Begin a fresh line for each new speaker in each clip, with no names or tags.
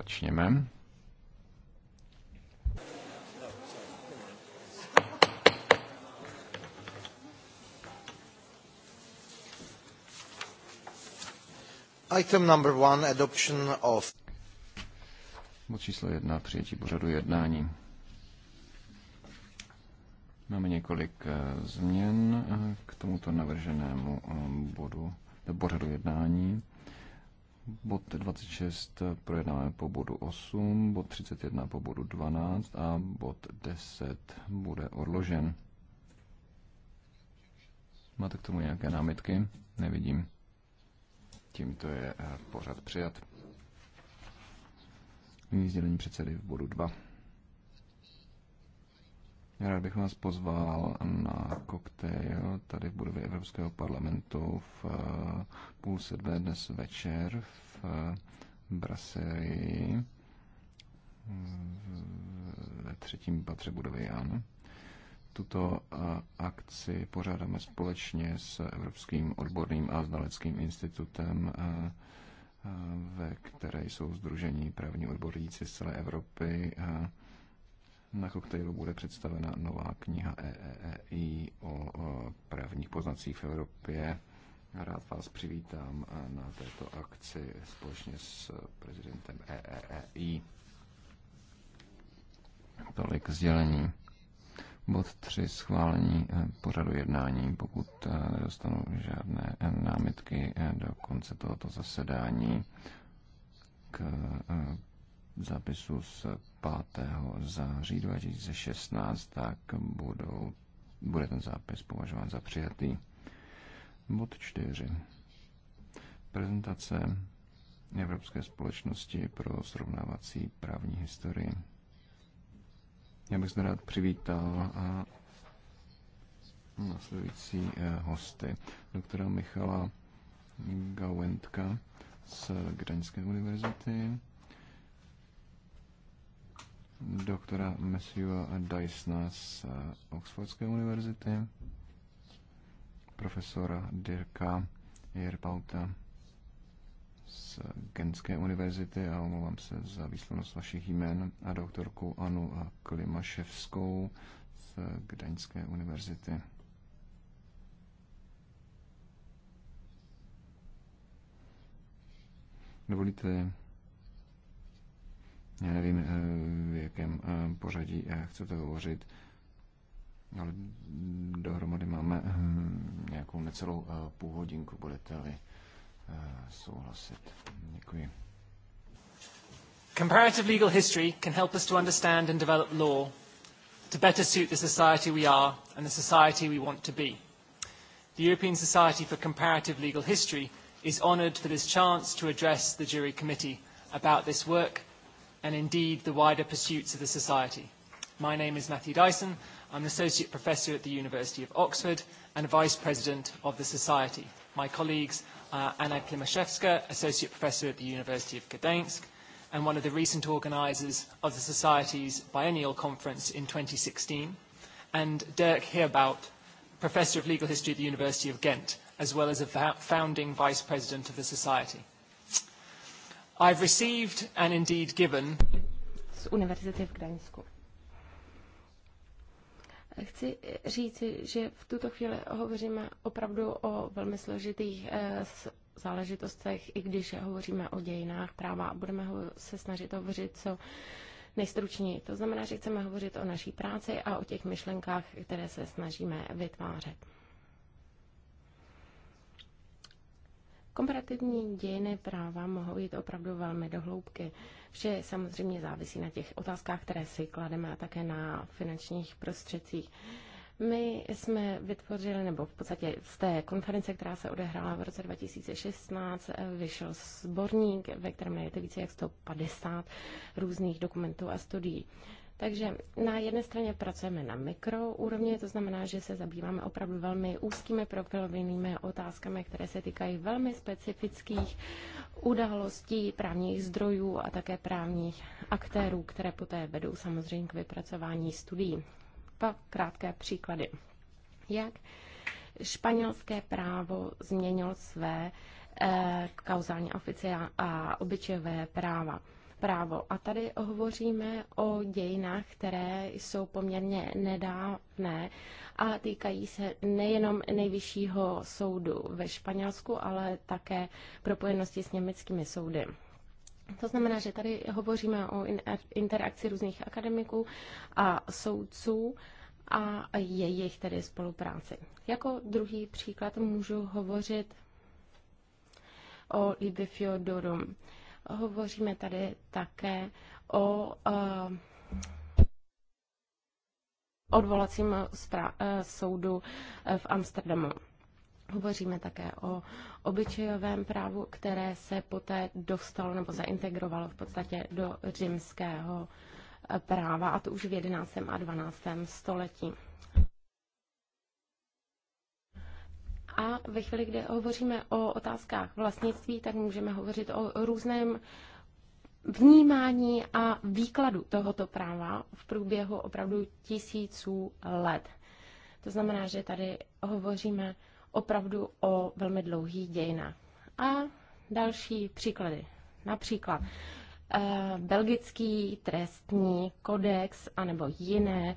začněme.
Item number one, adoption of...
Bod číslo jedna, přijetí pořadu jednání. Máme několik eh, změn eh, k tomuto navrženému eh, bodu, pořadu jednání. Bod 26 projednáme po bodu 8, bod 31 po bodu 12 a bod 10 bude odložen. Máte k tomu nějaké námitky? Nevidím. Tímto je pořad přijat. Nyní sdělení předsedy v bodu 2. Rád bych vás pozval na koktejl tady v budově Evropského parlamentu v eh, půl sedmé dnes večer v eh, Brasserii ve třetím patře budovy Jan. Tuto eh, akci pořádáme společně s Evropským odborným a znaleckým institutem ve které jsou združení právní odborníci z celé Evropy, a na koktejlu bude představena nová kniha EEEI o právních poznacích v Evropě. Rád vás přivítám eh, na této akci společně s prezidentem EEEI. Tolik sdělení. Bod 3 schválení eh, pořadu jednání, pokud eh, nedostanu žádné námitky do konce tohoto zasedání k zápisu z 5. září 2016, tak budou, bude ten zápis považován za přijatý. Bod 4. Prezentace Evropské společnosti pro srovnávací právní historii. Já bych zde rád přivítal a nasledující e, hosty. Doktora Michala Gawentka z Gdaňské univerzity, doktora Matthewa Dysona z eh, Oxfordské univerzity, profesora Dirka Jirpauta z Genské univerzity a omlouvám se za výslovnost vašich jmen a doktorku Anu Klimaševskou z Gdaňské univerzity. Dovolíte já nevím, eh, v jakém eh, pořadí eh, chcete hovořit, ale dohromady máme hm, nějakou necelou půl hodinku, budete-li souhlasit. Děkuji.
Comparative legal history can help us to understand and develop law to better suit the society we are and the society we want to be. The European Society for Comparative Legal History is honoured for this chance to address the jury committee about this work and indeed the wider pursuits of the society. My name is Matthew Dyson. I'm an Associate Professor at the University of Oxford and Vice President of the Society. My colleagues are Anna Klimaszewska, Associate Professor at the University of Gdańsk, and one of the recent organisers of the Society's biennial conference in 2016, and Dirk Heerbout, Professor of Legal History at the University of Ghent, as well as a founding Vice President of the Society. I've received and
indeed given z univerzity v Gdaňsku. Chci říci, že v tuto chvíli hovoříme opravdu o velmi složitých eh, záležitostech, i když hovoříme o dějinách práva a budeme se snažit hovořit co nejstručněji. To znamená, že chceme hovořit o naší práci a o těch myšlenkách, které se snažíme vytvářet. Komparativní dějiny práva mohou jít opravdu velmi dohloubky. Vše samozřejmě závisí na těch otázkách, které si klademe a také na finančních prostředcích. My jsme vytvořili, nebo v podstatě z té konference, která se odehrála v roce 2016, vyšel sborník, ve kterém najdete více jak 150 různých dokumentů a studií. Takže na jedné straně pracujeme na mikroúrovni, to znamená, že se zabýváme opravdu velmi úzkými profilovými otázkami, které se týkají velmi specifických událostí, právních zdrojů a také právních aktérů, které poté vedou samozřejmě k vypracování studií. Pak krátké příklady. Jak španělské právo změnilo své eh, kauzální a obyčejové práva právo. A tady hovoříme o dějinách, které jsou poměrně nedávné a týkají se nejenom nejvyššího soudu ve Španělsku, ale také propojenosti s německými soudy. To znamená, že tady hovoříme o interakci různých akademiků a soudců a jejich tedy spolupráci. Jako druhý příklad můžu hovořit o Libifiodorům. Hovoříme tady také o eh, odvolacím eh, soudu eh, v Amsterdamu. Hovoříme také o obyčejovém právu, které se poté dostalo nebo zaintegrovalo v podstatě do římského práva, a to už v 11. a 12. století. A ve chvíli, kdy hovoříme o otázkách vlastnictví, tak můžeme hovořit o různém vnímání a výkladu tohoto práva v průběhu opravdu tisíců let. To znamená, že tady hovoříme opravdu o velmi dlouhých dějinách. A další příklady. Například eh, belgický trestní kodex anebo jiné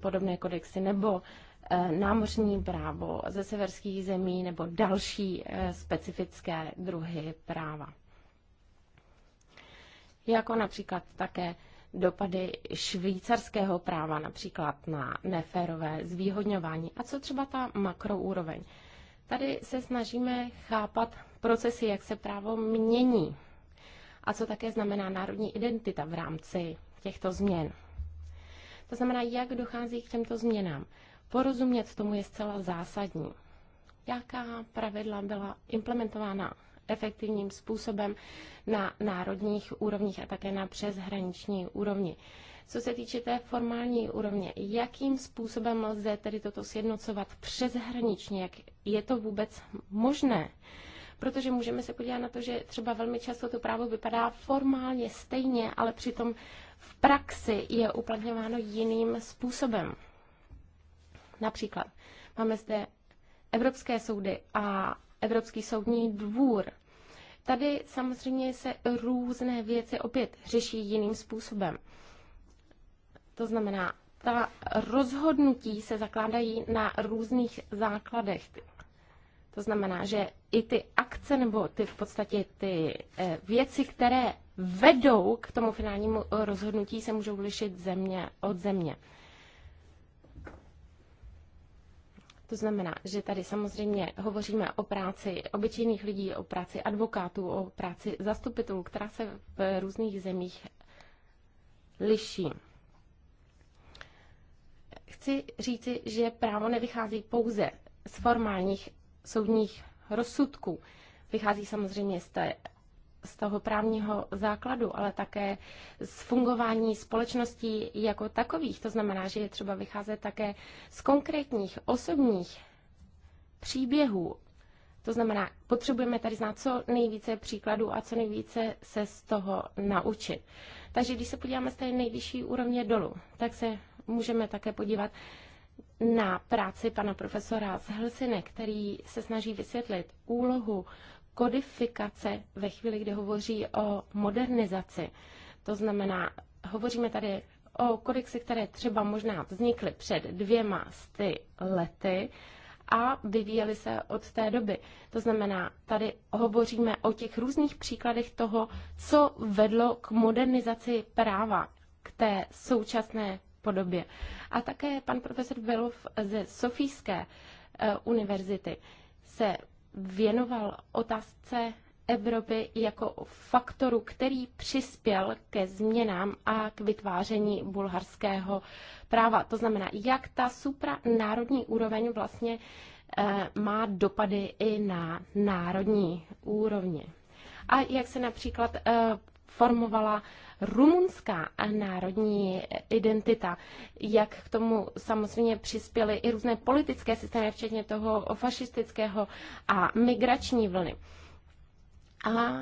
podobné kodexy nebo Eh, námořní právo ze severských zemí nebo další eh, specifické druhy práva. Jako například také dopady švýcarského práva, například na neférové zvýhodňování. A co třeba ta makroúroveň? Tady se snažíme chápat procesy, jak se právo mění a co také znamená národní identita v rámci těchto změn. To znamená, jak dochází k těmto změnám. Porozumět tomu je zcela zásadní. Jaká pravidla byla implementována efektivním způsobem na národních úrovních a také na přeshraniční úrovni. Co se týče té formální úrovně, jakým způsobem lze tedy toto sjednocovat přeshraničně, jak je to vůbec možné? Protože můžeme se podívat na to, že třeba velmi často to právo vypadá formálně stejně, ale přitom v praxi je uplatňováno jiným způsobem. Například máme zde Evropské soudy a Evropský soudní dvůr. Tady samozřejmě se různé věci opět řeší jiným způsobem. To znamená, ta rozhodnutí se zakládají na různých základech. To znamená, že i ty akce nebo ty v podstatě ty eh, věci, které vedou k tomu finálnímu rozhodnutí, se můžou lišit země od země. To znamená, že tady samozřejmě hovoříme o práci obyčejných lidí, o práci advokátů, o práci zastupitelů, která se v různých zemích liší. Chci říci, že právo nevychází pouze z formálních soudních rozsudků. Vychází samozřejmě z té z toho právního základu, ale také z fungování společností jako takových. To znamená, že je třeba vycházet také z konkrétních osobních příběhů. To znamená, potřebujeme tady znát co nejvíce příkladů a co nejvíce se z toho naučit. Takže když se podíváme z té nejvyšší úrovně dolů, tak se můžeme také podívat na práci pana profesora z Helsine, který se snaží vysvětlit úlohu kodifikace ve chvíli, kdy hovoří o modernizaci. To znamená, hovoříme tady o kodexy, které třeba možná vznikly před dvěma sty lety a vyvíjely se od té doby. To znamená, tady hovoříme o těch různých příkladech toho, co vedlo k modernizaci práva k té současné podobě. A také pan profesor Belov ze Sofijské eh, univerzity se věnoval otázce Evropy jako faktoru, který přispěl ke změnám a k vytváření bulharského práva. To znamená, jak ta supranárodní úroveň vlastně eh, má dopady i na národní úrovni. A jak se například eh, formovala rumunská a národní identita, jak k tomu samozřejmě přispěly i různé politické systémy, včetně toho fašistického a migrační vlny. A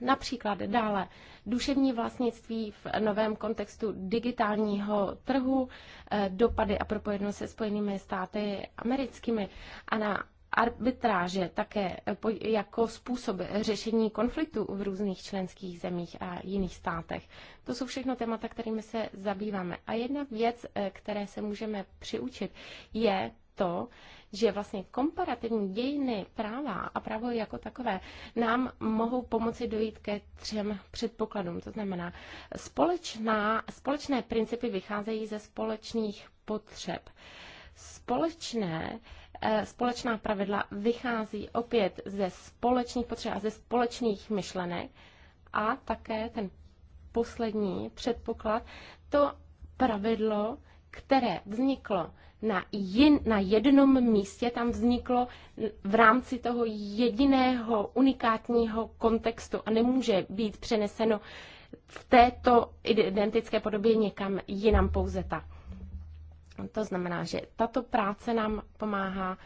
například dále duševní vlastnictví v novém kontextu digitálního trhu, eh, dopady a propojenost se Spojenými státy americkými a na arbitráže také eh, jako způsob řešení konfliktu v různých členských zemích a jiných státech. To jsou všechno témata, kterými se zabýváme. A jedna věc, eh, které se můžeme přiučit, je to, že vlastně komparativní dějiny práva a právo jako takové nám mohou pomoci dojít ke třem předpokladům. To znamená, společná, společné principy vycházejí ze společných potřeb. Společné Eh, společná pravidla vychází opět ze společných potřeb a ze společných myšlenek a také ten poslední předpoklad, to pravidlo, které vzniklo na, jin, na jednom místě, tam vzniklo v rámci toho jediného unikátního kontextu a nemůže být přeneseno v této identické podobě někam jinam pouze tak. To znamená, že tato práce nám pomáhá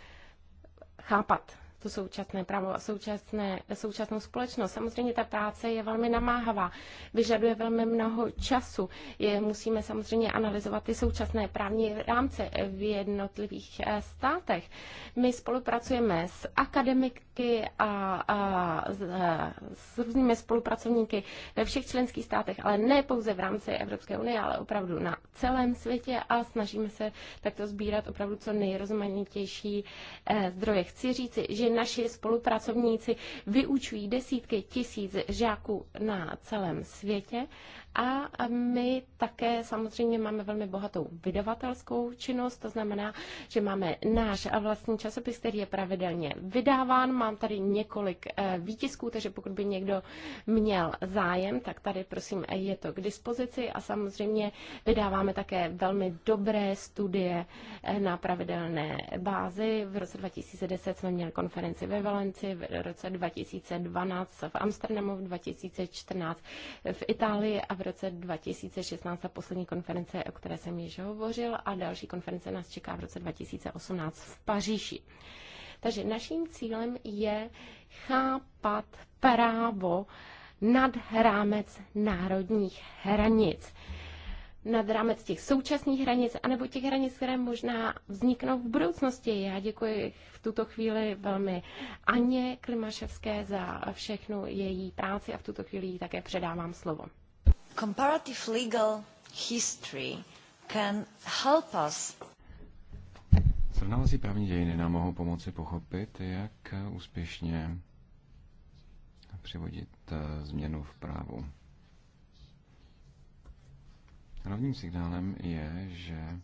chápat tu současné právo a současné, současnou společnost. Samozřejmě ta práce je velmi namáhavá, vyžaduje velmi mnoho času. Je, musíme samozřejmě analyzovat ty současné právní rámce v jednotlivých eh, státech. My spolupracujeme s akademik, podniky a, a s, e, s různými spolupracovníky ve všech členských státech, ale ne pouze v rámci Evropské unie, ale opravdu na celém světě a snažíme se takto sbírat opravdu co nejrozmanitější e, zdroje. Chci říci, že naši spolupracovníci vyučují desítky tisíc žáků na celém světě a my také samozřejmě máme velmi bohatou vydavatelskou činnost, to znamená, že máme náš vlastní časopis, který je pravidelně vydáván. Mám tady několik eh, výtisků, takže pokud by někdo měl zájem, tak tady prosím je to k dispozici a samozřejmě vydáváme také velmi dobré studie eh, na pravidelné bázi. V roce 2010 jsme měli konferenci ve Valenci, v roce 2012 v Amsterdamu, v 2014 v Itálii a v roce 2016 ta poslední konference, o které jsem již hovořil, a další konference nás čeká v roce 2018 v Paříži. Takže naším cílem je chápat právo nad rámec národních hranic nad rámec těch současných hranic, anebo těch hranic, které možná vzniknou v budoucnosti. Já děkuji v tuto chvíli velmi Aně Klimaševské za všechnu její práci a v tuto chvíli jí také předávám slovo.
Comparative legal history can help us
Srovnávací právní dějiny nám mohou pomoci pochopit, jak úspěšně přivodit eh, změnu v právu. Hlavním signálem je, že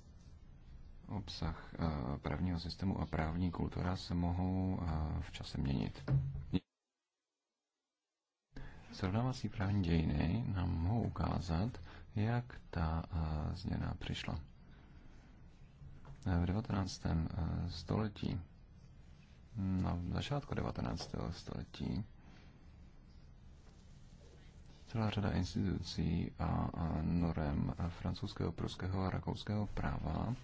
obsah eh, právního systému a právní kultura se mohou eh, v čase měnit. Srovnávací právní dějiny nám mohou ukázat, jak ta eh, změna přišla. Eh, v 19. Eh, století, na no, začátku 19. století, celá řada institucí a norem francouzského, pruského a rakouského práva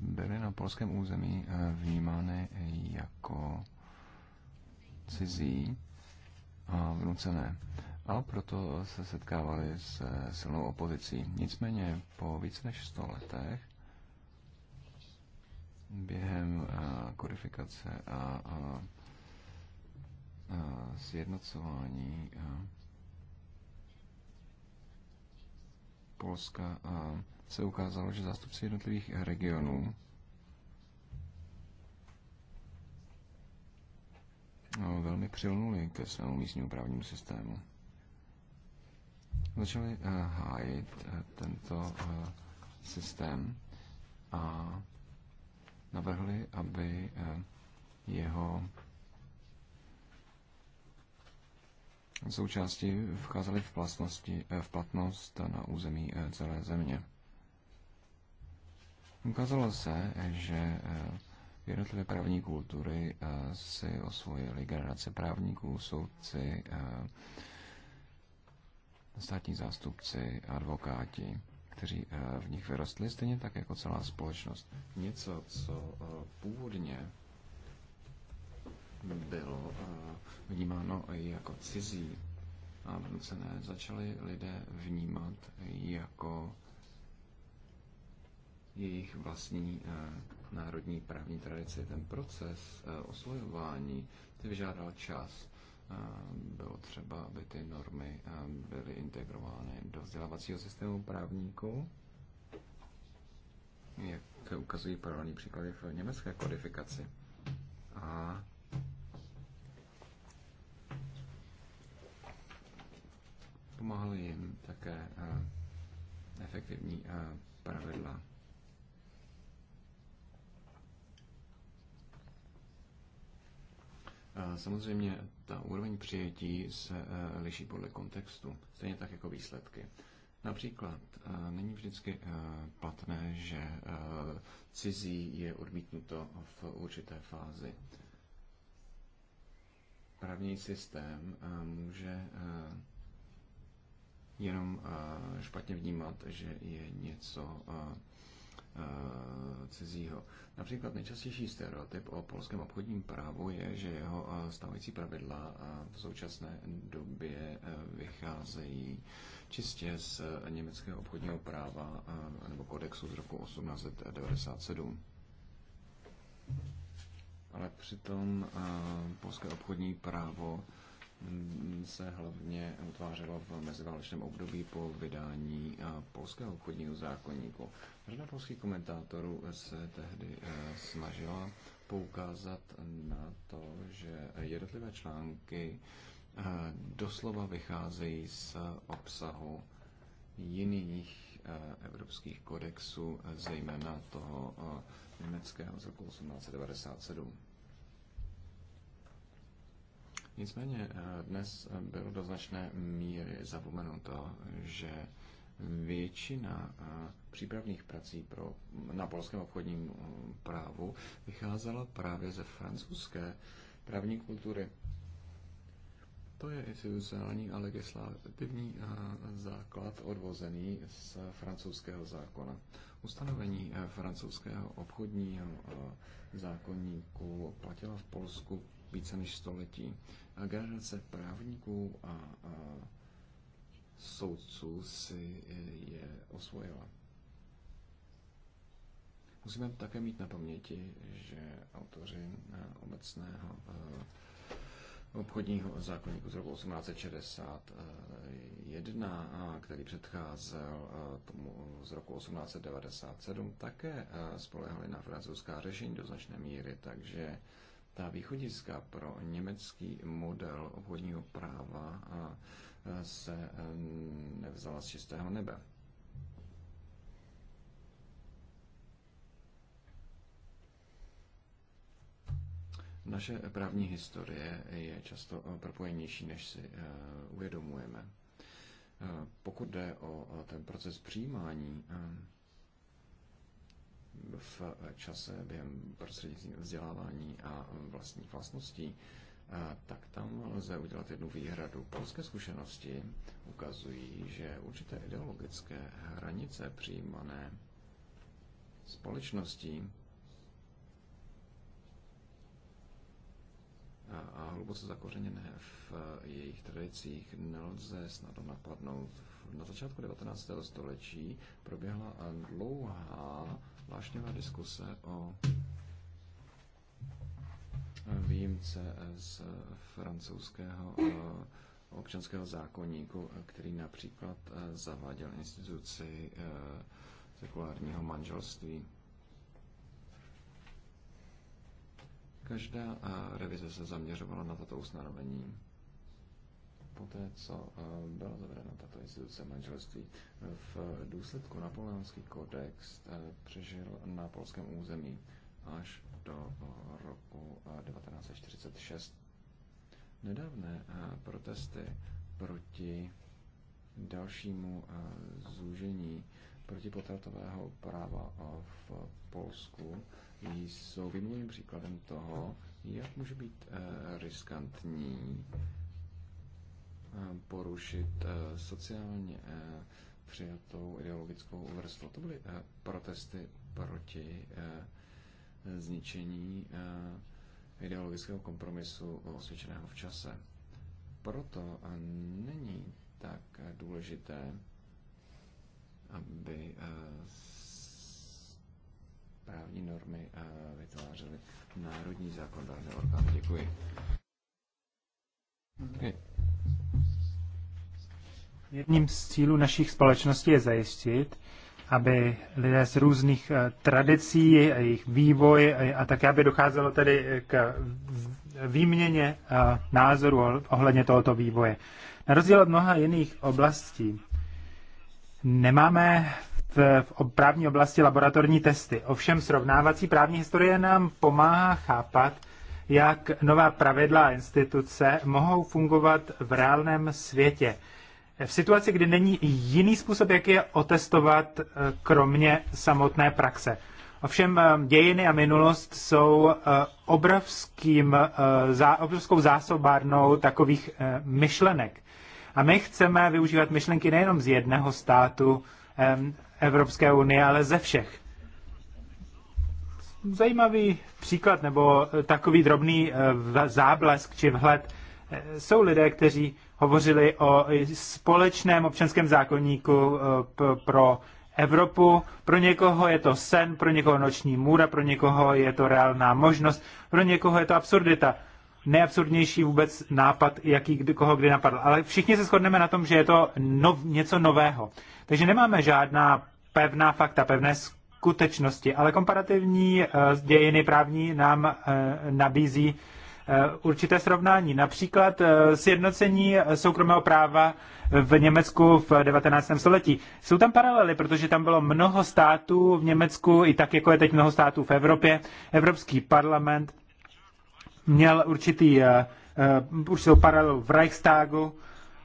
byly na polském území vnímány jako cizí a vnucené. A proto se setkávali s silnou opozicí. Nicméně po více než 100 letech během eh, kodifikace a sjednocování eh, Polska eh, se ukázalo, že zástupci jednotlivých regionů No, velmi přilnuli ke svému místnímu právnímu systému. Začali eh, hájit eh, tento eh, systém a navrhli, aby jeho součásti vcházely v, platnosti, v platnost na území celé země. Ukázalo se, že Jednotlivé právní kultury eh, si osvojili generace právníků, soudci, eh, státní zástupci, advokáti, kteří eh, v nich vyrostli, stejně tak jako celá společnost. Něco, co původně bylo vnímáno jako cizí a vnucené, začali lidé vnímat jako jejich vlastní eh, národní právní tradici. Ten proces eh, osvojování si vyžádal čas. Eh, bylo třeba, aby ty normy byly integrovány do vzdělávacího systému právníků, jak ukazují paralelní příklady v německé kodifikaci. A pomáhaly jim také efektivní pravidla Samozřejmě ta úroveň přijetí se eh, liší podle kontextu, stejně tak jako výsledky. Například eh, není vždycky eh, platné, že cizí je odmítnuto v určité fázi. Právní systém může jenom špatně vnímat, že je něco cizího. Například nejčastější stereotyp o polském obchodním právu je, že jeho eh, stávající pravidla eh, v současné době eh, vycházejí čistě z německého obchodního práva nebo kodexu z roku 1897. Ale přitom polské obchodní právo Mm, se hlavně utvářelo v meziválečném období po vydání eh, polského obchodního zákonníku. Řada polských komentátorů se tehdy eh, snažila poukázat na to, že jednotlivé články eh, doslova vycházejí z obsahu jiných evropských kodexů, zejména toho německého z roku 1897. Nicméně eh, dnes eh, bylo do značné míry zapomenuto, že většina eh, přípravných prací pro, na polském obchodním právu vycházela právě ze francouzské právní kultury. To je institucionální a legislativní základ odvozený z francouzského zákona. Ustanovení francouzského obchodního zákonníku platila v Polsku více než století generace právníků a, a soudců si e, je osvojila. Musíme také mít na paměti, že autoři e, obecného e, obchodního zákonníku z roku 1861, který předcházel tomu z roku 1897, také spolehali na francouzská řešení do značné míry, takže ta východiska pro německý model obchodního práva se e, nevzala z čistého nebe. Naše právní historie je často e, propojenější, než si e, uvědomujeme. Pokud jde o ten proces přijímání, v čase během prostřednictvím vzdělávání a vlastních vlastností, tak tam lze udělat jednu výhradu. Polské zkušenosti ukazují, že určité ideologické hranice přijímané společností a, a hluboce zakořeněné v jejich tradicích nelze snadno napadnout. Na začátku 19. století proběhla dlouhá vášněvá diskuse o výjimce z francouzského eh, občanského zákonníku, který například eh, zaváděl instituci eh, sekulárního manželství. Každá revize se zaměřovala na tato ustanovení poté, co eh, byla zavedena tato instituce manželství. V důsledku napoleonský kodex eh, přežil na polském území až do eh, roku 1946. Nedávné protesty proti dalšímu zúžení protipotratového práva v Polsku jsou výmluvným příkladem toho, jak může být riskantní Eh, porušit eh, sociálně eh, přijatou ideologickou vrstvu. To byly protesty proti zničení ideologického kompromisu osvědčeného v čase. Proto není tak důležité, aby právní normy vytvářely národní zákonodárné orgány. Děkuji. Okay.
Jedním z cílů našich společností je zajistit, aby lidé z různých eh, tradicí, jejich vývoj eh, a také, aby docházelo tedy eh, k výměně názoru ohledně tohoto vývoje. Na rozdíl od mnoha jiných oblastí nemáme v, v právní oblasti laboratorní testy. Ovšem srovnávací právní historie nám pomáhá chápat, jak nová pravidla a instituce mohou fungovat v reálném světě v situaci, kdy není jiný způsob, jak je otestovat, eh, kromě samotné praxe. Ovšem eh, dějiny a minulost jsou eh, obrovským, obrovskou zásobárnou takových myšlenek. A my chceme využívat myšlenky nejenom z jednoho státu Evropské unie, ale ze všech. Zajímavý příklad nebo takový drobný záblesk či vhled jsou lidé, kteří hovořili o společném občanském zákonníku eh, pro Evropu. Pro někoho je to sen, pro někoho noční můra, pro někoho je to reálná možnost, pro někoho je to absurdita. Nejabsurdnější vůbec nápad, jaký kdy, koho kdy napadl. Ale všichni se shodneme na tom, že je to nov, něco nového. Takže nemáme žádná pevná fakta, pevné skutečnosti, ale komparativní eh, dějiny právní nám eh, nabízí Eh, určité srovnání. Například eh, sjednocení soukromého práva v Německu v 19. století. Jsou tam paralely, protože tam bylo mnoho států v Německu, i tak jako je teď mnoho států v Evropě. Evropský parlament měl určitý, eh, určitou paralelu v Reichstagu,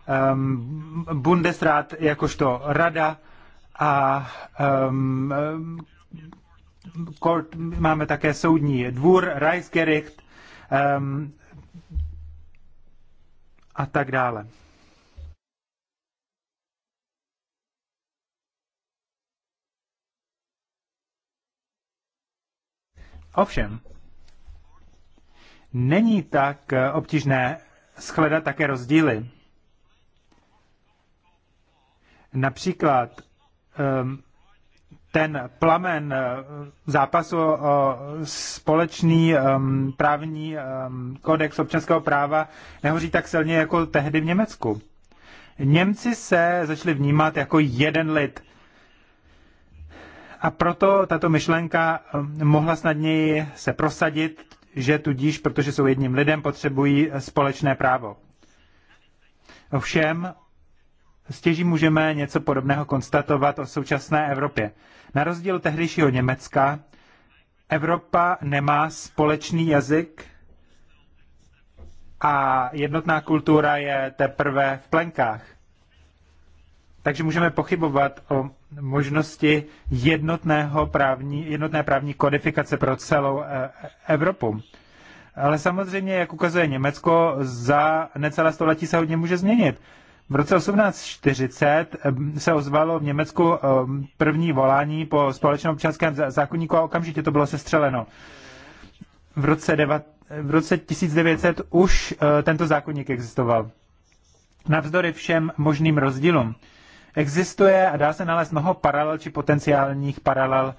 ehm, Bundesrat jakožto rada a um, ehm, court, máme také soudní dvůr, Reichsgericht, um, a tak dále. Ovšem, není tak eh, obtížné shledat také rozdíly. Například um, ten plamen eh, zápasu o společný právní kodex občanského práva nehoří tak silně jako tehdy v Německu. Němci se začali vnímat jako jeden lid. A proto tato myšlenka mohla snadněji se prosadit, že tudíž, protože jsou jedním lidem, potřebují společné právo. Ovšem, stěží můžeme něco podobného konstatovat o současné Evropě. Na rozdíl tehdejšího Německa, Evropa nemá společný jazyk a jednotná kultura je teprve v plenkách. Takže můžeme pochybovat o možnosti jednotného právní, jednotné právní kodifikace pro celou e, Evropu. Ale samozřejmě, jak ukazuje Německo, za necelé století se hodně může změnit. V roce 1840 eh, se ozvalo v Německu eh, první volání po společném občanském zákonníku a okamžitě to bylo sestřeleno. V roce, deva, v roce 1900 už eh, tento zákonník existoval. Navzdory všem možným rozdílům. Existuje a dá se nalézt mnoho paralel či potenciálních paralel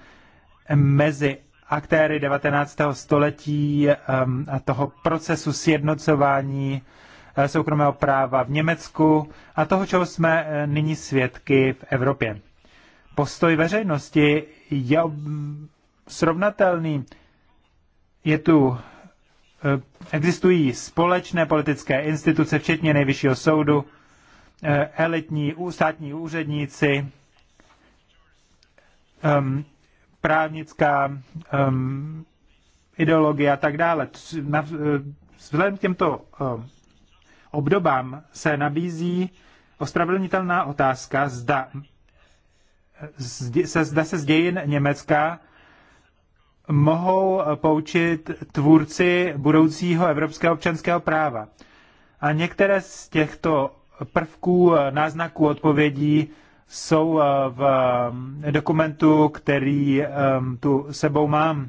mezi aktéry 19. století a toho procesu sjednocování Eh, soukromého práva v Německu a toho, čeho jsme eh, nyní svědky v Evropě. Postoj veřejnosti je srovnatelný. Je tu, eh, existují společné politické instituce, včetně nejvyššího soudu, elitní státní úředníci, ehm, právnická ehm, ideologie a tak dále. vzhledem k těmto ehm, obdobám se nabízí ospravedlnitelná otázka, zda se, zda se z dějin Německa mohou poučit tvůrci budoucího evropského občanského práva. A některé z těchto prvků, náznaků, odpovědí jsou v dokumentu, který tu sebou mám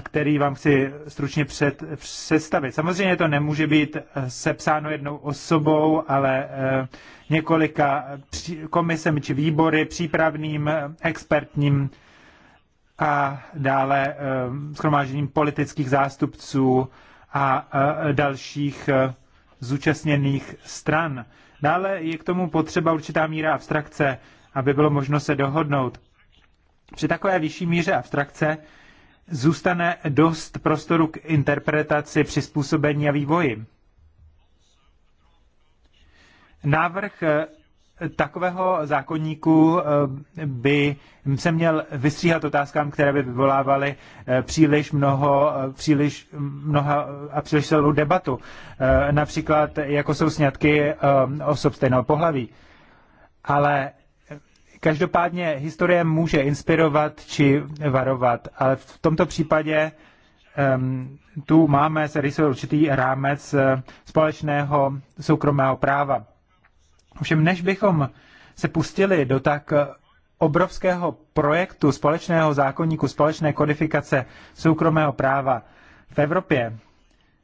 který vám chci stručně před, představit. Samozřejmě to nemůže být eh, sepsáno jednou osobou, ale eh, několika eh, komisem či výbory, přípravným, expertním a dále schromážením politických zástupců a dalších zúčastněných stran. Dále je k tomu potřeba určitá míra abstrakce, aby bylo možno se dohodnout. Při takové vyšší míře abstrakce zůstane dost prostoru k interpretaci, přizpůsobení a vývoji. Návrh eh, takového zákonníku eh, by se měl vystříhat otázkám, které by vyvolávaly eh, příliš mnoho, příliš mnoha a příliš celou debatu. Například, jako jsou sňatky osob stejného pohlaví. Ale Každopádně historie může inspirovat či varovat, ale v tomto případě um, tu máme se rysuje určitý rámec eh, společného soukromého práva. Ovšem, než bychom se pustili do tak obrovského projektu společného zákonníku, společné kodifikace soukromého práva v Evropě,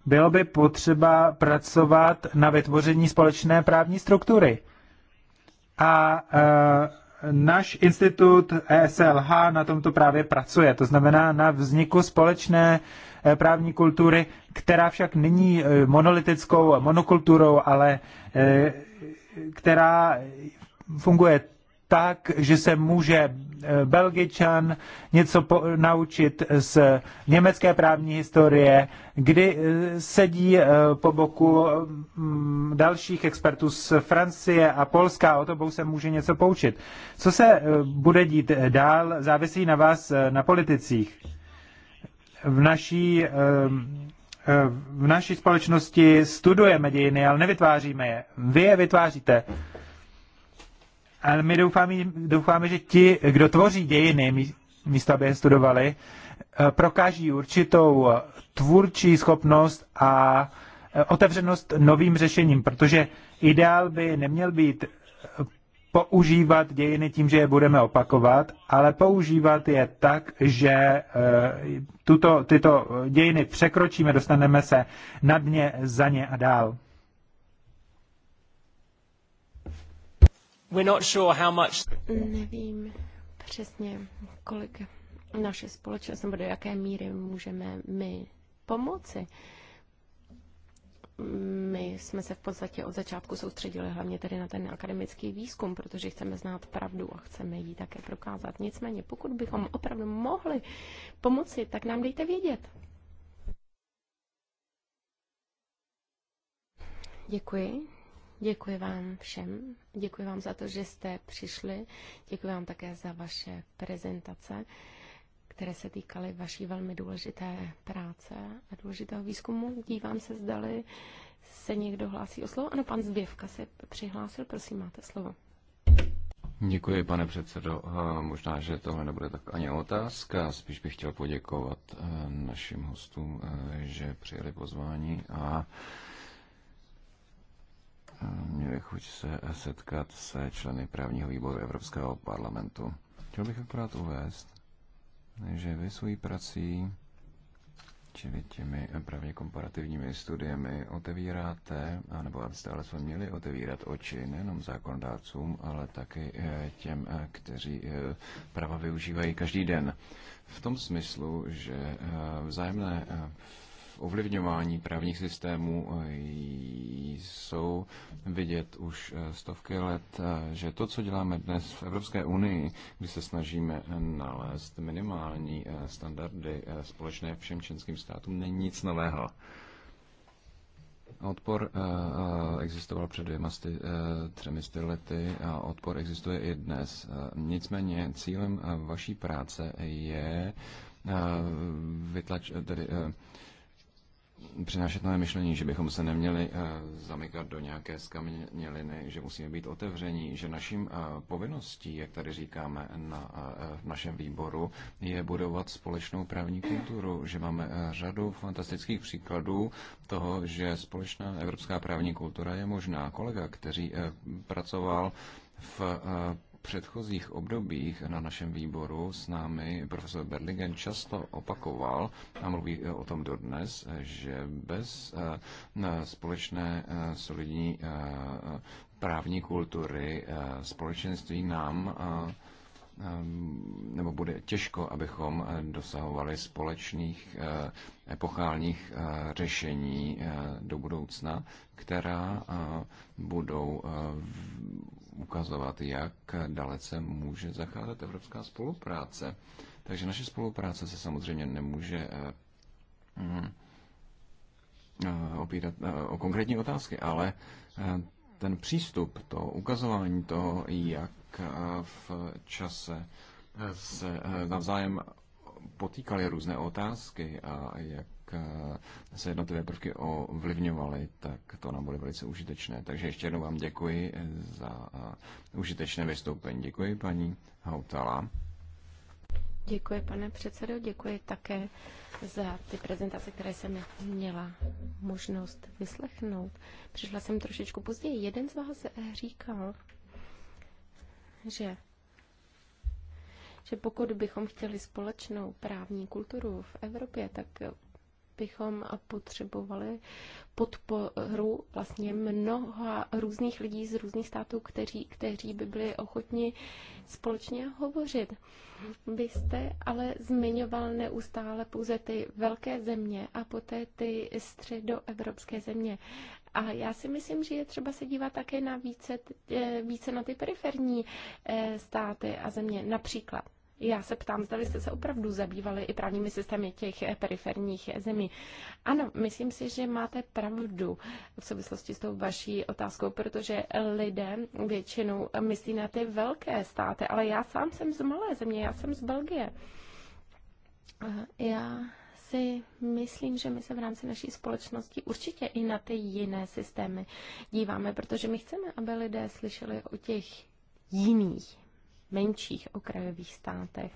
bylo by potřeba pracovat na vytvoření společné právní struktury. A eh, náš institut ESLH na tomto právě pracuje, to znamená na vzniku společné eh, právní kultury, která však není eh, monolitickou monokulturou, ale eh, která funguje tak, že se může eh, Belgičan něco po, naučit z německé právní historie, kdy eh, sedí eh, po boku mm, dalších expertů z Francie a Polska, o tobou se může něco poučit. Co se bude dít dál, závisí na vás, na politicích. V naší ehm, v naší společnosti studujeme dějiny, ale nevytváříme je. Vy je vytváříte ale my doufáme, doufáme, že ti, kdo tvoří dějiny, místo aby je studovali, eh, prokáží určitou eh, tvůrčí schopnost a eh, otevřenost novým řešením, protože ideál by neměl být používat dějiny tím, že je budeme opakovat, ale používat je tak, že tuto, tyto dějiny překročíme, dostaneme se na dně, za ně a dál.
Nevím přesně, kolik naše společnost nebo do jaké míry můžeme my pomoci. My jsme se v podstatě od začátku soustředili hlavně tedy na ten akademický výzkum, protože chceme znát pravdu a chceme ji také prokázat. Nicméně, pokud bychom opravdu mohli pomoci, tak nám dejte vědět. Děkuji. Děkuji vám všem. Děkuji vám za to, že jste přišli. Děkuji vám také za vaše prezentace, které se týkaly vaší velmi důležité práce a důležitého výzkumu. Dívám se, zdali se někdo hlásí o slovo. Ano, pan Zběvka se přihlásil. Prosím, máte slovo.
Děkuji, pane předsedo. Možná, že tohle nebude tak ani otázka. Spíš bych chtěl poděkovat eh, našim hostům, eh, že přijeli pozvání a měli chuť se setkat se členy právního výboru Evropského parlamentu. Chtěl bych akorát uvést, že vy svojí prací, čili těmi právě komparativními studiemi, otevíráte, anebo abyste alespoň měli otevírat oči nejenom zákonodárcům, ale taky eh, těm, eh, kteří eh, práva využívají každý den. V tom smyslu, že vzájemné ovlivňování právních systémů eh, jsou vidět už eh, stovky let, eh, že to, co děláme dnes v Evropské unii, kdy se snažíme nalézt minimální standardy společné všem členským státům, není nic nového. Odpor existoval před dvěma sty, třemi sty lety a odpor existuje i dnes. Nicméně cílem vaší práce je vytlač, tedy, přinášet nové myšlení, že bychom se neměli eh, zamykat do nějaké skamněliny, že musíme být otevření, že naším eh, povinností, jak tady říkáme na eh, našem výboru, je budovat společnou právní kulturu, že máme řadu fantastických příkladů toho, že společná evropská právní kultura je možná. Kolega, který pracoval v předchozích obdobích na našem výboru s námi profesor Berlingen často opakoval a mluví o tom dodnes, že bez eh, společné eh, solidní eh, právní kultury společenství nám nebo bude těžko, abychom dosahovali společných epochálních řešení do budoucna, která budou ukazovat, jak dalece může zacházet evropská spolupráce. Takže naše spolupráce se samozřejmě nemůže eh, mm, eh, opírat eh, o konkrétní otázky, ale ten přístup, to ukazování toho, jak v čase se navzájem potýkaly různé otázky a jak Eh, se jednotlivé prvky ovlivňovaly, tak to nám bude velice užitečné. Takže ještě jednou vám děkuji eh, za eh, užitečné vystoupení. Děkuji paní Hautala.
Děkuji, pane předsedo, děkuji také za ty prezentace, které jsem měla možnost vyslechnout. Přišla jsem trošičku později. Jeden z vás říkal, že že pokud bychom chtěli společnou právní kulturu v Evropě, tak bychom potřebovali podporu vlastně mnoha různých lidí z různých států, kteří, kteří by byli ochotni společně hovořit. Vy jste ale zmiňoval neustále pouze ty velké země a poté ty středoevropské země. A já si myslím, že je třeba se dívat také na více, eh, více na ty periferní eh, státy a země. Například já se ptám, zda jste se opravdu zabývali i právními systémy těch periferních zemí. Ano, myslím si, že máte pravdu v souvislosti s tou vaší otázkou, protože lidé většinou myslí na ty velké státy, ale já sám jsem z malé země, já jsem z Belgie. Já si myslím, že my se v rámci naší společnosti určitě i na ty jiné systémy díváme, protože my chceme, aby lidé slyšeli o těch jiných menších okrajových státech.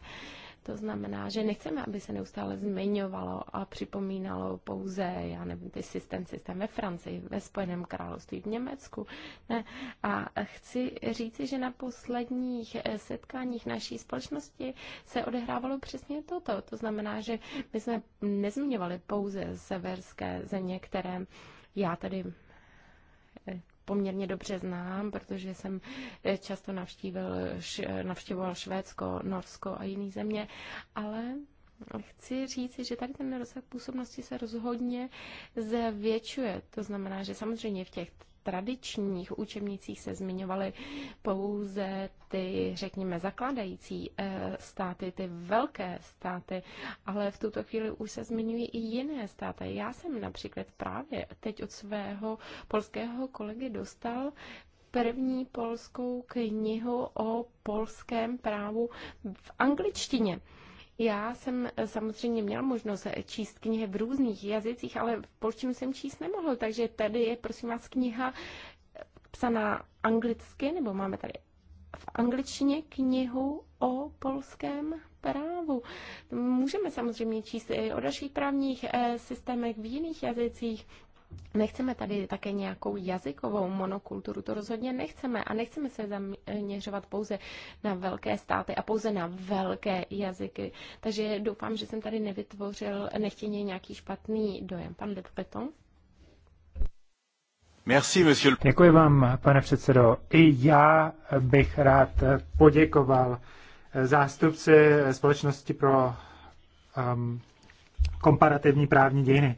To znamená, že nechceme, aby se neustále zmiňovalo a připomínalo pouze, já nevím, ty systém, systém ve Francii, ve Spojeném království, v Německu. Ne. A chci říci, že na posledních eh, setkáních naší společnosti se odehrávalo přesně toto. To znamená, že my jsme nezmiňovali pouze severské země, které já tady poměrně dobře znám, protože jsem eh, často navštívil, eh, navštěvoval Švédsko, Norsko a jiné země, ale chci říct, že tady ten rozsah působnosti se rozhodně zvětšuje. To znamená, že samozřejmě v těch tradičních učebnicích se zmiňovaly pouze ty, řekněme, zakladající eh, státy, ty velké státy, ale v tuto chvíli už se zmiňují i jiné státy. Já jsem například právě teď od svého polského kolegy dostal první polskou knihu o polském právu v angličtině. Já jsem eh, samozřejmě měl možnost eh, číst knihy v různých jazycích, ale v polštinu jsem číst nemohl, takže tady je prosím vás kniha eh, psaná anglicky, nebo máme tady v angličtině knihu o polském právu. Můžeme samozřejmě číst i o dalších právních systémech v jiných jazycích, Nechceme tady také nějakou jazykovou monokulturu, to rozhodně nechceme a nechceme se zaměřovat pouze na velké státy a pouze na velké jazyky. Takže doufám, že jsem tady nevytvořil nechtěně nějaký špatný dojem. Pan Lepeton?
Merci, monsieur. Děkuji vám, pane předsedo. I já bych rád poděkoval zástupci Společnosti pro um, komparativní právní dějiny.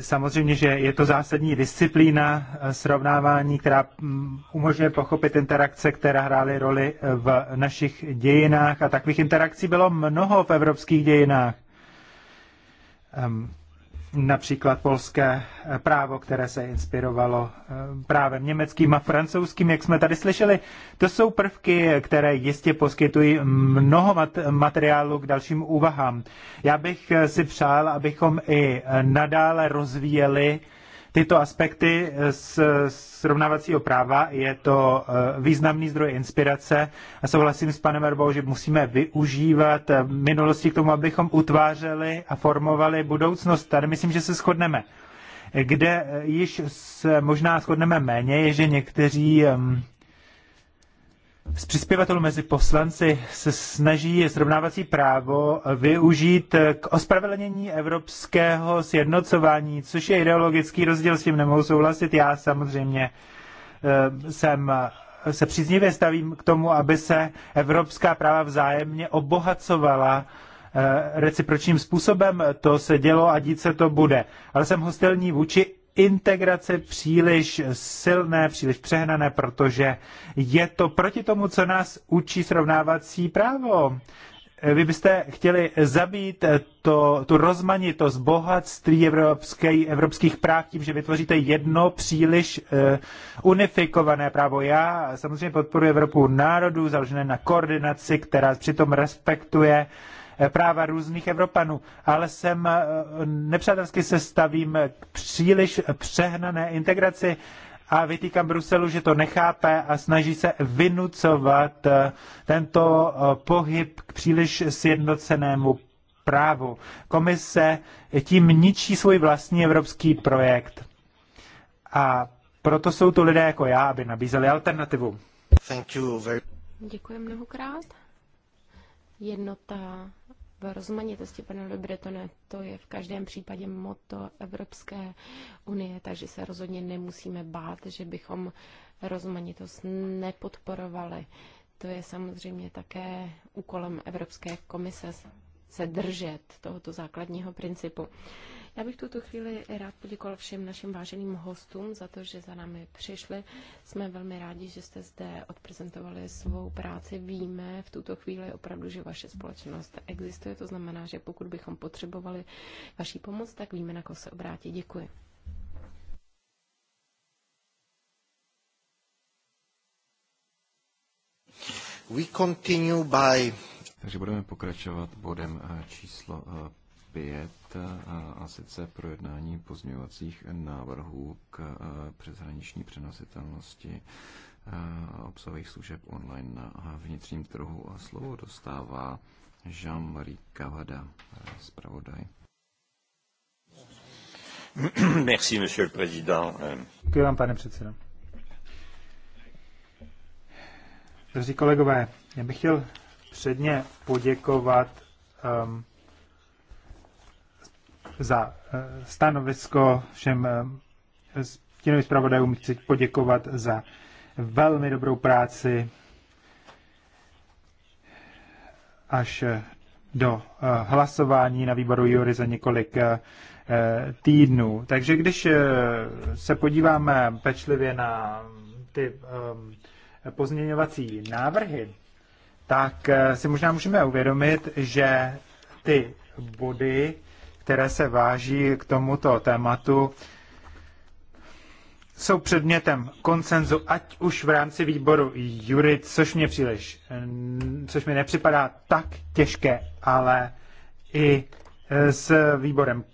Samozřejmě, že je to zásadní disciplína eh, srovnávání, která mm, umožňuje pochopit interakce, která hrály roli eh, v našich dějinách. A takových interakcí bylo mnoho v evropských dějinách například polské eh, právo, které se inspirovalo eh, právem německým a francouzským, jak jsme tady slyšeli. To jsou prvky, které jistě poskytují mnoho mat- materiálu k dalším úvahám. Já bych eh, si přál, abychom i nadále rozvíjeli tyto aspekty z eh, srovnávacího práva. Je to eh, významný zdroj inspirace a souhlasím s panem Erbou, že musíme využívat eh, minulosti k tomu, abychom utvářeli a formovali budoucnost. Tady myslím, že se shodneme. Kde již se možná shodneme méně, je, že někteří z přispěvatelů mezi poslanci se snaží srovnávací právo využít k ospravedlnění evropského sjednocování, což je ideologický rozdíl, s tím nemohu souhlasit. Já samozřejmě eh, jsem eh, se příznivě stavím k tomu, aby se evropská práva vzájemně obohacovala eh, recipročním způsobem. To se dělo a dít se to bude. Ale jsem hostilní vůči Integrace příliš silné, příliš přehnané, protože je to proti tomu, co nás učí srovnávací právo. Vy byste chtěli zabít to, tu rozmanitost bohatství evropské, evropských práv tím, že vytvoříte jedno příliš eh, unifikované právo. Já samozřejmě podporuji Evropu národů, založené na koordinaci, která přitom respektuje Eh, práva různých Evropanů, ale jsem eh, nepřátelsky se stavím k příliš přehnané integraci a vytýkám Bruselu, že to nechápe a snaží se vynucovat eh, tento pohyb k příliš sjednocenému právu. Komise tím ničí svůj vlastní evropský projekt. A proto jsou tu lidé jako já, aby nabízeli alternativu.
Thank you very...
Děkuji mnohokrát. Jednota v rozmanitosti, pane Lebretone, to je v každém případě moto Evropské unie, takže se rozhodně nemusíme bát, že bychom rozmanitost nepodporovali. To je samozřejmě také úkolem Evropské komise se držet tohoto základního principu. Já bych tuto chvíli rád poděkoval všem našim váženým hostům za to, že za námi přišli. Jsme velmi rádi, že jste zde odprezentovali svou práci. Víme v tuto chvíli opravdu, že vaše společnost existuje. To znamená, že pokud bychom potřebovali vaší pomoc, tak víme, na koho se obrátit. Děkuji.
We continue by takže budeme pokračovat bodem eh, číslo 5 eh, eh, a sice projednání pozměňovacích návrhů k přeshraniční přenositelnosti obsahových služeb online na vnitřním trhu a slovo dostává Jean-Marie Cavada, zpravodaj. Merci, monsieur le président.
Děkuji vám, pane předsedo. Drzí kolegové, já bych chtěl předně poděkovat um, za uh, stanovisko všem uh, stínovým zpravodajům. Chci poděkovat za velmi dobrou práci až eh, do hlasování na výboru Jury za několik týdnů. Takže když se podíváme pečlivě na ty pozměňovací návrhy, tak eh, si možná můžeme uvědomit, že ty body, které se váží k tomuto tématu, jsou předmětem konsenzu, ať už v rámci výboru Jurid, což mě příliš, což mi nepřipadá tak těžké, ale i eh, s výborem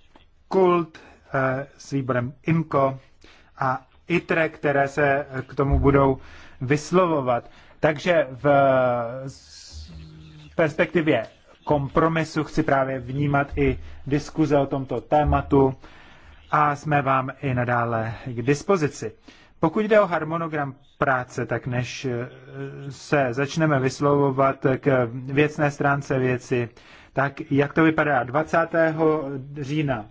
Kult, eh, s výborem IMCO a ITRE, které se k tomu budou vyslovovat. Takže v perspektivě kompromisu chci právě vnímat i diskuze o tomto tématu a jsme vám i nadále k dispozici. Pokud jde o harmonogram práce, tak než e, se začneme vyslovovat k věcné stránce věci, tak jak to vypadá? 20. října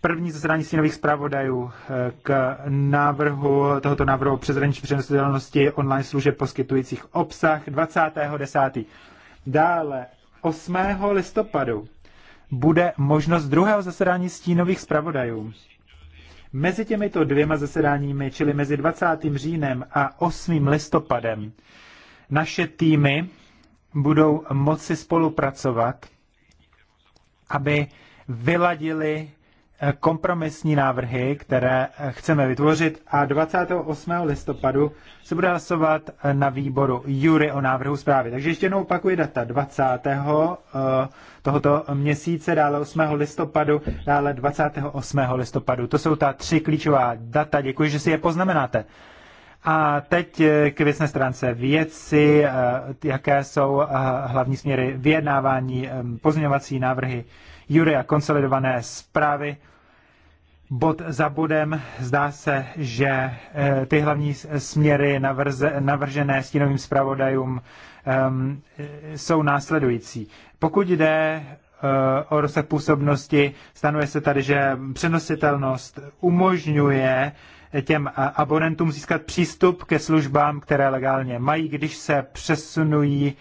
první zasedání stínových zpravodajů eh, k návrhu tohoto návrhu o přezraniční přenositelnosti online služeb poskytujících obsah 20.10. Dále 8. listopadu bude možnost druhého zasedání stínových zpravodajů. Mezi těmito dvěma zasedáními, čili mezi 20. říjnem a 8. listopadem, naše týmy budou moci spolupracovat, aby vyladili kompromisní návrhy, které chceme vytvořit a 28. listopadu se bude hlasovat na výboru Jury o návrhu zprávy. Takže ještě jednou opakuji data 20. Eh, tohoto měsíce, dále 8. listopadu, dále 28. listopadu. To jsou ta tři klíčová data, děkuji, že si je poznamenáte. A teď eh, k věcné stránce věci, eh, jaké jsou hlavní směry vyjednávání, pozměňovací návrhy Jury a konsolidované zprávy bod za bodem. Zdá se, že eh, ty hlavní směry navrze, navržené stínovým zpravodajům um, jsou následující. Pokud jde eh, o rozsah působnosti, stanuje se tady, že přenositelnost umožňuje těm abonentům získat přístup ke službám, které legálně mají, když se přesunují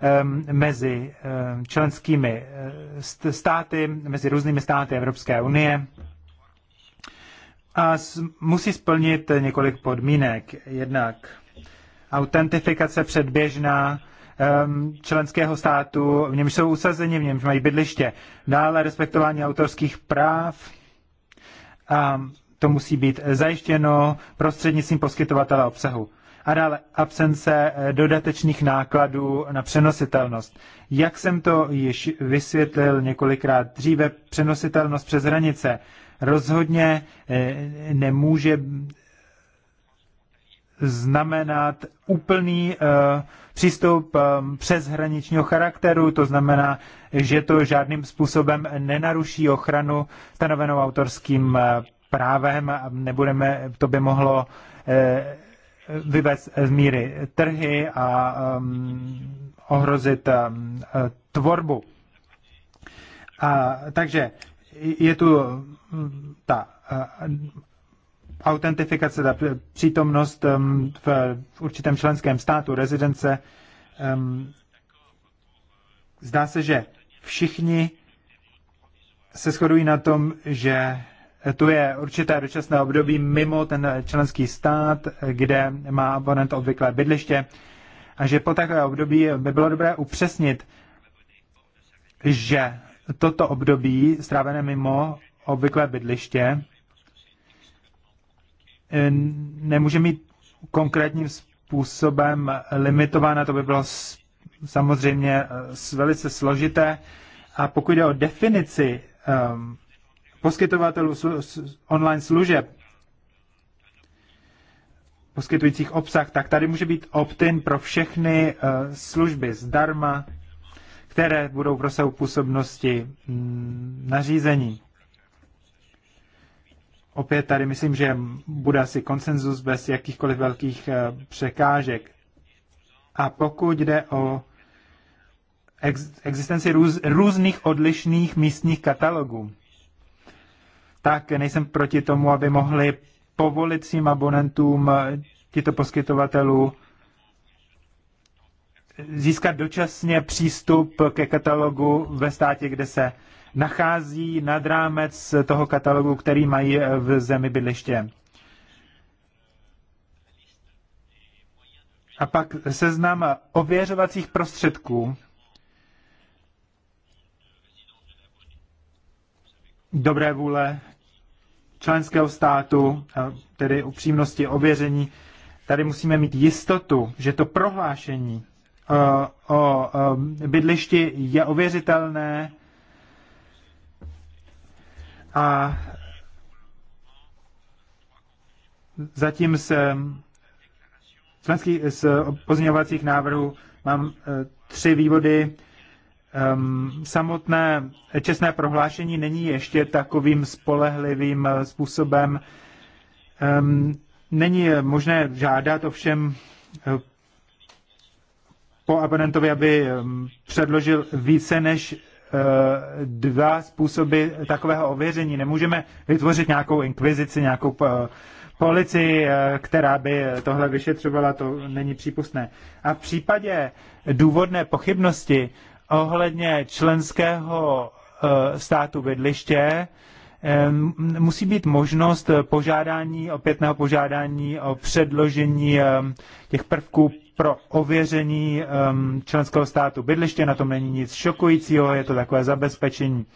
ehm, mezi ehm, členskými eh, státy, mezi různými státy Evropské unie a musí splnit několik podmínek. Jednak autentifikace předběžná ehm, členského státu, v němž jsou usazeni, v němž mají bydliště. Dále respektování autorských práv a to musí být zajištěno prostřednictvím poskytovatele obsahu. A dále absence eh, dodatečných nákladů na přenositelnost. Jak jsem to již vysvětlil několikrát dříve, přenositelnost přes hranice rozhodně eh, nemůže znamenat úplný eh, přístup eh, přeshraničního charakteru, to znamená, že to žádným způsobem nenaruší ochranu stanovenou autorským právem a nebudeme, to by mohlo vyvést z míry trhy a ehm, ohrozit ehm, tvorbu. A, takže je tu hm, ta eh, autentifikace, ta přítomnost hm, v určitém členském státu, rezidence. Hm, zdá se, že všichni se shodují na tom, že tu je určité dočasné období mimo ten členský stát, kde má abonent obvyklé bydliště a že po takové období by bylo dobré upřesnit, že toto období strávené mimo obvyklé bydliště eh, nemůže mít konkrétním způsobem limitována, to by bylo samozřejmě eh, velice složité. A pokud jde o definici ehm, poskytovatelů online služeb, poskytujících obsah, tak tady může být opt-in pro všechny eh, služby zdarma, které budou v rozsahu působnosti mm, nařízení. Opět tady myslím, že bude asi konsenzus bez jakýchkoliv velkých eh, překážek. A pokud jde o ex- existenci růz- různých odlišných místních katalogů, tak nejsem proti tomu, aby mohli povolit svým abonentům eh, tyto poskytovatelů získat dočasně přístup ke katalogu ve státě, kde se nachází nad rámec toho katalogu, který mají v zemi bydliště. A pak seznam ověřovacích prostředků. Dobré vůle členského státu, tedy upřímnosti ověření. Tady musíme mít jistotu, že to prohlášení Eh, o eh, bydlišti je ověřitelné a zatím se členský, z pozměňovacích návrhů mám eh, tři vývody. Ehm, samotné čestné prohlášení není ještě takovým spolehlivým způsobem. Ehm, není možné žádat ovšem po abonentovi, aby um, předložil více než uh, dva způsoby takového ověření. Nemůžeme vytvořit nějakou inkvizici, nějakou uh, policii, uh, která by tohle vyšetřovala, to není přípustné. A v případě důvodné pochybnosti ohledně členského státu bydliště um, musí být možnost požádání, opětného požádání o předložení um, těch prvků pro ověření um, členského státu bydliště, na tom není nic šokujícího, je to takové zabezpečení.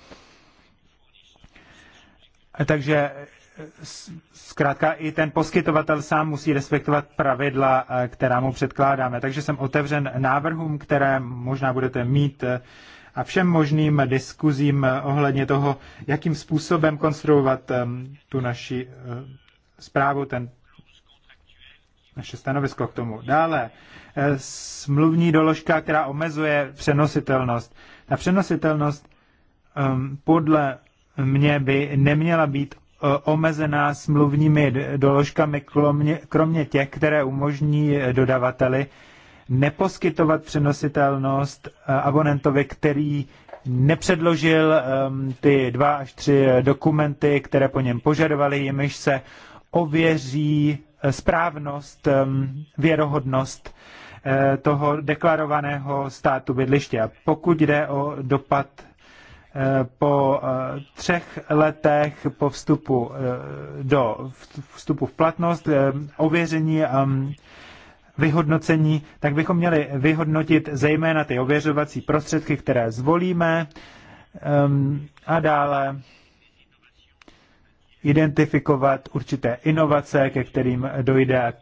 Takže eh, zkrátka i ten poskytovatel sám musí respektovat pravidla, eh, která mu předkládáme. Takže jsem otevřen návrhům, které možná budete mít eh, a všem možným diskuzím ohledně toho, jakým způsobem konstruovat ehm, tu naši zprávu, ten naše stanovisko k tomu. Dále, eh, smluvní doložka, která omezuje přenositelnost. Ta přenositelnost ehm, podle mě by neměla být eh, omezená smluvními doložkami, kromě těch, které umožní eh, dodavateli neposkytovat přenositelnost abonentovi, který nepředložil ehm, ty dva až tři dokumenty, které po něm požadovali, jimiž se ověří správnost, věrohodnost eh, toho deklarovaného státu bydliště. A pokud jde o dopad eh, po eh, třech letech po vstupu do vstupu v platnost, ověření vyhodnocení, tak bychom měli vyhodnotit zejména ty ověřovací prostředky, které zvolíme a dále identifikovat určité inovace, ke kterým dojde a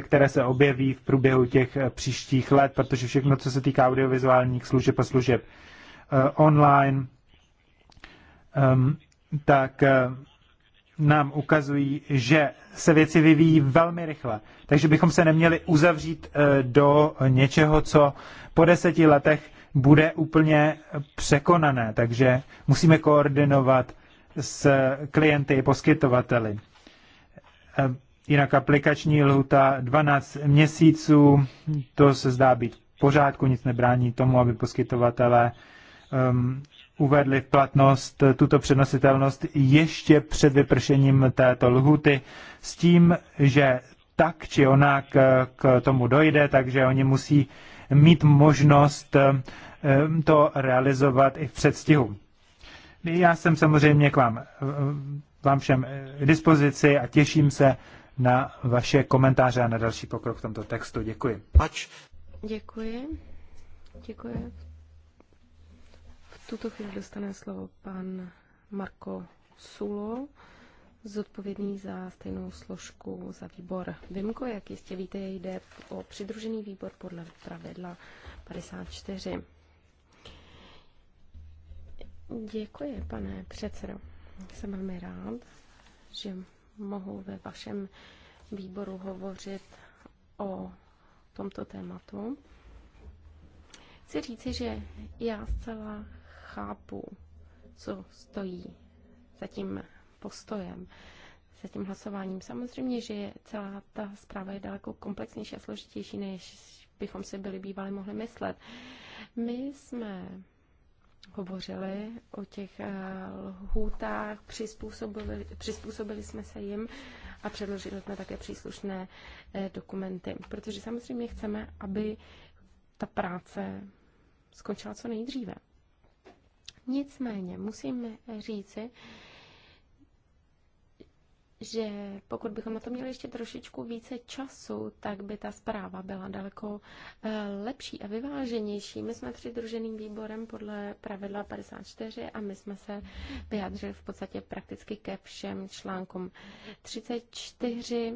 které se objeví v průběhu těch eh, příštích let, protože všechno, co se týká audiovizuálních služeb a služeb eh, online, ehm, tak eh, nám ukazují, že se věci vyvíjí velmi rychle. Takže bychom se neměli uzavřít do něčeho, co po deseti letech bude úplně překonané. Takže musíme koordinovat s klienty, poskytovateli. Eh, jinak aplikační lhuta 12 měsíců, to se zdá být v pořádku, nic nebrání tomu, aby poskytovatele um, uvedli v platnost tuto přenositelnost ještě před vypršením této lhuty s tím, že tak či onak eh, k tomu dojde, takže oni musí mít možnost eh, to realizovat i v předstihu. Já jsem samozřejmě k vám, vám všem dispozici a těším se na vaše komentáře a na další pokrok v tomto textu. Děkuji.
Pač. Děkuji. Děkuji. V tuto chvíli dostane slovo pan Marko Sulo, zodpovědný za stejnou složku za výbor Vimko. Jak jistě víte, jde o přidružený výbor podle pravidla 54. Děkuji, pane předsedo. Jsem velmi rád, že mohu ve vašem výboru hovořit o tomto tématu. Chci říci, že já zcela chápu, co stojí za tím postojem, za tím hlasováním. Samozřejmě, že celá ta zpráva je daleko komplexnější a složitější, než bychom si byli bývali mohli myslet. My jsme hovořili o těch eh, lhůtách, přizpůsobili, přizpůsobili jsme se jim a předložili jsme také příslušné eh, dokumenty, protože samozřejmě chceme, aby ta práce skončila co nejdříve. Nicméně musím říci, že pokud bychom na to měli ještě trošičku více času, tak by ta zpráva byla daleko eh, lepší a vyváženější. My jsme přidruženým výborem podle pravidla 54 a my jsme se vyjádřili v podstatě prakticky ke všem článkům 34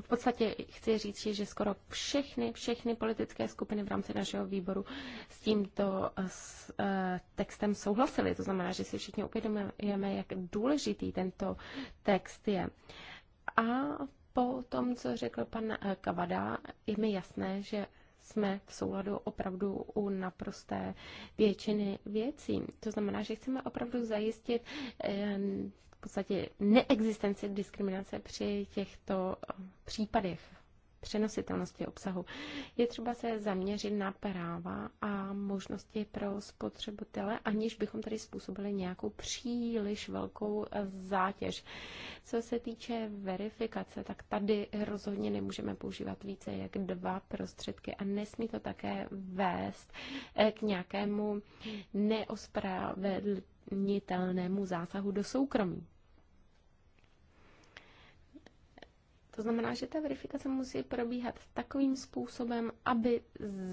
v podstatě chci říct, že skoro všechny, všechny politické skupiny v rámci našeho výboru s tímto s, e, textem souhlasily. To znamená, že si všichni uvědomujeme, jak důležitý tento text je. A po tom, co řekl pan eh, Kavada, je mi jasné, že jsme v souladu opravdu u naprosté většiny věcí. To znamená, že chceme opravdu zajistit eh, podstatě neexistenci diskriminace při těchto eh, případech přenositelnosti obsahu. Je třeba se zaměřit na práva a možnosti pro spotřebitele, aniž bychom tady způsobili nějakou příliš velkou eh, zátěž. Co se týče verifikace, tak tady rozhodně nemůžeme používat více jak dva prostředky a nesmí to také vést eh, k nějakému neospravedlnitelnému zásahu do soukromí. To znamená, že ta verifikace musí probíhat takovým způsobem, aby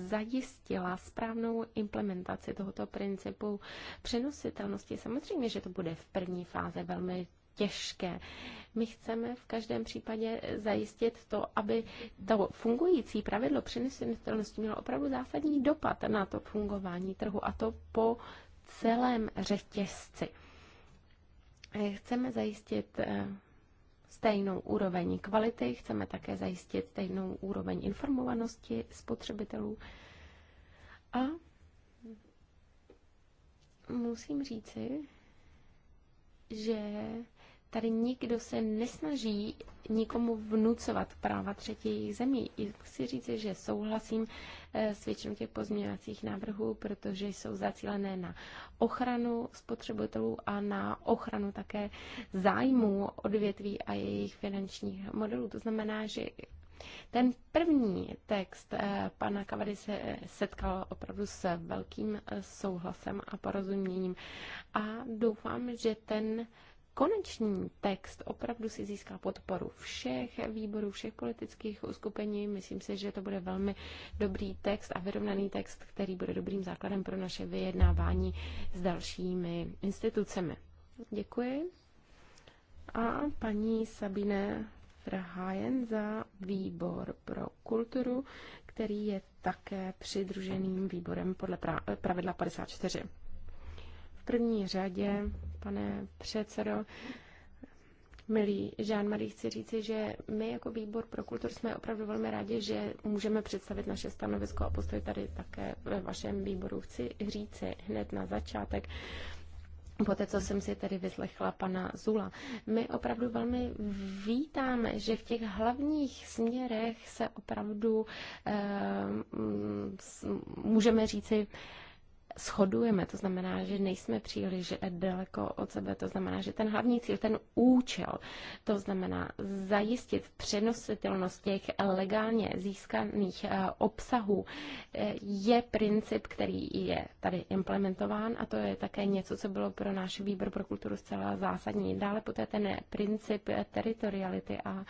zajistila správnou implementaci tohoto principu přenositelnosti. Samozřejmě, že to bude v první fáze velmi těžké. My chceme v každém případě zajistit to, aby to fungující pravidlo přenositelnosti mělo opravdu zásadní dopad na to fungování trhu a to po celém řetězci. Chceme zajistit eh, stejnou úroveň kvality, chceme také zajistit stejnou úroveň informovanosti spotřebitelů. A musím říci, že Tady nikdo se nesnaží nikomu vnucovat práva třetích zemí. Chci říct, že souhlasím eh, s většinou těch pozměňovacích návrhů, protože jsou zacílené na ochranu spotřebitelů a na ochranu také zájmů odvětví a jejich finančních modelů. To znamená, že ten první text eh, pana Kavady se setkal opravdu s velkým eh, souhlasem a porozuměním a doufám, že ten konečný text opravdu si získá podporu všech výborů, všech politických uskupení. Myslím si, že to bude velmi dobrý text a vyrovnaný text, který bude dobrým základem pro naše vyjednávání s dalšími institucemi. Děkuji. A paní Sabine Frahajen za výbor pro kulturu, který je také přidruženým výborem podle pravidla 54. V první řadě pane předsedo. Milý Jean-Marie, chci říci, že my jako výbor pro kulturu jsme opravdu velmi rádi, že můžeme představit naše stanovisko a postoj tady také ve vašem výboru. Chci říci hned na začátek, Poté, co jsem si tedy vyslechla pana Zula, my opravdu velmi vítáme, že v těch hlavních směrech se opravdu eh, můžeme říci, eh, shodujeme, to znamená, že nejsme příliš daleko od sebe, to znamená, že ten hlavní cíl, ten účel, to znamená zajistit přenositelnost těch legálně získaných eh, obsahů, eh, je princip, který je tady implementován a to je také něco, co bylo pro náš výbor pro kulturu zcela zásadní. Dále poté ten princip teritoriality a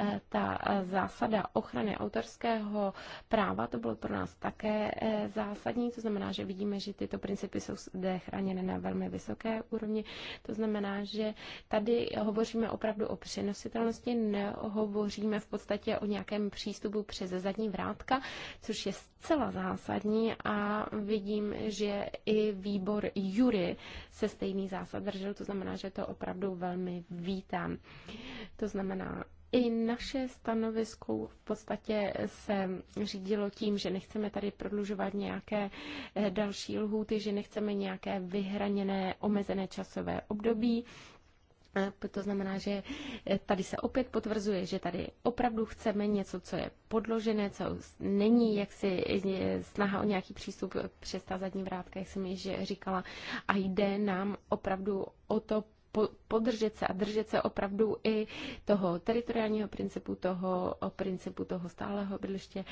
eh, ta zásada ochrany autorského práva, to bylo pro nás také zásadní, to znamená, že vidíme, že tyto principy jsou zde chráněny na velmi vysoké úrovni. To znamená, že tady hovoříme opravdu o přenositelnosti, nehovoříme v podstatě o nějakém přístupu přes zadní vrátka, což je zcela zásadní a vidím, že i výbor Jury se stejný zásad držel, to znamená, že to opravdu velmi vítám. To znamená, i naše stanovisko v podstatě se řídilo tím, že nechceme tady prodlužovat nějaké eh, další lhůty, že nechceme nějaké vyhraněné, omezené časové období. Eh, to znamená, že eh, tady se opět potvrzuje, že tady opravdu chceme něco, co je podložené, co není jaksi snaha o nějaký přístup přes ta zadní vrátka, jak jsem již říkala, a jde nám opravdu o to podržet se a držet se opravdu i toho teritoriálního principu, toho principu toho stáleho bydliště.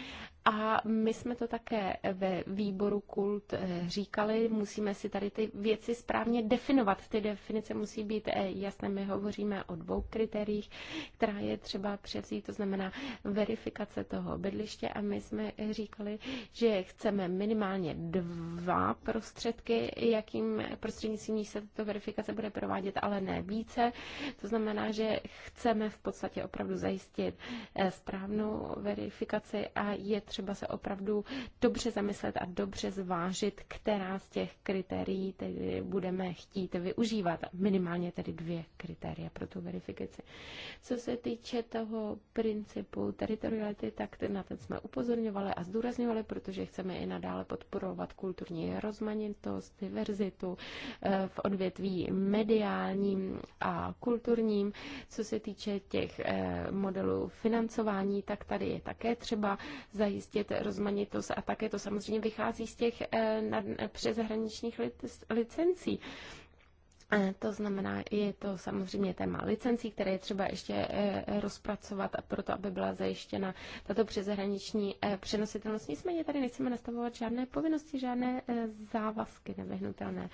A my jsme to také ve výboru kult eh, říkali, musíme si tady ty věci správně definovat. Ty definice musí být eh, jasné. My hovoříme o dvou kritériích, která je třeba převzít, to znamená verifikace toho bydliště a my jsme eh, říkali, že chceme minimálně dva prostředky, jakým prostřednictvím se tato verifikace bude provádět, ale ale ne více. To znamená, že chceme v podstatě opravdu zajistit eh, správnou verifikaci a je třeba se opravdu dobře zamyslet a dobře zvážit, která z těch kritérií tedy budeme chtít využívat. Minimálně tedy dvě kritéria pro tu verifikaci. Co se týče toho principu teritoriality, tak na ten jsme upozorňovali a zdůrazňovali, protože chceme i nadále podporovat kulturní rozmanitost, diverzitu eh, v odvětví mediální sociálním a kulturním. Co se týče těch eh, modelů financování, tak tady je také třeba zajistit rozmanitost a také to samozřejmě vychází z těch eh, eh, přeshraničních licencí. To znamená, je to samozřejmě téma licencí, které je třeba ještě eh, rozpracovat a proto, aby byla zajištěna tato přezahraniční eh, přenositelnost. Nicméně tady nechceme nastavovat žádné povinnosti, žádné eh, závazky nevyhnutelné.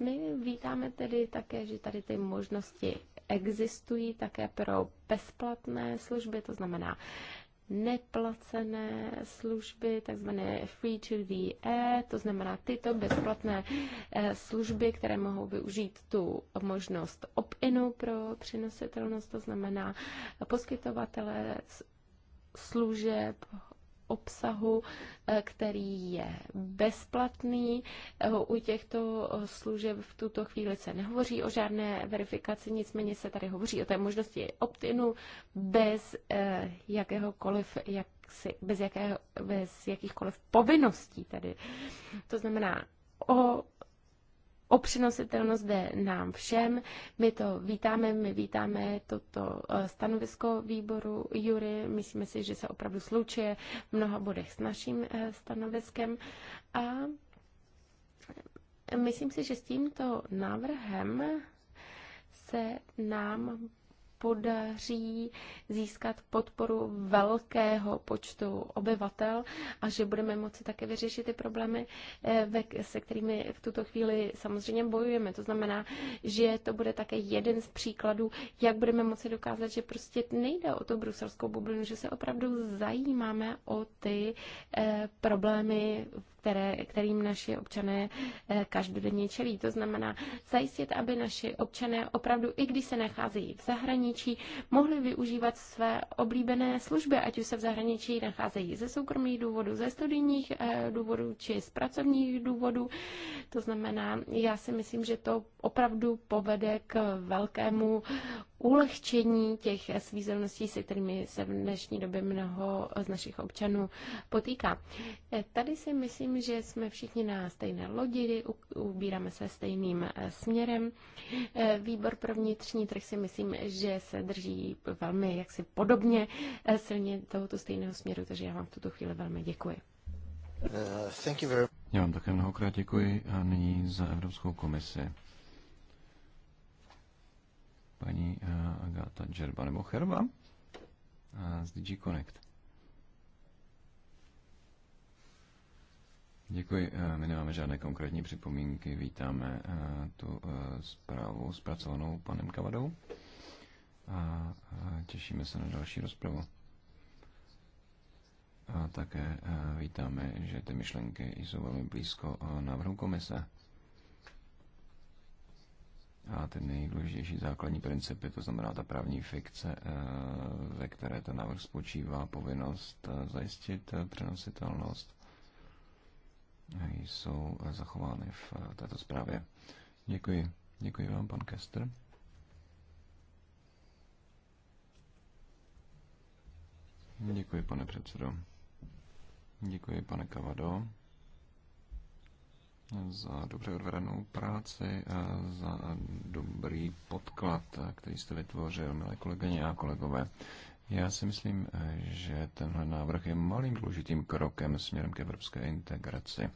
My vítáme tedy také, že tady ty možnosti existují také pro bezplatné služby, to znamená neplacené služby, takzvané free to the air, to znamená tyto bezplatné eh, služby, které mohou využít tu možnost opt-inu pro přenositelnost, to znamená poskytovatele služeb, obsahu, eh, který je bezplatný. Eh, u těchto eh, služeb v tuto chvíli se nehovoří o žádné verifikaci, nicméně se tady hovoří o té možnosti opt-inu bez jakéhokoliv, jak bez, jakého, bez jakýchkoliv povinností. Tedy. To znamená, o o přenositelnost jde nám všem. My to vítáme, my vítáme toto eh, stanovisko výboru Jury. Myslíme si, že se opravdu slučuje v mnoha bodech s naším eh, stanoviskem. A myslím si, že s tímto návrhem se nám podaří získat podporu velkého počtu obyvatel a že budeme moci také vyřešit ty problémy, eh, se kterými v tuto chvíli samozřejmě bojujeme. To znamená, že to bude také jeden z příkladů, jak budeme moci dokázat, že prostě nejde o tu bruselskou bublinu, že se opravdu zajímáme o ty eh, problémy, které, kterým naši občané eh, každodenně čelí. To znamená zajistit, aby naši občané opravdu, i když se nacházejí v zahraničí, zahraničí mohli využívat své oblíbené služby, ať už se v zahraničí nacházejí ze soukromých důvodů, ze studijních eh, důvodů či z pracovních důvodů. To znamená, já si myslím, že to opravdu povede k velkému ulehčení těch svízelností, se kterými se v dnešní době mnoho z našich občanů potýká. Eh, tady si myslím, že jsme všichni na stejné lodi, ubíráme se stejným eh, směrem. Eh, výbor pro vnitřní trh si myslím, že se drží velmi jaksi podobně silně tohoto stejného směru, takže já vám v tuto chvíli velmi děkuji.
Uh, thank you very...
Já vám také mnohokrát děkuji a nyní za Evropskou komisi paní eh, Agata Džerba nebo Herba eh, z DG Connect. Děkuji. Eh, my nemáme žádné konkrétní připomínky. Vítáme tu zprávu zpracovanou panem Kavadou a těšíme se na další rozpravu. A také vítáme, že ty myšlenky jsou velmi blízko návrhu komise a ty nejdůležitější základní principy, to znamená ta právní fikce, eh, ve které ten návrh spočívá, povinnost eh, zajistit eh, přenositelnost, jsou zachovány v této zprávě. Děkuji. Děkuji vám, pan Kester. Děkuji, pane předsedo. Děkuji, pane Kavado za dobře odvedenou práci a za dobrý podklad, který jste vytvořil, milé kolegyně a kolegové. Já si myslím, že tenhle návrh je malým důležitým krokem směrem k evropské integraci.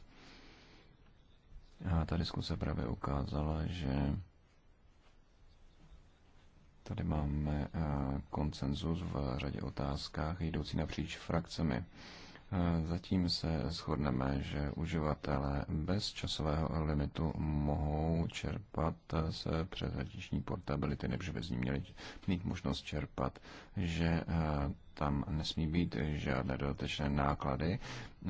A ta diskuse právě ukázala, že tady máme eh, konsenzus v řadě otázkách jdoucí napříč frakcemi. Zatím se shodneme, že uživatelé bez časového limitu mohou čerpat z přeshraniční portability, než by z ní měli mít možnost čerpat, že eh, tam nesmí být žádné dodatečné náklady eh,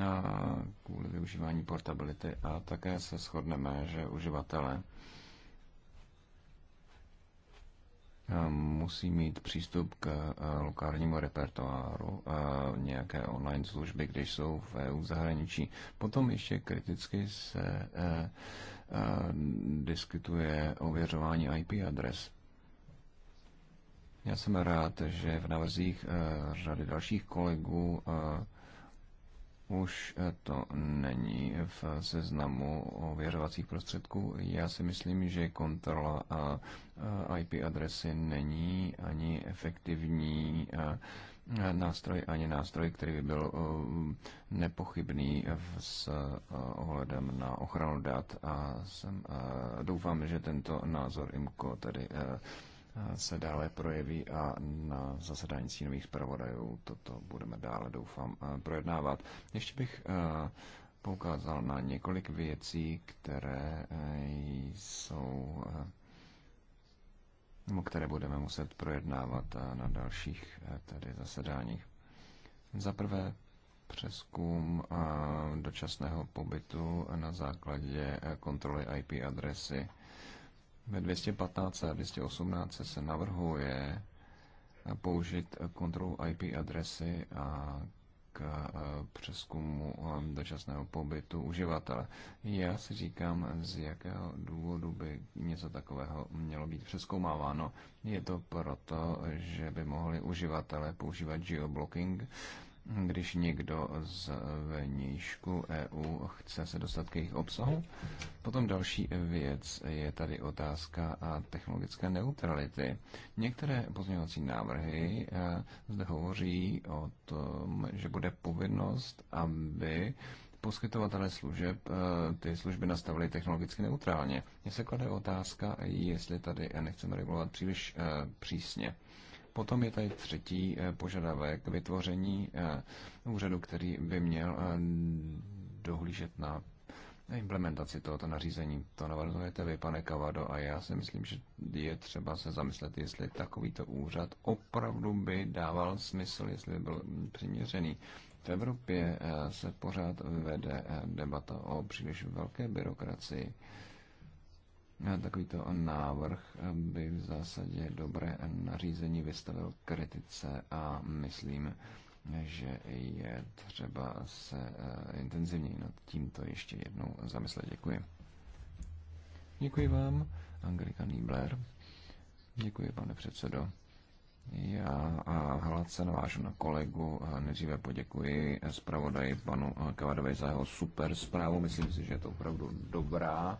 kvůli využívání portability a také se shodneme, že uživatelé musí mít přístup k eh, lokálnímu repertoáru eh, nějaké online služby, když jsou v EU v zahraničí. Potom ještě kriticky se eh, diskutuje ověřování IP adres. Já jsem rád, že v návrzích řady dalších kolegů už eh, to není v seznamu ověřovacích prostředků. Já si myslím, že kontrola eh, eh, IP adresy není ani efektivní nástroj, ani nástroj, který by byl nepochybný s ohledem na ochranu dat a jsem, doufám, že tento názor IMCO tedy se dále projeví a na zasedání sínových zpravodajů toto budeme dále, doufám, eh, projednávat. Ještě bych eh, poukázal na několik věcí, které eh, jsou nebo které budeme muset projednávat na dalších tedy zasedáních. Za prvé přeskum dočasného pobytu na základě kontroly IP adresy ve 215 a 218 se navrhuje použít kontrolu IP adresy a k e, přeskumu e, dočasného pobytu uživatele. Já si říkám, z jakého důvodu by něco takového mělo být přeskoumáváno. Je to proto, že by mohli uživatelé používat geoblocking když někdo z vnějšku EU chce se dostat k jejich obsahu. Potom další věc je tady otázka a technologické neutrality. Některé pozměňovací návrhy eh, zde hovoří o tom, že bude povinnost, aby poskytovatele služeb eh, ty služby nastavili technologicky neutrálně. Mně se klade otázka, jestli tady nechceme regulovat příliš eh, přísně Potom je tady třetí eh, požadavek vytvoření eh, úřadu, který by měl eh, dohlížet na implementaci tohoto nařízení. To navrhujete vy, pane Kavado, a já si myslím, že je třeba se zamyslet, jestli takovýto úřad opravdu by dával smysl, jestli by byl přiměřený. V Evropě se pořád vede debata o příliš velké byrokracii Eh, takovýto návrh eh, by v zásadě dobré nařízení vystavil kritice a myslím, že je třeba se eh, intenzivněji nad tímto ještě jednou zamyslet. Děkuji. Děkuji vám, Angelika Niebler. Děkuji, pane předsedo. Já a hladce navážu na kolegu. Nejdříve poděkuji zpravodaji panu Kavadovi za jeho super zprávu. Myslím si, že je to opravdu dobrá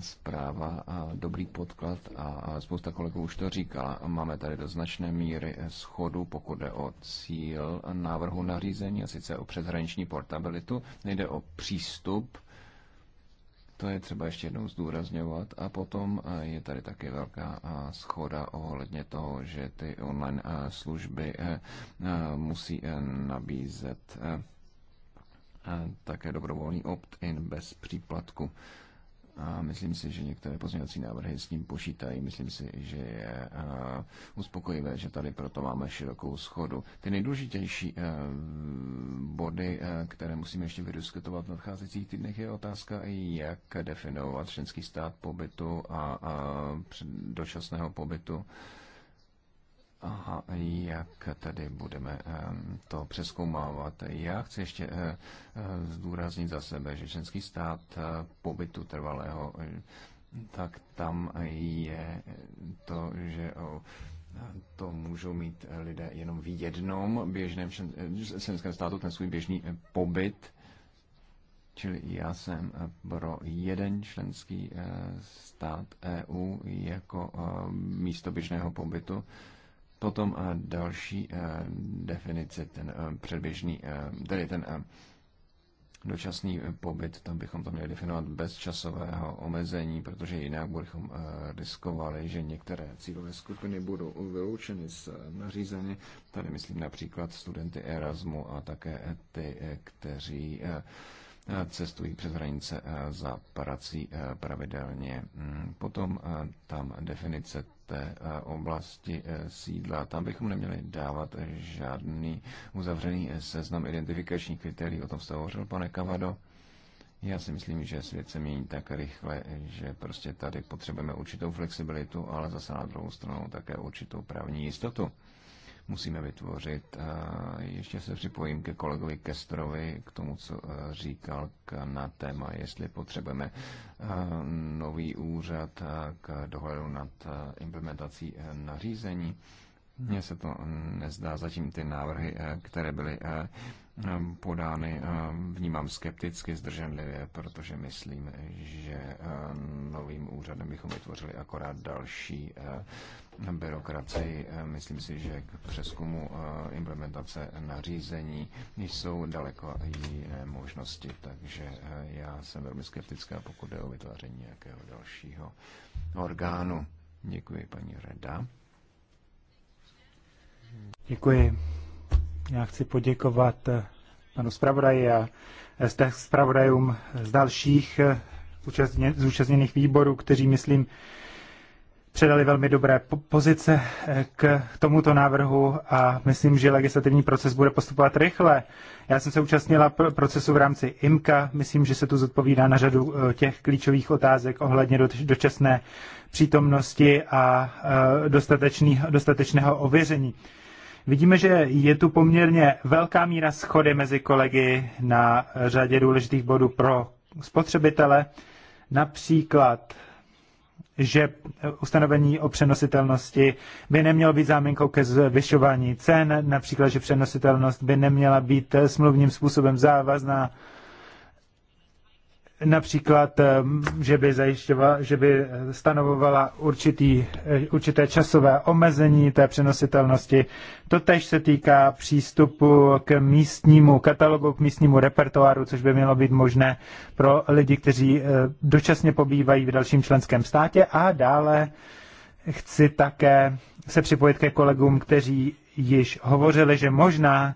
zpráva a dobrý podklad a spousta kolegů už to říkala. Máme tady do značné míry schodu, pokud jde o cíl návrhu nařízení, a sice o přeshraniční portabilitu. Jde o přístup, to je třeba ještě jednou zdůrazňovat. A potom je tady také velká schoda ohledně toho, že ty online služby musí nabízet také dobrovolný opt-in bez příplatku a myslím si, že některé pozměňovací návrhy s ním počítají. Myslím si, že je uh, uspokojivé, že tady proto máme širokou schodu. Ty nejdůležitější uh, body, uh, které musíme ještě vydiskutovat v nadcházejících týdnech, je otázka, jak definovat členský stát pobytu a dočasného pobytu. Uh, a jak tady budeme to přeskoumávat. Já chci ještě eh, eh, zdůraznit za sebe, že ženský stát eh, pobytu trvalého, tak tam je to, že to můžou mít lidé jenom v jednom běžném ženském státu, ten svůj běžný pobyt. Čili já jsem pro jeden členský stát EU jako místo běžného pobytu Potom eh, další eh, definice, ten eh, předběžný, tedy ten dočasný pobyt, tam bychom to měli definovat bez časového omezení, protože jinak bychom riskovali, že některé cílové skupiny budou vyloučeny z nařízení. Tady myslím například studenty Erasmu a také ty, kteří Eh, cestují přes hranice eh, za prací eh, pravidelně. Mm, potom tam definice té oblasti sídla. Tam bychom neměli dávat žádný uzavřený seznam identifikačních kritérií. O tom jste hovořil, pane Kavado. Já si myslím, že svět se mění tak rychle, že prostě tady potřebujeme určitou flexibilitu, ale zase na druhou stranu také určitou právní jistotu musíme vytvořit. Ještě se připojím ke kolegovi Kestrovi, k tomu, co e, říkal na téma, jestli potřebujeme e, nový úřad e, k dohledu nad implementací nařízení. Mně se to nezdá, zatím ty návrhy, které byly podány, vnímám skepticky, zdrženlivě, protože myslím, že novým úřadem bychom vytvořili akorát další byrokracii. Eh, myslím si, že k přeskumu eh, implementace nařízení jsou daleko jiné možnosti, takže eh, já jsem velmi skeptická, pokud jde o vytváření nějakého dalšího orgánu. Děkuji, paní Reda.
Děkuji. Já chci poděkovat panu zpravodaji a z těch zpravodajům z dalších zúčastněných výborů, kteří, myslím, předali velmi dobré pozice eh, k tomuto návrhu a myslím, že legislativní proces bude postupovat rychle. Já jsem se účastnila procesu v rámci IMKA, myslím, že se tu zodpovídá na řadu eh, těch klíčových otázek ohledně dočasné přítomnosti a eh, dostatečného ověření. Vidíme, že je tu poměrně velká míra schody mezi kolegy na řadě důležitých bodů pro spotřebitele, například že ustanovení o přenositelnosti by nemělo být záminkou ke zvyšování cen, například, že přenositelnost by neměla být smluvním způsobem závazná například, ehm, že by, zajišťovala, že by stanovovala určitý, eh, určité časové omezení té přenositelnosti. To tež se týká přístupu k místnímu katalogu, k místnímu repertoáru, což by mělo být možné pro lidi, kteří eh, dočasně pobývají v dalším členském státě. A dále chci také se připojit ke kolegům, kteří již hovořili, že možná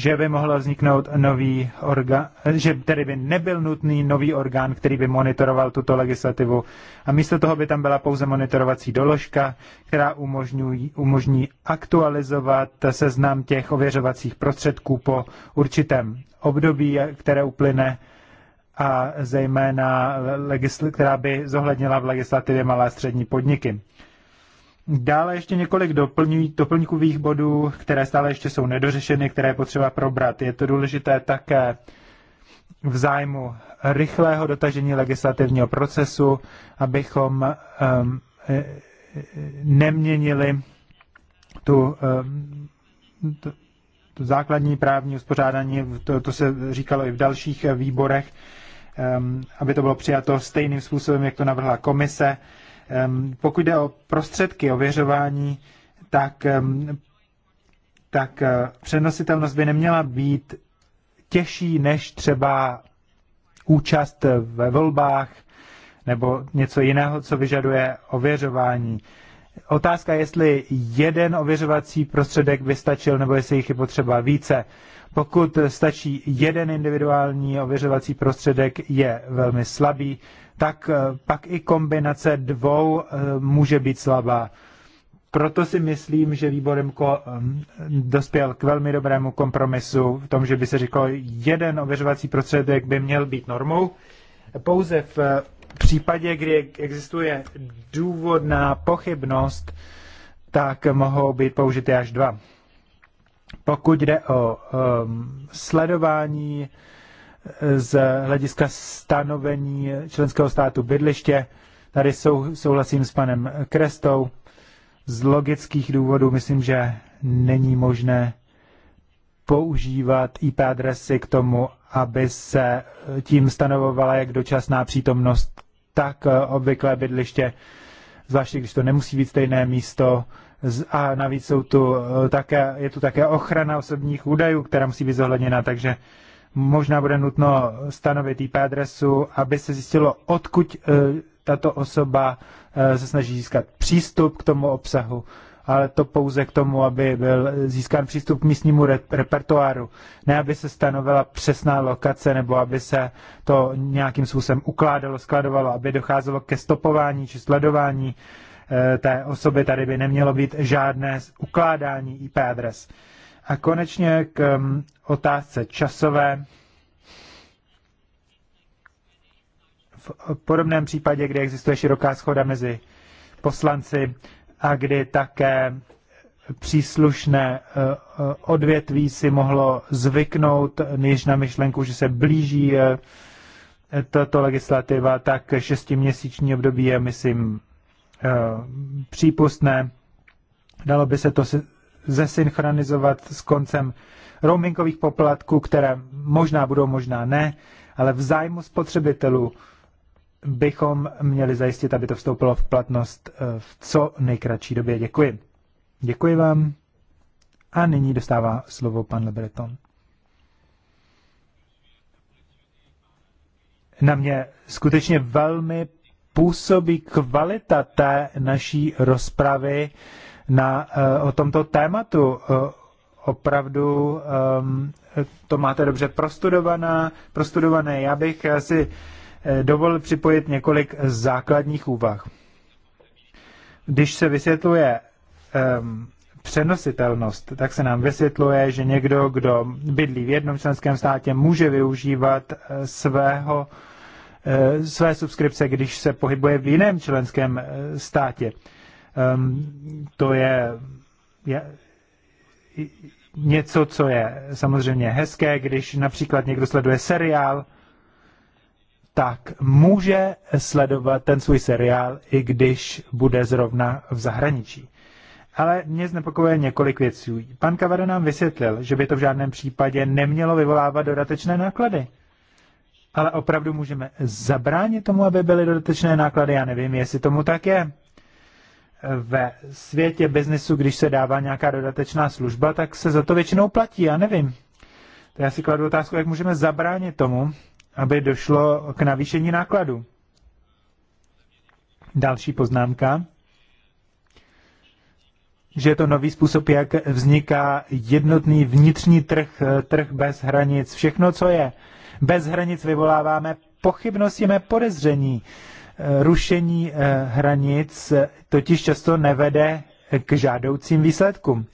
že by mohl vzniknout nový orgán, že tedy by nebyl nutný nový orgán, který by monitoroval tuto legislativu. A místo toho by tam byla pouze monitorovací doložka, která umožňují, umožní aktualizovat seznam těch ověřovacích prostředků po určitém období, které uplyne a zejména, která by zohlednila v legislativě malé a střední podniky. Dále ještě několik doplňují, doplňkových bodů, které stále ještě jsou nedořešeny, které je potřeba probrat. Je to důležité také v zájmu rychlého dotažení legislativního procesu, abychom um, e, e, neměnili tu, um, tu, tu základní právní uspořádání, to, to se říkalo i v dalších výborech, um, aby to bylo přijato stejným způsobem, jak to navrhla komise. Pokud jde o prostředky ověřování, tak, tak eh, přenositelnost by neměla být těžší než třeba účast ve volbách nebo něco jiného, co vyžaduje ověřování. Otázka, jestli jeden ověřovací prostředek by stačil, nebo jestli jich je potřeba více. Pokud stačí jeden individuální ověřovací prostředek, je velmi slabý, tak eh, pak i kombinace dvou eh, může být slabá. Proto si myslím, že výborem ehm, dospěl k velmi dobrému kompromisu v tom, že by se říkalo, jeden ověřovací prostředek by měl být normou. Pouze v eh, případě, kdy existuje důvodná pochybnost, tak mohou být použity až dva. Pokud jde o um, sledování z hlediska stanovení členského státu bydliště. Tady sou, souhlasím s panem Krestou. Z logických důvodů myslím, že není možné používat IP adresy k tomu, aby se tím stanovovala jak dočasná přítomnost, tak obvyklé bydliště, zvláště když to nemusí být stejné místo. A navíc jsou tu eh, také, je tu také ochrana osobních údajů, která musí být zohledněna, takže možná bude nutno stanovit IP adresu, aby se zjistilo, odkud eh, tato osoba eh, se snaží získat přístup k tomu obsahu, ale to pouze k tomu, aby byl získán přístup k místnímu repertoáru, ne aby se stanovila přesná lokace nebo aby se to nějakým způsobem ukládalo, skladovalo, aby docházelo ke stopování či sledování eh, té osoby. Tady by nemělo být žádné ukládání IP adres. A konečně k um, otázce časové. V podobném případě, kdy existuje široká schoda mezi poslanci a kdy také příslušné eh, eh, odvětví si mohlo zvyknout než na myšlenku, že se blíží eh, tato legislativa, tak šestiměsíční období je, myslím, přípustné. Dalo by se to zesynchronizovat s koncem roamingových poplatků, které možná budou, možná ne, ale v zájmu spotřebitelů bychom měli zajistit, aby to vstoupilo v platnost eh, v co nejkratší době. Děkuji. Děkuji vám. A nyní dostává slovo pan Lebreton. Na mě skutečně velmi působí kvalita té naší rozpravy na, eh, o tomto tématu. Eh, opravdu ehm, to máte dobře prostudovaná, prostudované. Já bych si eh, dovolil připojit několik základních úvah. Když se vysvětluje ehm, přenositelnost, tak se nám vysvětluje, že někdo, kdo bydlí v jednom členském státě, může využívat svého, své subskripce, když se pohybuje v jiném členském státě. Ehm, to je, je něco, co je samozřejmě hezké, když například někdo sleduje seriál, tak může sledovat ten svůj seriál, i když bude zrovna v zahraničí. Ale mě znepokojuje několik věcí. Pan Kavada nám vysvětlil, že by to v žádném případě nemělo vyvolávat dodatečné náklady. Ale opravdu můžeme zabránit tomu, aby byly dodatečné náklady. Já nevím, jestli tomu tak je ve světě biznesu, když se dává nějaká dodatečná služba, tak se za to většinou platí, já nevím. To já si kladu otázku, jak můžeme zabránit tomu, aby došlo k navýšení nákladu. Další poznámka, že je to nový způsob, jak vzniká jednotný vnitřní trh, trh bez hranic. Všechno, co je bez hranic, vyvoláváme pochybnosti, mé podezření rušení eh, hranic totiž často nevede k žádoucím výsledkům.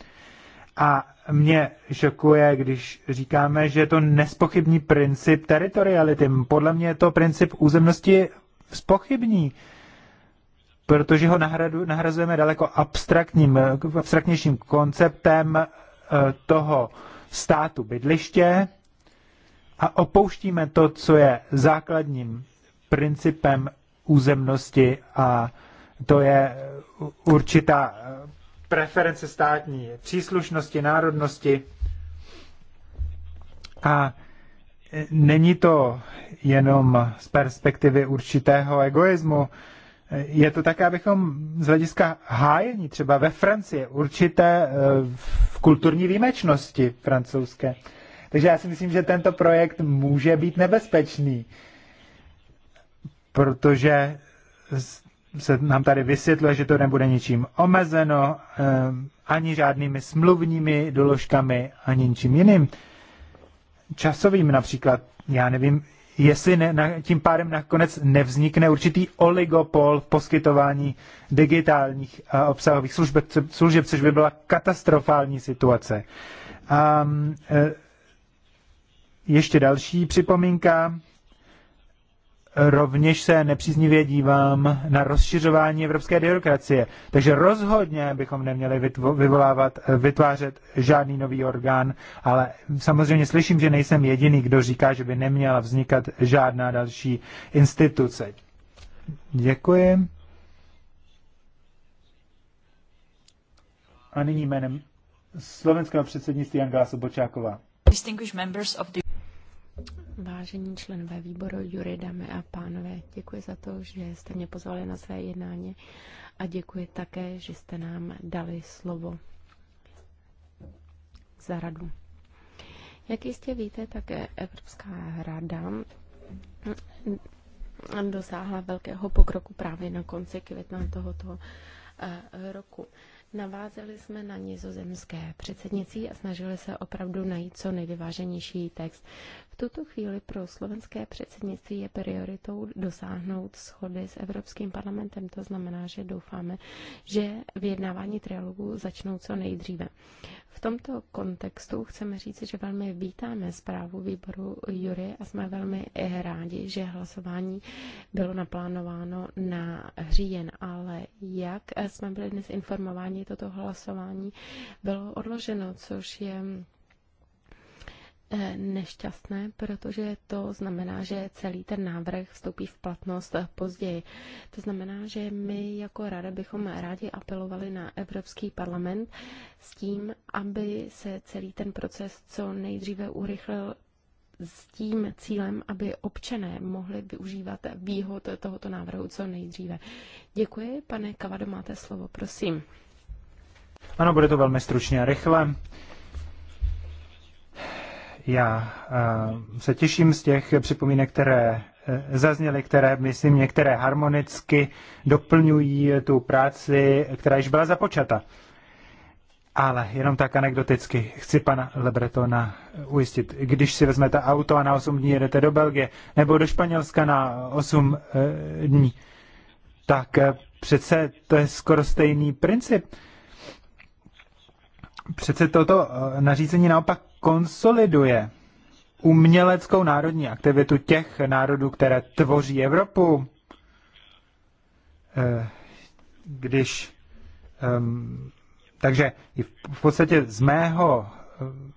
A mě šokuje, když říkáme, že je to nespochybní princip teritoriality. Podle mě je to princip územnosti spochybní, protože ho nahradu, nahrazujeme daleko abstraktním, abstraktnějším konceptem eh, toho státu bydliště a opouštíme to, co je základním principem územnosti a to je určitá preference státní příslušnosti, národnosti. A není to jenom z perspektivy určitého egoismu, je to tak, abychom z hlediska hájení třeba ve Francii určité eh, v kulturní výjimečnosti francouzské. Takže já si myslím, že tento projekt může být nebezpečný protože se nám tady vysvětluje, že to nebude ničím omezeno, eh, ani žádnými smluvními doložkami, ani ničím jiným. Časovým například, já nevím, jestli ne, na, tím pádem nakonec nevznikne určitý oligopol v poskytování digitálních a eh, obsahových služeb, služeb, což by byla katastrofální situace. Um, ještě další připomínka rovněž se nepříznivě dívám na rozšiřování evropské byrokracie. Takže rozhodně bychom neměli vyvolávat, vytvářet žádný nový orgán, ale samozřejmě slyším, že nejsem jediný, kdo říká, že by neměla vznikat žádná další instituce. Děkuji. A nyní jménem slovenského předsednictví Jan Sobočáková.
Distinguished members of the Vážení členové výboru, Jury, dámy a pánové, děkuji za to, že jste mě pozvali na své jednání a děkuji také, že jste nám dali slovo za radu. Jak jistě víte, tak Evropská rada dosáhla velkého pokroku právě na konci května tohoto eh, roku. Navázeli jsme na nizozemské předsednicí a snažili se opravdu najít co nejvyváženější text tuto chvíli pro slovenské předsednictví je prioritou dosáhnout schody s Evropským parlamentem. To znamená, že doufáme, že vyjednávání trialogu začnou co nejdříve. V tomto kontextu chceme říct, že velmi vítáme zprávu výboru Jury a jsme velmi rádi, že hlasování bylo naplánováno na říjen, ale jak jsme byli dnes informováni, toto hlasování bylo odloženo, což je Eh, nešťastné, protože to znamená, že celý ten návrh vstoupí v platnost později. To znamená, že my jako rada bychom rádi apelovali na Evropský parlament s tím, aby se celý ten proces co nejdříve urychlil s tím cílem, aby občané mohli využívat výhod tohoto návrhu co nejdříve. Děkuji, pane Kavado, máte slovo, prosím.
Ano, bude to velmi stručně a rychle. Já eh, se těším z těch připomínek, které eh, zazněly, které, myslím, některé harmonicky doplňují tu práci, která již byla započata. Ale jenom tak anekdoticky chci pana Lebretona ujistit. Když si vezmete auto a na 8 dní jedete do Belgie nebo do Španělska na 8 eh, dní, tak přece to je skoro stejný princip. Přece toto nařízení naopak konsoliduje uměleckou národní aktivitu těch národů, které tvoří Evropu. Eh, když, ehm, takže v podstatě z mého, eh,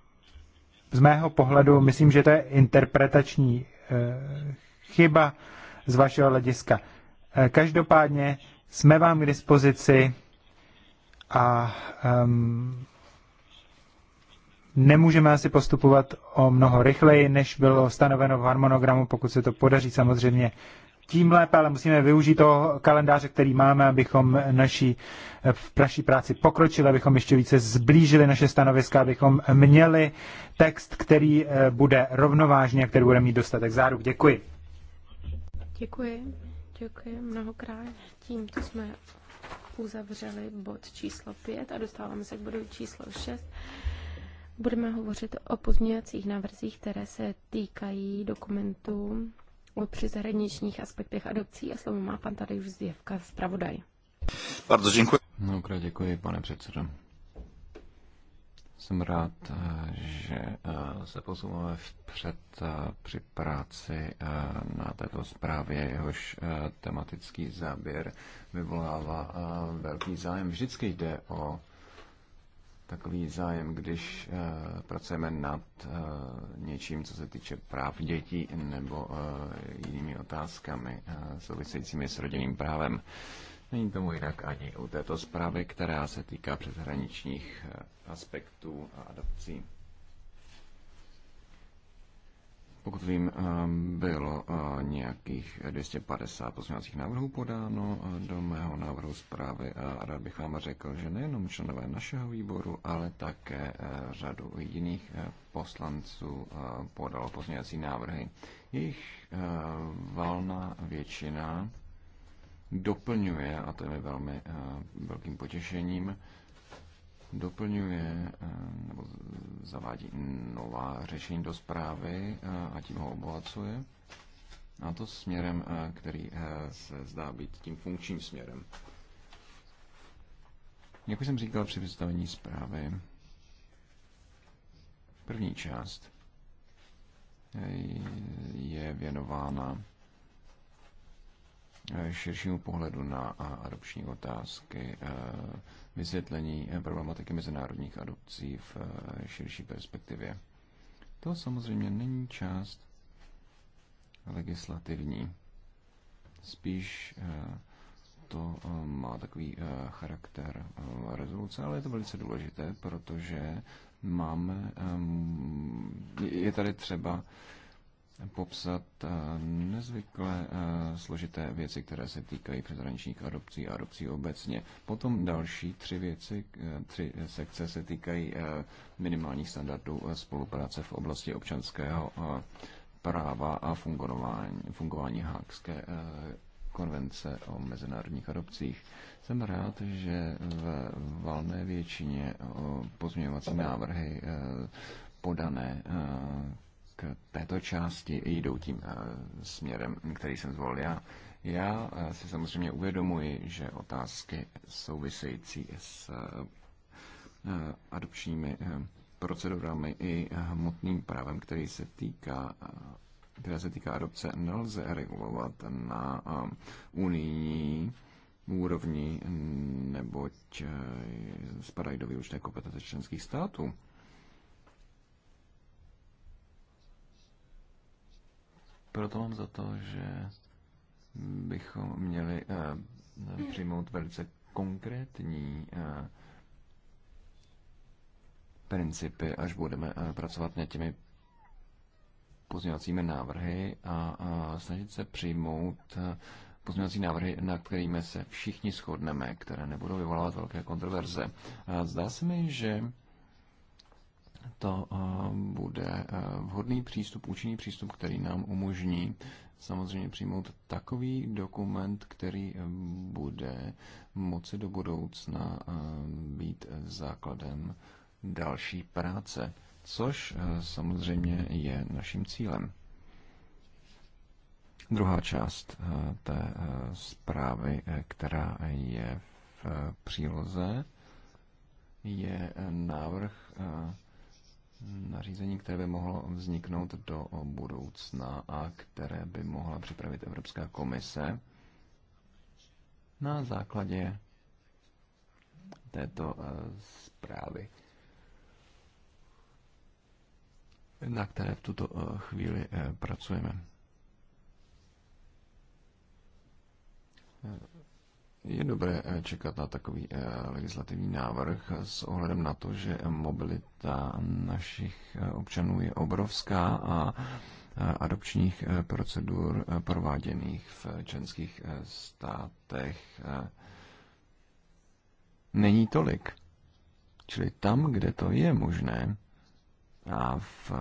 z mého pohledu myslím, že to je interpretační eh, chyba z vašeho hlediska. Každopádně jsme vám k dispozici a um, nemůžeme asi postupovat o mnoho rychleji, než bylo stanoveno v harmonogramu, pokud se to podaří samozřejmě tím lépe, ale musíme využít toho kalendáře, který máme, abychom naší v praší práci pokročili, abychom ještě více zblížili naše stanoviska, abychom měli text, který eh, bude rovnovážný a který bude mít dostatek záruk. Děkuji.
Děkuji. Děkuji mnohokrát. Tímto jsme uzavřeli bod číslo 5 a dostáváme se k bodu číslo 6 budeme hovořit o pozměňovacích návrzích, které se týkají dokumentů o přizahraničních aspektech adopcí a slovo má pan už Zjevka, zpravodaj.
Bardzo děkuji. Mnohokrát děkuji, pane předsedo. Jsem rád, eh, že eh, se posouváme vpřed eh, při práci na této zprávě. Jehož tematický záběr vyvolává velký zájem. Vždycky jde o takový zájem, když eh, pracujeme nad eh, něčím, co se týče práv dětí nebo eh, jinými otázkami souvisejícími s rodinným právem. Není tomu jinak ani u této zprávy, která se týká přeshraničních aspektů a adopcí. Pokud vím, ehm, bylo eh, nějakých 250 pozměňovacích návrhů podáno eh, do mého návrhu zprávy eh, a rád bych vám řekl, že nejenom členové našeho výboru, ale také řadu jiných poslanců podalo pozměňovací návrhy. Jejich valná většina doplňuje, a to je mi velmi velkým potěšením, doplňuje eh, nebo zavádí nová řešení do zprávy eh, a tím ho obohacuje. A to směrem, eh, který se zdá být tím funkčním směrem. Jak už jsem říkal při představení zprávy, první část je věnována Eh, širšímu pohledu na adopční otázky, eh, vysvětlení eh, problematiky mezinárodních adopcí v širší perspektivě. To samozřejmě není část legislativní. Spíš to má takový charakter rezoluce, ale je to velice důležité, protože máme, je tady třeba popsat eh, nezvykle eh, složité věci, které se týkají přeshraničních adopcí a adopcí obecně. Potom další tři věci, eh, tři sekce se týkají minimálních standardů spolupráce v oblasti občanského práva a fungování, fungování Hákské konvence o mezinárodních adopcích. Jsem rád, že v valné většině pozměňovací návrhy podané k této části jdou tím eh, směrem, který jsem zvolil já. Já eh, si samozřejmě uvědomuji, že otázky související s eh, adopčními procedurami i hmotným právem, který se týká která se týká adopce, nelze regulovat na unijní úrovni, neboť spadají do výlučné kompetence členských států. Proto mám za to, že bychom měli uh, přijmout velice konkrétní uh, principy, až budeme uh, pracovat nad těmi pozměňovacími návrhy a uh, snažit se přijmout uh, pozměňovací návrhy, na kterými se všichni shodneme, které nebudou vyvolávat velké kontroverze. zdá se mi, že to eh, bude eh, vhodný přístup, účinný přístup, který nám umožní samozřejmě přijmout takový dokument, který eh, bude moci do budoucna být základem další práce, což samozřejmě je naším cílem. Druhá část té zprávy, která je v příloze, je návrh nařízení, které by mohlo vzniknout do budoucna a které by mohla připravit Evropská komise na základě této eh, zprávy, na které v tuto eh, chvíli eh, pracujeme. Je dobré eh, čekat na takový eh, legislativní návrh s ohledem na to, že mobilita našich eh, občanů je obrovská a adopčních procedur prováděných v členských státech není tolik. Čili tam, kde to je možné a v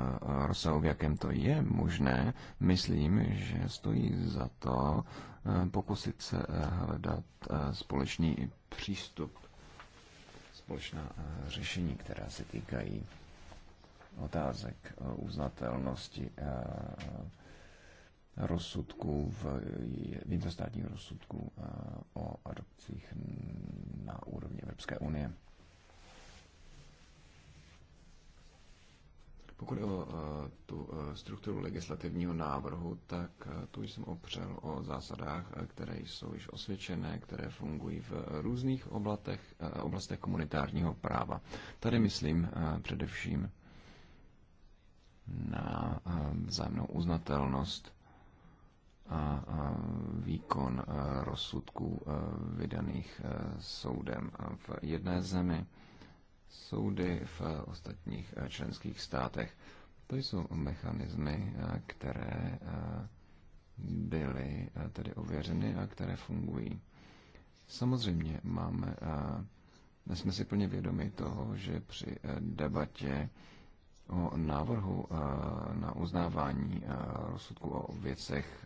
rozsahu, v jakém to je možné, myslím, že stojí za to Eh, pokusit se eh, hledat eh, společný přístup, společná řešení, která se týkají otázek uznatelnosti rozsudků v vnitrostátních rozsudku o adopcích na úrovni Evropské unie. Pokud je o e, tu e, strukturu legislativního návrhu, tak e, tu jsem opřel o zásadách, které jsou již osvědčené, které fungují v různých oblatech, oblastech komunitárního práva. Tady myslím především na vzájemnou uznatelnost a výkon rozsudků vydaných soudem v jedné zemi soudy v eh, ostatních eh, členských státech. To jsou mechanismy, eh, které byly tedy ověřeny a které fungují. Samozřejmě máme, jsme si plně vědomi toho, že při debatě o návrhu na uznávání rozsudku o věcech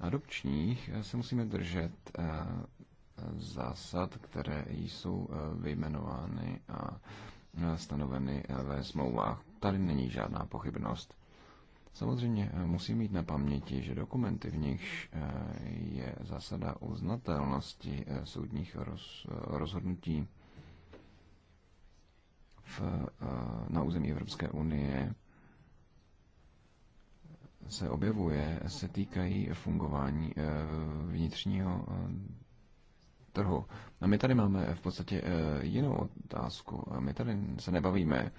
adopčních se musíme držet zásad, které jsou eh, vyjmenovány a eh, stanoveny eh, ve smlouvách. Tady není žádná pochybnost. Samozřejmě musí mít na paměti, že dokumenty, v nichž je zásada uznatelnosti soudních rozhodnutí v, na území Evropské unie, se objevuje, se týkají fungování vnitřního trhu. A my tady máme v podstatě eh, jinou otázku. My tady se nebavíme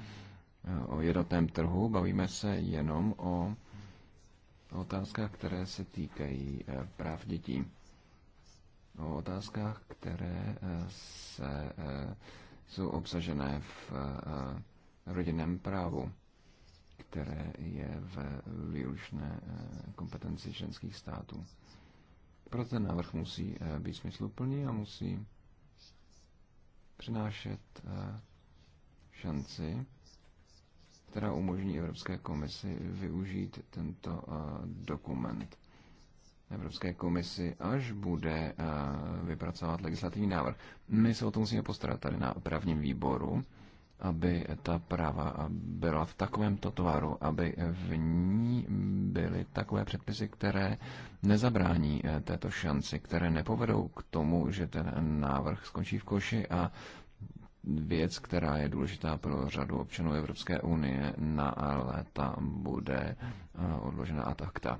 eh, o jednotném trhu, bavíme se jenom o otázkách, které se týkají eh, práv dětí. O otázkách, které se, jsou obsažené v rodinném právu, které je v výlučné kompetenci členských států. Proto ten návrh musí eh, být smysluplný a musí přinášet eh, šanci, která umožní Evropské komisi využít tento eh, dokument. Evropské komisi, až bude vypracovat legislativní návrh. My se o to musíme postarat tady na právním výboru aby ta práva byla v takovémto tovaru, aby v ní byly takové předpisy, které nezabrání eh, této šanci, které nepovedou k tomu, že ten návrh skončí v koši a věc, která je důležitá pro řadu občanů Evropské unie, na léta bude eh, odložena a takta.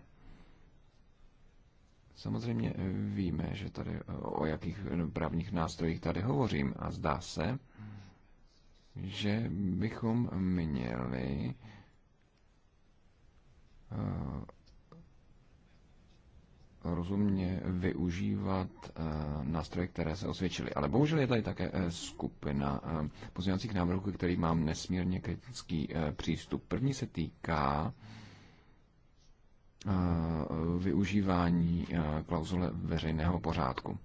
Samozřejmě víme, že tady eh, o jakých právních nástrojích tady hovořím a zdá se, že bychom měli eh, rozumně využívat eh, nástroje, které se osvědčily. Ale bohužel je tady také eh, skupina pozměňovacích návrhů, který mám nesmírně kritický přístup. První se týká využívání klauzule veřejného pořádku.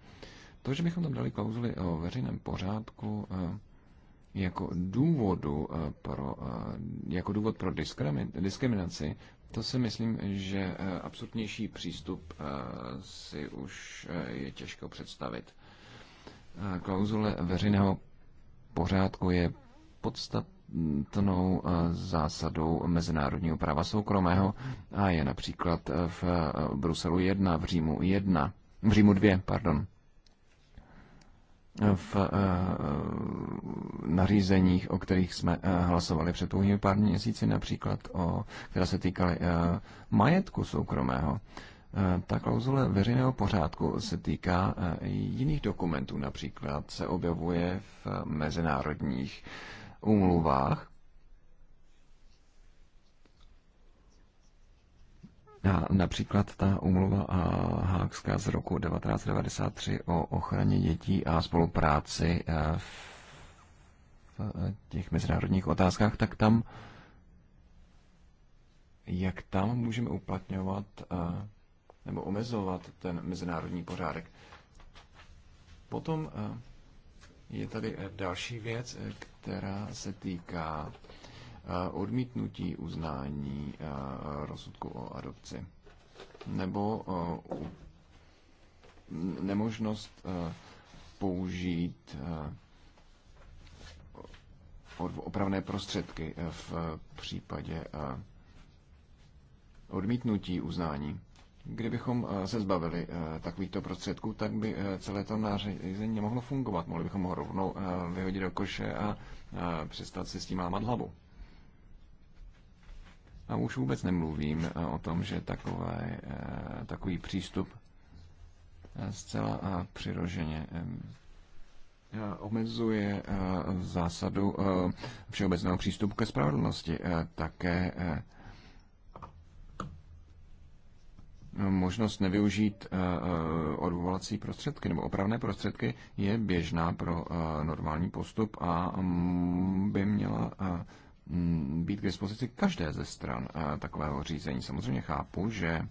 To, že bychom tam dali klauzuli o veřejném pořádku, jako, důvodu eh, pro, eh, jako důvod pro diskriminaci, to si myslím, že eh, absurdnější přístup si už je těžko představit. Klauzule veřejného pořádku je podstatnou zásadou mezinárodního práva soukromého a je například v Bruselu 1, v Římu 1, v Římu 2, pardon v eh, nařízeních, o kterých jsme eh, hlasovali před pouhými pár měsíci, například o, která se týkaly eh, majetku soukromého. Ta klauzule veřejného pořádku se týká jiných dokumentů, například se objevuje v mezinárodních úmluvách, Na například ta umluva Hákska z roku 1993 o ochraně dětí a spolupráci eh, v těch mezinárodních otázkách, tak tam, jak tam můžeme uplatňovat eh, nebo omezovat ten mezinárodní pořádek. Potom eh, je tady další věc, která se týká odmítnutí uznání rozsudku o adopci nebo nemožnost použít opravné prostředky e, v případě odmítnutí uznání. Kdybychom e, se zbavili e, takovýchto prostředků, tak by celé to nářízení nemohlo fungovat. Mohli bychom ho rovnou vyhodit do koše a přestat si s tím mámat hlavu. A už vůbec nemluvím eh, o tom, že takové, eh, takový přístup eh, zcela přiroženě omezuje zásadu všeobecného přístupu ke spravedlnosti. Také možnost nevyužít odvolací prostředky nebo opravné prostředky je běžná pro normální postup a mm, by měla Mm, být k dispozici každé ze stran eh, takového řízení. Samozřejmě chápu, že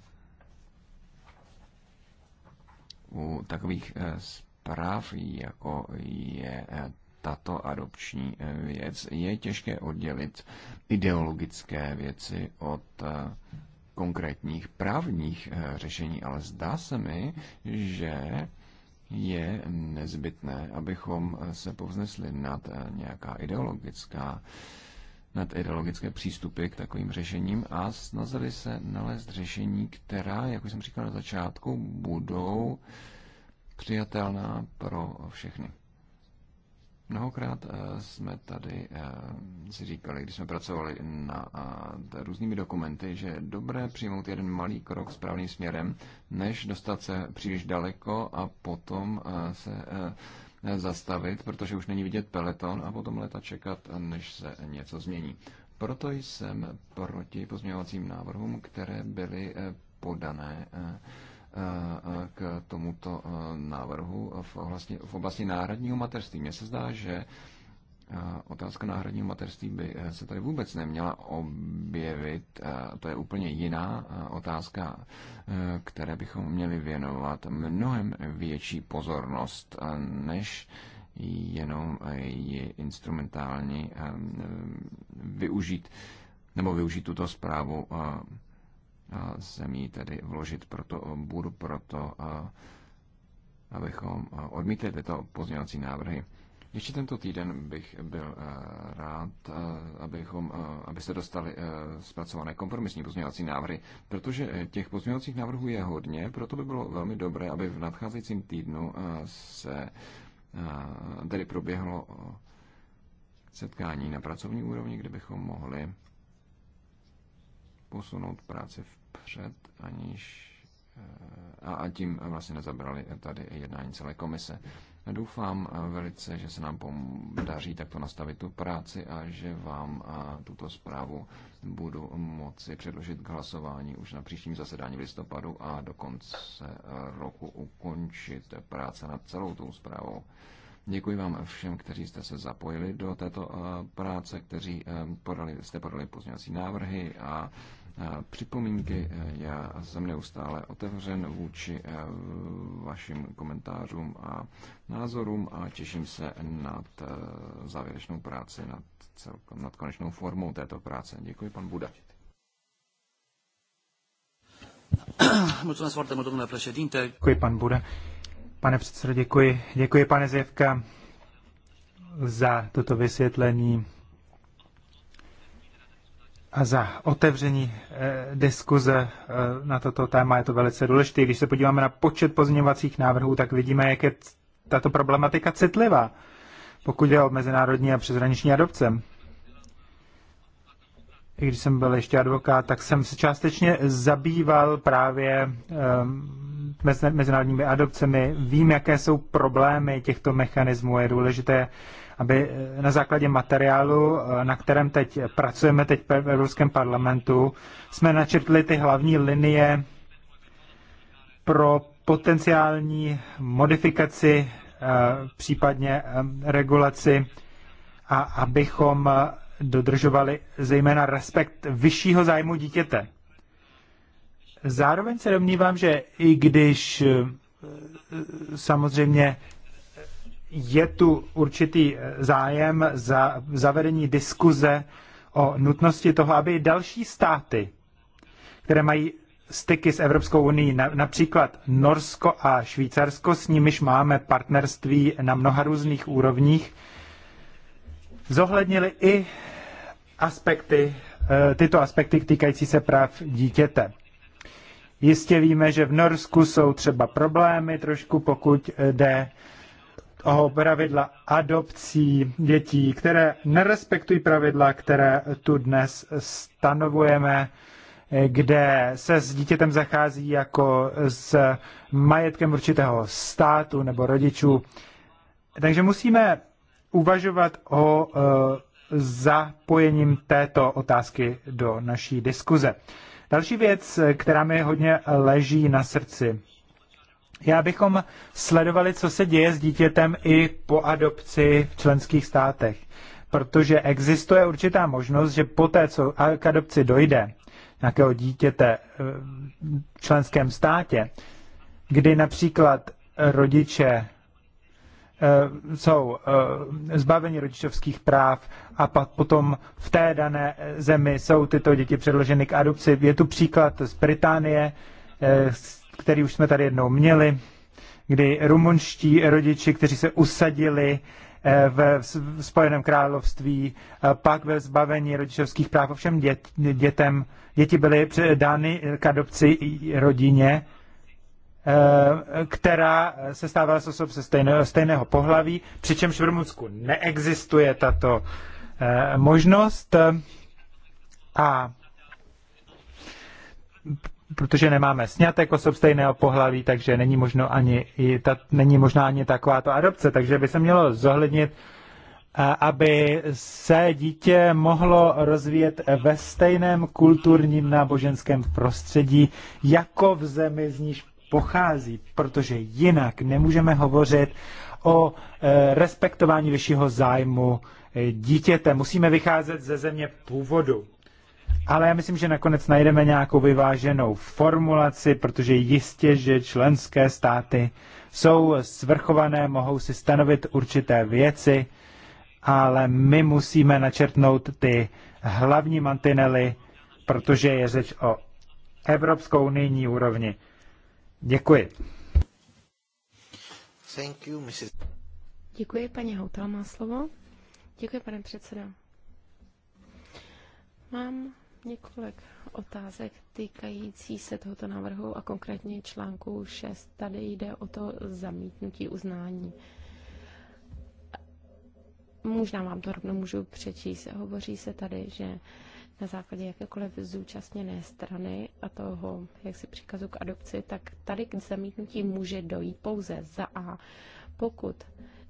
u takových eh, zpráv, jako je eh, tato adopční věc, je těžké oddělit ideologické věci od konkrétních právních řešení, ale zdá se mi, že je nezbytné, abychom se povznesli nad nějaká ideologická nad ideologické přístupy k takovým řešením a snažili se nalézt řešení, která, jak už jsem říkal na začátku, budou přijatelná pro všechny. Mnohokrát eh, jsme tady eh, si říkali, když jsme pracovali na eh, různými dokumenty, že je dobré přijmout jeden malý krok správným směrem, než dostat se příliš daleko a potom se zastavit, protože už není vidět peleton a potom leta čekat, než se něco změní. Proto jsem proti pozměňovacím návrhům, které byly eh, podané eh, eh, k tomuto návrhu v oblasti, v oblasti národního materství Mně se zdá, že otázka náhradního materství by eh, se tady vůbec neměla objevit. Eh, to je úplně jiná eh, otázka, které bychom měli věnovat mnohem větší pozornost, než jenom ji instrumentálně využít nebo využít tuto zprávu a zemí tedy vložit, proto budu proto, abychom odmítli tyto pozměňovací návrhy. Ještě tento týden bych byl eh, rád, eh, abychom, eh, abyste dostali zpracované kompromisní pozměňovací návrhy, protože těch pozměňovacích návrhů je hodně, proto by bylo velmi dobré, aby v nadcházejícím týdnu se tedy proběhlo setkání na pracovní úrovni, kde bychom mohli posunout práci vpřed, aniž a, a tím vlastně nezabrali tady jednání celé komise. Doufám eh, velice, že se nám podaří takto nastavit tu práci a že vám eh, tuto zprávu budu moci předložit k hlasování už na příštím zasedání v listopadu a do konce eh, roku ukončit práce nad celou tou zprávou. Děkuji vám všem, kteří jste se zapojili do této práce, kteří podali, jste podali pozměňovací návrhy a připomínky. Eh, já jsem neustále otevřen vůči eh, vašim komentářům a názorům a těším se nad eh, závěrečnou práci, nad, celkom, nad konečnou formou této práce. Děkuji, pan Buda.
Děkuji, pan Buda. Pane předsedo, děkuji. Děkuji, pane Zjevka, za toto vysvětlení a za otevření eh, diskuze eh, na toto téma. Je to velice důležité. Když se podíváme na počet pozměňovacích návrhů, tak vidíme, jak je tato problematika citlivá, pokud je o mezinárodní a přeshraniční adopce. I když jsem byl ještě advokát, tak jsem se částečně zabýval právě eh, mezinárodními adopcemi. Vím, jaké jsou problémy těchto mechanismů. Je důležité aby eh, na základě materiálu, eh, na kterém teď pracujeme teď v Evropském parlamentu, jsme načrtli ty hlavní linie pro potenciální modifikaci, eh, případně regulaci a abychom dodržovali zejména respekt vyššího zájmu dítěte. Zároveň se domnívám, že i když samozřejmě je tu určitý eh, zájem za zavedení diskuze o nutnosti toho, aby další státy, které mají styky s Evropskou unii, například Norsko a Švýcarsko, s nimiž máme partnerství na mnoha různých úrovních, zohlednili i aspekty, eh, tyto aspekty týkající se práv dítěte. Jistě víme, že v Norsku jsou třeba problémy trošku, pokud jde o pravidla adopcí dětí, které nerespektují pravidla, které tu dnes stanovujeme, kde se s dítětem zachází jako s majetkem určitého státu nebo rodičů. Takže musíme uvažovat o e, zapojením této otázky do naší diskuze. Další věc, která mi hodně leží na srdci, já bychom sledovali, co se děje s dítětem i po adopci v členských státech, protože existuje určitá možnost, že poté, co k adopci dojde, nějakého dítěte eh, v členském státě, kdy například rodiče eh, jsou eh, zbaveni rodičovských práv a pak potom v té dané zemi jsou tyto děti předloženy k adopci. Je tu příklad z Británie, který už jsme tady jednou měli, kdy rumunští rodiči, kteří se usadili eh, v Spojeném království, eh, pak ve zbavení rodičovských práv, ovšem dět, dětem, děti byly dány k adopci rodině, eh, která se stávala s osob se stejného, stejného pohlaví, přičemž v Rumunsku neexistuje tato možnost. A protože nemáme sňatek osob stejného pohlaví, takže není, možno ani, ta, není možná ani takováto adopce, takže by se mělo zohlednit, aby se dítě mohlo rozvíjet ve stejném kulturním náboženském prostředí jako v zemi, z níž pochází, protože jinak nemůžeme hovořit o e, respektování vyššího zájmu e, dítěte. Musíme vycházet ze země původu. Ale já myslím, že nakonec najdeme nějakou vyváženou formulaci, protože jistě, že členské státy jsou svrchované, mohou si stanovit určité věci, ale my musíme načrtnout ty hlavní mantinely, protože je řeč o Evropskou unijní úrovni. Děkuji.
Thank you, Mrs.
Děkuji, paní Houtal má slovo. Děkuji, pane předsedo. Mám několik otázek týkající se tohoto návrhu a konkrétně článku 6. Tady jde o to zamítnutí uznání. Možná vám to rovnou můžu přečíst. Hovoří se tady, že na základě jakékoliv zúčastněné strany a toho, jak si přikazu k adopci, tak tady k zamítnutí může dojít pouze za A, pokud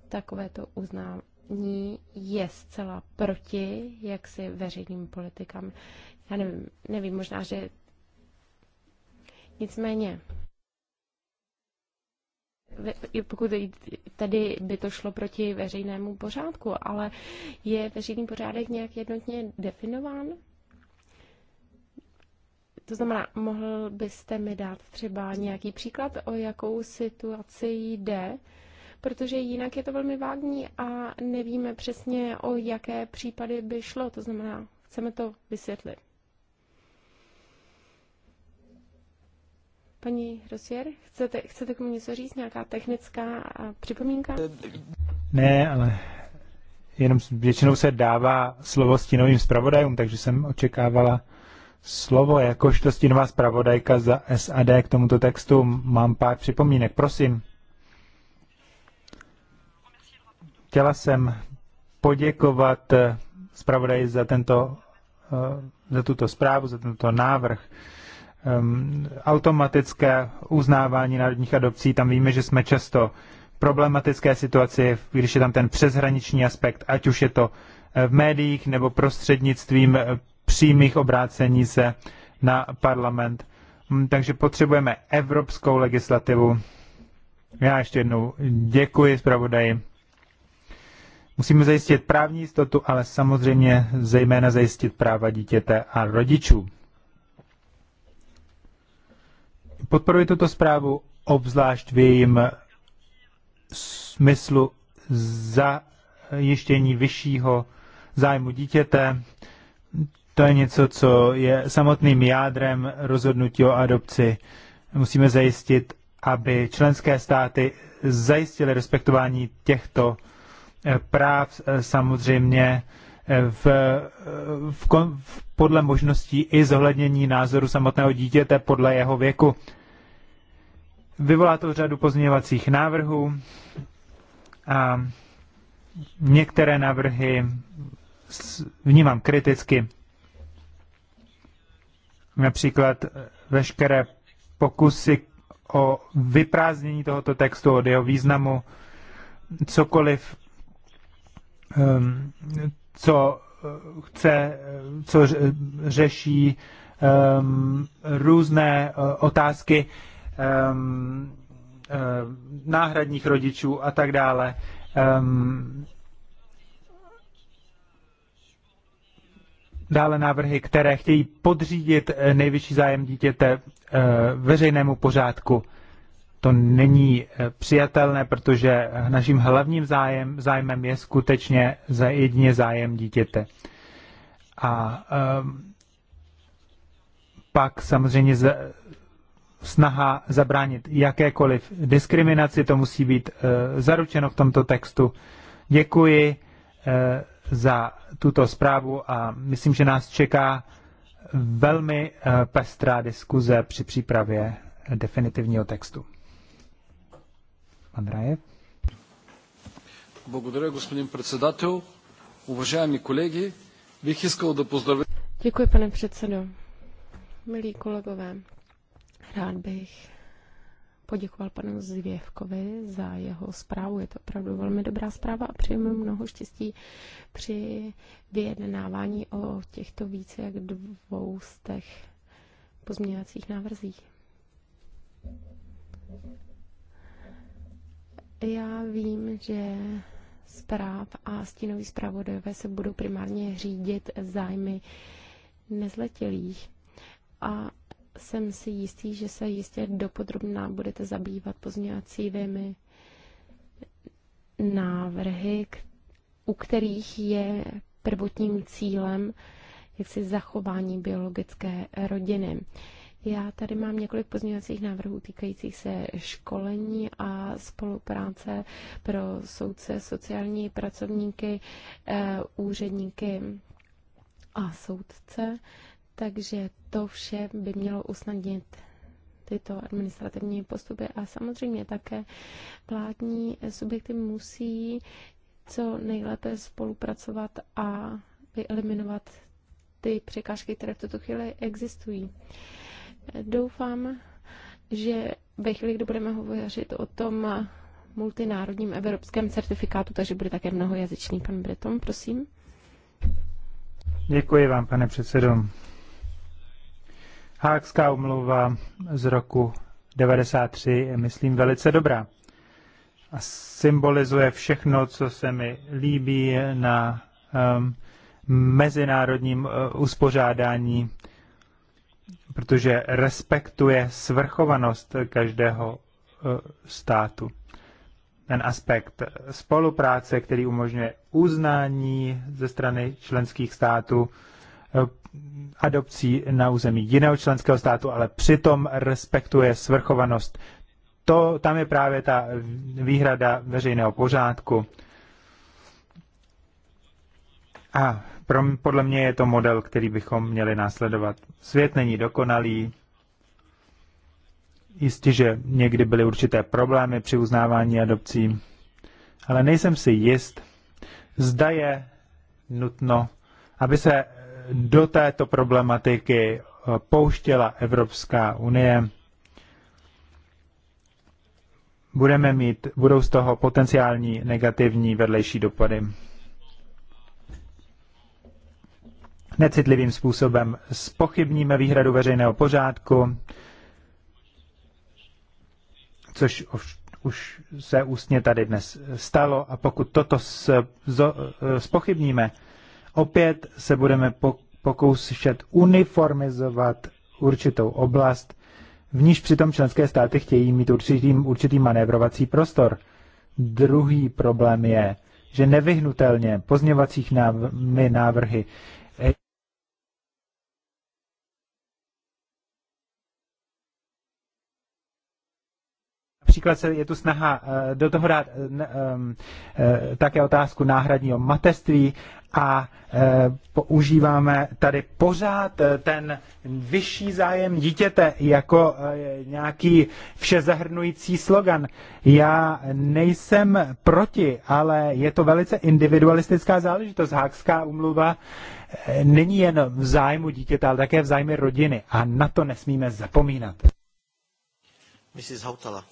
takovéto uznání je zcela proti jaksi veřejným politikám. Já nevím, nevím, možná, že nicméně pokud tady by to šlo proti veřejnému pořádku, ale je veřejný pořádek nějak jednotně definován? To znamená, mohl byste mi dát třeba nějaký příklad, o jakou situaci jde? Protože jinak je to velmi vágní a nevíme přesně, o jaké případy by šlo. To znamená, chceme to vysvětlit. Paní Rosier, chcete, chcete k tomu něco říct? Nějaká technická připomínka?
Ne, ale jenom většinou se dává slovo stínovým zpravodajům, takže jsem očekávala slovo jakožto stínová zpravodajka za SAD k tomuto textu. Mám pár připomínek, prosím. Chtěla jsem poděkovat eh, zpravodaji za, tento, eh, za tuto zprávu, za tento návrh um, automatické uznávání národních adopcí, tam víme, že jsme často v problematické situaci, když je tam ten přeshraniční aspekt, ať už je to eh, v médiích nebo prostřednictvím eh, přímých obrácení se na parlament. Hm, takže potřebujeme evropskou legislativu. Já ještě jednou děkuji zpravodaji. Musíme zajistit právní jistotu, ale samozřejmě zejména zajistit práva dítěte a rodičů. podporuji tuto zprávu, obzvlášť v jejím smyslu zajištění vyššího zájmu dítěte. To je něco, co je samotným jádrem rozhodnutí o adopci. Musíme zajistit, aby členské státy zajistily respektování těchto eh, práv eh, samozřejmě eh, v, v, podle možností i zohlednění názoru samotného dítěte podle jeho věku. Vyvolá to řadu pozměňovacích návrhů a některé návrhy vnímám kriticky. Například veškeré pokusy o vyprázdnění tohoto textu, od jeho významu, cokoliv, ehm, co eh, chce, eh, co řeší ehm, různé eh, otázky, um, um, náhradních rodičů a tak dále. Um, dále návrhy, které chtějí podřídit eh, nejvyšší zájem dítěte eh, veřejnému pořádku. To není eh, přijatelné, protože naším hlavním zájem, zájmem je skutečně jedině zájem dítěte. A um, pak samozřejmě snaha zabránit jakékoliv diskriminaci, to musí být e, zaručeno v tomto textu. Děkuji e, za tuto zprávu a myslím, že nás čeká velmi e, pestrá diskuze při přípravě definitivního textu. Pan Rajev.
Děkuji, pane předsedo. Milí kolegové, Rád bych poděkoval panu Zvěvkovi za jeho zprávu. Je to opravdu velmi dobrá zpráva a přejeme mnoho štěstí při vyjednávání o těchto více jak dvou těch pozměňovacích návrzích. Já vím, že zpráv a stínový zpravodajové se budou primárně řídit zájmy nezletilých. A jsem si jistý, že se jistě dopodrobná budete zabývat pozměňovacími návrhy, u kterých je prvotním cílem jaksi zachování biologické rodiny. Já tady mám několik pozměňovacích návrhů týkajících se školení a spolupráce pro soudce, sociální pracovníky, eh, úředníky a soudce. Takže to vše by mělo usnadnit tyto administrativní postupy a samozřejmě také vládní subjekty musí co nejlépe spolupracovat a vyeliminovat ty překážky, které v tuto chvíli existují. Doufám, že ve chvíli, kdy budeme hovořit o tom multinárodním evropském certifikátu, takže bude také mnohojazyčný. Pan Breton, prosím.
Děkuji vám, pane předsedo. Hákská umluva z roku 93 je, myslím, velice dobrá. A symbolizuje všechno, co se mi líbí na um, mezinárodním uh, uspořádání, protože respektuje svrchovanost každého uh, státu. Ten aspekt spolupráce, který umožňuje uznání ze strany členských států, e, adopcí na území jiného členského státu, ale přitom respektuje svrchovanost. To, tam je právě ta výhrada veřejného pořádku. A pro, podle mě je to model, který bychom měli následovat. Svět není dokonalý. Jistě, že někdy byly určité problémy při uznávání adopcí, ale nejsem si jist, zda je nutno, aby se do této problematiky pouštěla Evropská unie. Budeme mít, budou z toho potenciální negativní vedlejší dopady. Necitlivým způsobem spochybníme výhradu veřejného pořádku, což už se ústně tady dnes stalo. A pokud toto spochybníme, Opět se budeme pokoušet uniformizovat určitou oblast, v níž přitom členské státy chtějí mít určitý, určitý manévrovací prostor. Druhý problém je, že nevyhnutelně pozněvacích návrhy Například je tu snaha eh, do toho dát eh, ehm, eh, také otázku náhradního mateství a používáme tady pořád ten vyšší zájem dítěte jako nějaký všezahrnující slogan. Já nejsem proti, ale je to velice individualistická záležitost. Hákská umluva není jen v zájmu dítěte, ale také v zájmu rodiny a na to nesmíme zapomínat.
Mrs. Hautala.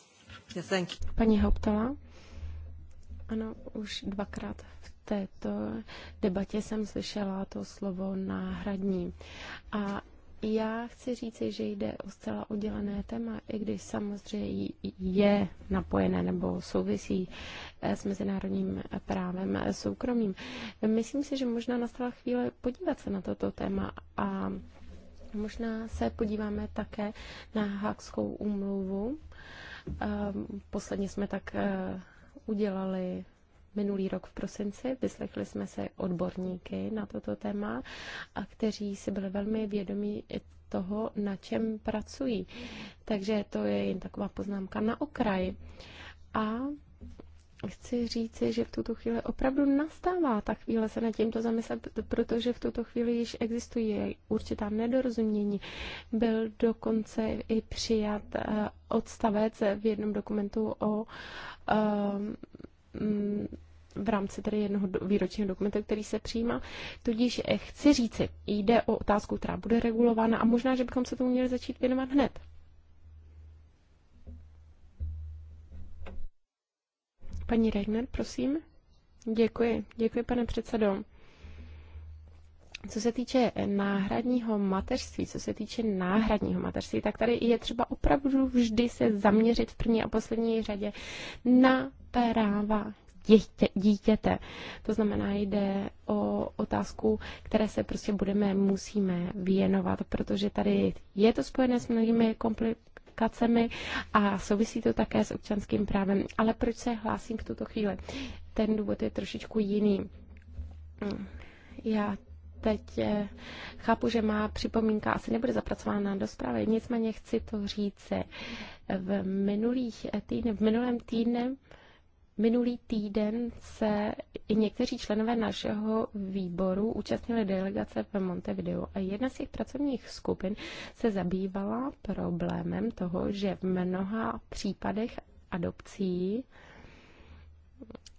Paní Hauptala? Ano, už dvakrát v této debatě jsem slyšela to slovo náhradní. A já chci říci, že jde o zcela oddělené téma, i když samozřejmě je napojené nebo souvisí eh, s mezinárodním právem soukromým. Myslím si, že možná nastala chvíle podívat se na toto téma a možná se podíváme také na Hákskou úmluvu Ehm, posledně jsme tak eh, udělali minulý rok v prosinci. Vyslechli jsme se odborníky na toto téma, a kteří si byli velmi vědomí toho, na čem pracují. Takže to je jen taková poznámka na okraji. A chci říci, že v tuto chvíli opravdu nastává ta chvíle se nad tímto zamyslet, protože v tuto chvíli již existuje určitá nedorozumění. Byl dokonce i přijat eh, odstavec v jednom dokumentu o ehm, mm, v rámci tedy jednoho výročního dokumentu, který se přijímá. Tudíž eh, chci říci, jde o otázku, která bude regulována a možná, že bychom se tomu měli začít věnovat hned. Paní Regner, prosím. Děkuji, děkuji, pane předsedo. Co se týče náhradního mateřství, co se týče náhradního mateřství, tak tady je třeba opravdu vždy se zaměřit v první a poslední řadě na práva dítě, dítěte. To znamená, jde o otázku, které se prostě budeme, musíme věnovat, protože tady je to spojené s mnohými komplikacemi aplikacemi a souvisí to také s občanským právem. Ale proč se hlásím v tuto chvíli? Ten důvod je trošičku jiný. Já teď eh, chápu, že má připomínka asi nebude zapracována do zprávy, nicméně chci to říct. Eh, v, minulých eh, týdne, v minulém týdnu Minulý týden se i někteří členové našeho výboru účastnili delegace v Montevideo a jedna z těch pracovních skupin se zabývala problémem toho, že v mnoha případech adopcí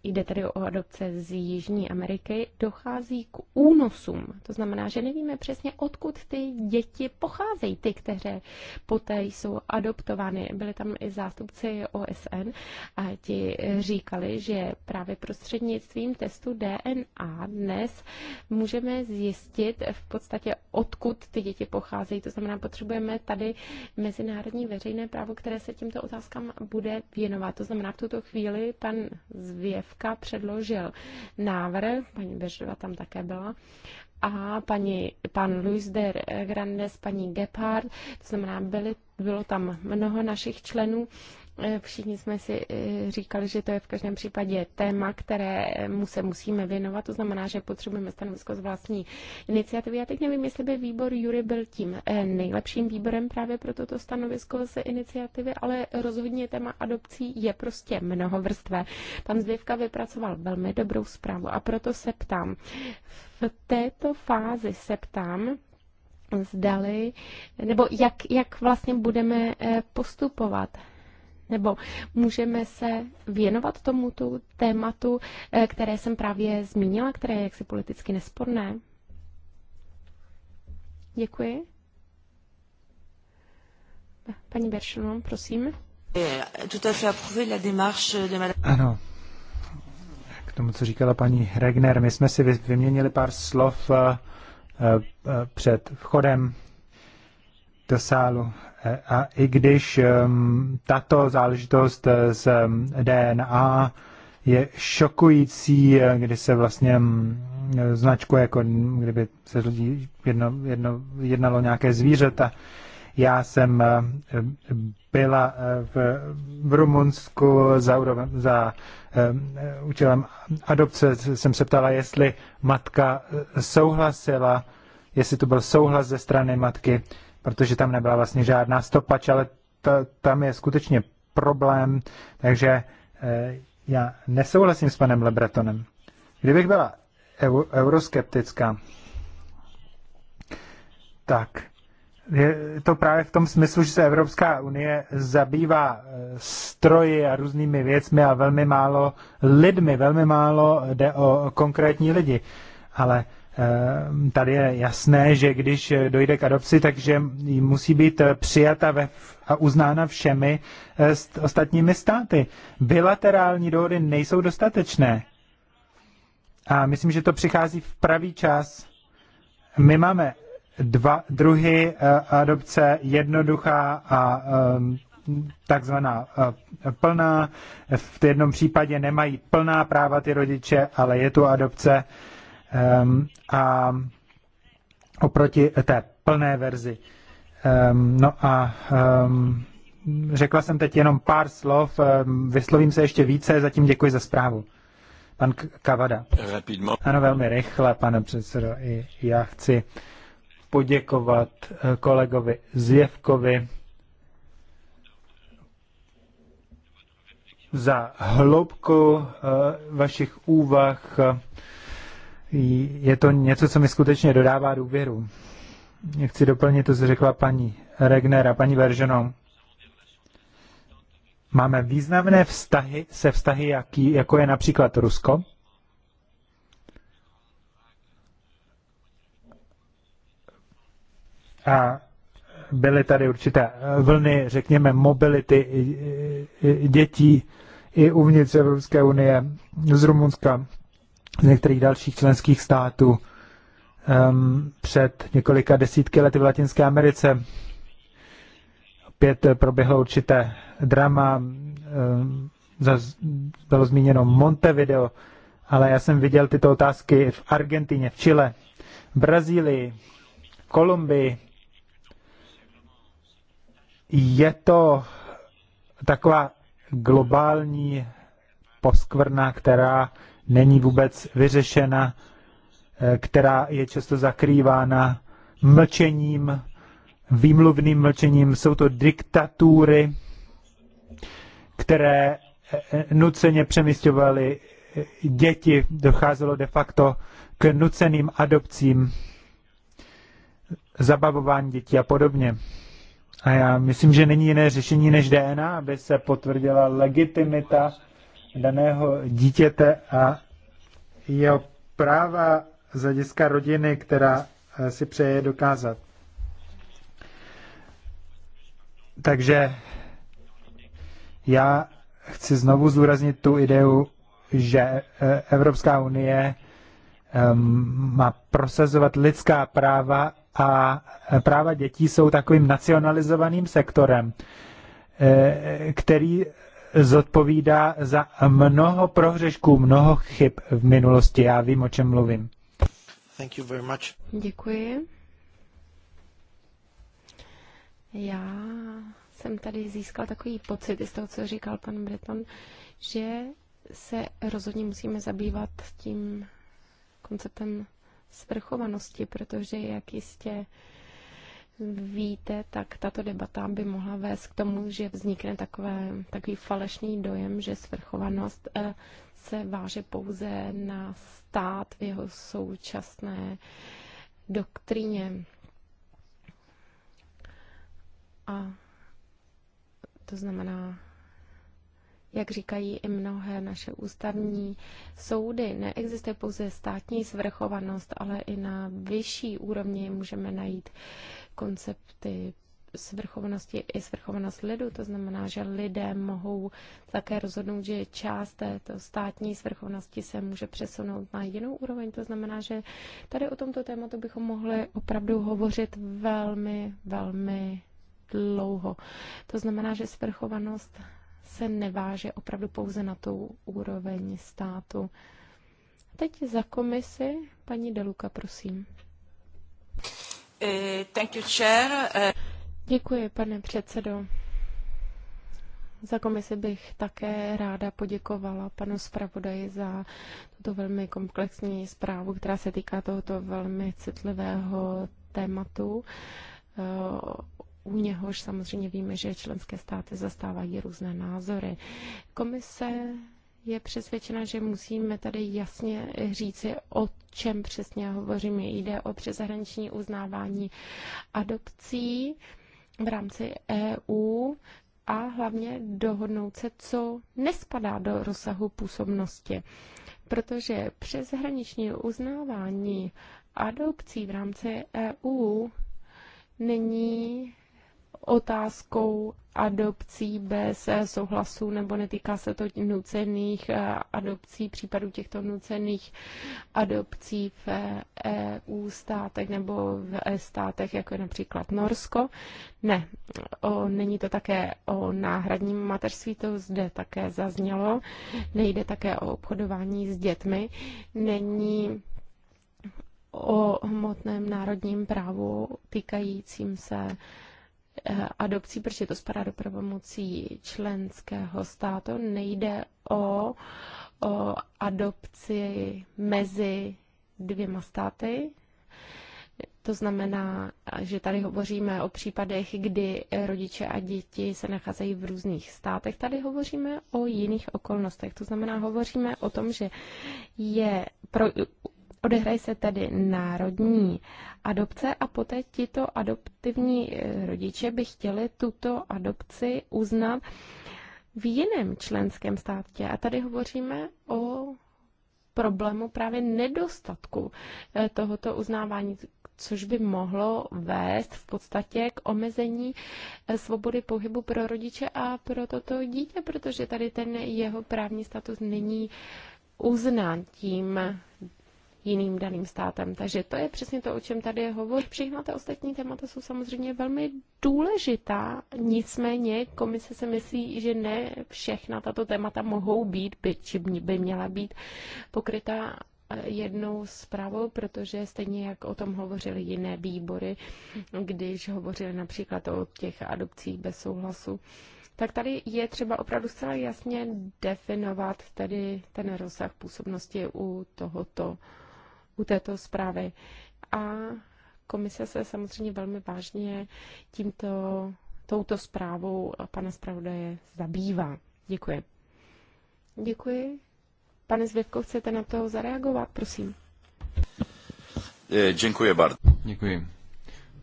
jde tedy o adopce z Jižní Ameriky, dochází k únosům. To znamená, že nevíme přesně, odkud ty děti pocházejí, ty, které poté jsou adoptovány. Byli tam i zástupci OSN a ti říkali, že právě prostřednictvím testu DNA dnes můžeme zjistit v podstatě, odkud ty děti pocházejí. To znamená, potřebujeme tady mezinárodní veřejné právo, které se těmto otázkám bude věnovat. To znamená, v tuto chvíli pan Zvěvka předložil návrh, paní Beždova tam také byla, a paní, pan Luis de Grandes, paní Gepard, to znamená, byly, bylo tam mnoho našich členů Eh, všichni jsme si eh, říkali, že to je v každém případě téma, mu se musíme věnovat, to znamená, že potřebujeme stanovisko z vlastní iniciativy. Já teď nevím, jestli by výbor Jury byl tím eh, nejlepším výborem právě pro toto stanovisko z iniciativy, ale rozhodně téma adopcí je prostě mnohovrstvé. Pan zdivka vypracoval velmi dobrou zprávu a proto se ptám. V této fázi se ptám, zdali, nebo jak, jak vlastně budeme postupovat nebo můžeme se věnovat tomuto tématu, eh, které jsem právě zmínila, které je jaksi politicky nesporné? Děkuji. Paní Beršelon, prosím. Eh, ano,
k tomu, co říkala paní Regner, my jsme si vyměnili pár slov eh, před vchodem do sálu. A i když tato záležitost eh, z DNA je šokující, eh, kdy se vlastně značku, jako kdyby se lidi jedno, jedno, jednalo nějaké zvířata. Já jsem eh, byla v, v Rumunsku za, za účelem adopce, jsem se ptala, jestli matka souhlasila, jestli to byl souhlas ze strany matky protože tam nebyla vlastně žádná stopač, ale to, tam je skutečně problém, takže eh, já nesouhlasím s panem Lebretonem. Kdybych byla eu, euroskeptická, tak je to právě v tom smyslu, že se Evropská unie zabývá eh, stroji a různými věcmi a velmi málo lidmi, velmi málo jde o konkrétní lidi. Ale Ehm, tady je jasné, že když dojde k adopci, takže musí být přijata ve, a uznána všemi eh, ostatními státy. Bilaterální dohody nejsou dostatečné. A myslím, že to přichází v pravý čas. My máme dva druhy eh, adopce, jednoduchá a ehm, takzvaná eh, plná. V jednom případě nemají plná práva ty rodiče, ale je tu adopce, Um, a oproti té plné verzi. Um, no a um, řekla jsem teď jenom pár slov, um, vyslovím se ještě více, zatím děkuji za zprávu. Pan Kavada. Ano, velmi rychle, pane předsedo, i já chci poděkovat eh, kolegovi Zjevkovi za hloubku eh, vašich úvah je to něco, co mi skutečně dodává důvěru. Chci doplnit to, co řekla paní Regner a paní Veržonou. Máme významné vztahy se vztahy, jaký, jako je například Rusko. A byly tady určité vlny, řekněme, mobility dětí i uvnitř Evropské unie z Rumunska z některých dalších členských států um, před několika desítky lety v Latinské Americe. Opět eh, proběhlo určité drama, um, zaz, bylo zmíněno Montevideo, ale já jsem viděl tyto otázky v Argentině, v Chile, v Brazílii, v Kolumbii. Je to taková globální poskvrna, která není vůbec vyřešena, eh, která je často zakrývána mlčením, výmluvným mlčením. Jsou to diktatury, které eh, eh, nuceně přemysťovaly děti, docházelo de facto k nuceným adopcím, zabavování dětí a podobně. A já myslím, že není jiné řešení než DNA, aby se potvrdila legitimita daného dítěte a jeho práva z hlediska rodiny, která eh, si přeje dokázat. Takže já chci znovu zdůraznit tu ideu, že eh, Evropská unie ehm, má prosazovat lidská práva a eh, práva dětí jsou takovým nacionalizovaným sektorem, který zodpovídá za mnoho prohřešků, mnoho chyb v minulosti. Já vím, o čem mluvím.
Thank you very much.
Děkuji. Já jsem tady získal takový pocit z toho, co říkal pan Breton, že se rozhodně musíme zabývat tím konceptem svrchovanosti, protože, jak jistě víte, tak tato debata by mohla vést k tomu, že vznikne takové, takový falešný dojem, že svrchovanost eh, se váže pouze na stát v jeho současné doktríně. A to znamená, jak říkají i mnohé naše ústavní soudy, neexistuje pouze státní svrchovanost, ale i na vyšší úrovni můžeme najít koncepty svrchovanosti i svrchovanost lidu. To znamená, že lidé mohou také rozhodnout, že část této státní svrchovanosti se může přesunout na jinou úroveň. To znamená, že tady o tomto tématu bychom mohli opravdu hovořit velmi, velmi dlouho. To znamená, že svrchovanost se neváže opravdu pouze na tu úroveň státu. Teď za komisi paní Deluka, prosím. Eh, thank you, chair. Eh, Děkuji, pane předsedo. Za komisi bych také ráda poděkovala panu zpravodaji za tuto velmi komplexní zprávu, která se týká tohoto velmi citlivého tématu eh, u něhož samozřejmě víme, že členské státy zastávají různé názory. Komise je přesvědčena, že musíme tady jasně říci, o čem přesně hovoříme. Jde o přeshraniční uznávání adopcí v rámci EU a hlavně dohodnout se, co nespadá do rozsahu působnosti. Protože přeshraniční uznávání adopcí v rámci EU není otázkou adopcí bez eh, souhlasu nebo netýká se to nucených eh, adopcí, případů těchto nucených adopcí v EU eh, e státech nebo v e státech, jako je například Norsko. Ne, o, není to také o náhradním mateřství, to zde také zaznělo. Nejde také o obchodování s dětmi. Není o hmotném národním právu týkajícím se Eh, adopcí, protože to spadá do pravomocí členského státu. Nejde o, o adopci mezi dvěma státy. To znamená, že tady hovoříme o případech, kdy rodiče a děti se nacházejí v různých státech. Tady hovoříme o jiných okolnostech. To znamená, hovoříme o tom, že je pro, Odehrají se tedy národní adopce a poté tito adoptivní eh, rodiče by chtěli tuto adopci uznat v jiném členském státě. A tady hovoříme o problému právě nedostatku eh, tohoto uznávání, což by mohlo vést v podstatě k omezení eh, svobody pohybu pro rodiče a pro toto dítě, protože tady ten jeho právní status není uznán tím jiným daným státem. Takže to je přesně to, o čem tady hovoří. Všechna ta ostatní témata jsou samozřejmě velmi důležitá, nicméně komise se myslí, že ne všechna tato témata mohou být, by, či by měla být pokrytá eh, jednou zprávou, protože stejně jak o tom hovořili jiné výbory, když hovořili například o těch adopcích bez souhlasu, tak tady je třeba opravdu zcela jasně definovat tedy ten rozsah působnosti u tohoto u této zprávy. A komise se samozřejmě velmi vážně tímto, touto zprávou pana zpravodaje zabývá. Děkuji. Děkuji. Pane Zvěvko, chcete na to zareagovat, prosím?
Děkuji, Bart. Děkuji.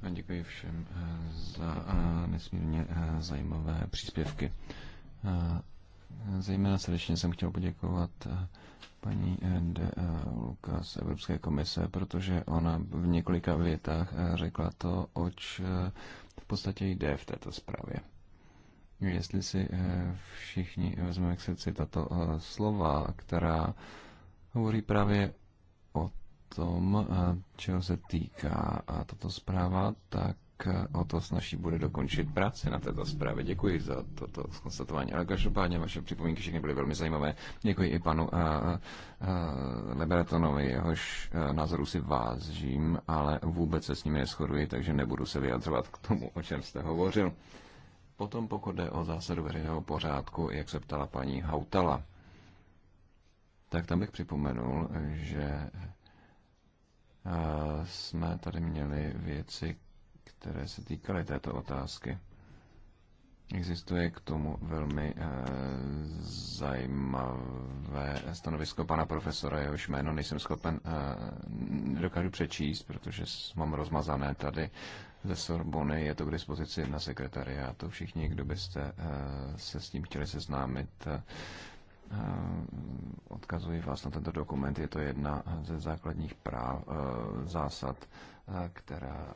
A děkuji všem eh, za eh, nesmírně eh, zajímavé příspěvky. Zejména srdečně jsem chtěl poděkovat eh, paní eh, D. Eh, Lukas Evropské komise, protože ona v několika větách řekla to, oč v podstatě jde v této zprávě. Jestli si všichni vezmeme k srdci tato slova, která hovoří právě o tom, čeho se týká tato zpráva, tak Eh, o to snaží bude dokončit práci na této zprávě. Děkuji za toto skonstatování. Ale každopádně vaše připomínky všechny byly velmi zajímavé. Děkuji i panu a, eh, a, eh, Liberatonovi, jehož názoru si vážím, ale vůbec se s nimi neschoduji, takže nebudu se vyjadřovat k tomu, o čem jste hovořil. Potom pokud jde o zásadu veřejného pořádku, jak se ptala paní Hautala, tak tam bych připomenul, že jsme tady měli věci, které se týkaly této otázky. Existuje k tomu velmi e, zajímavé stanovisko pana profesora, jehož jméno nejsem schopen, e, nedokážu přečíst, protože mám rozmazané tady ze Sorbony, je to k dispozici na sekretariátu. Všichni, kdo byste e, se s tím chtěli seznámit, e, odkazuji vás na tento dokument. Je to jedna ze základních práv, e, zásad která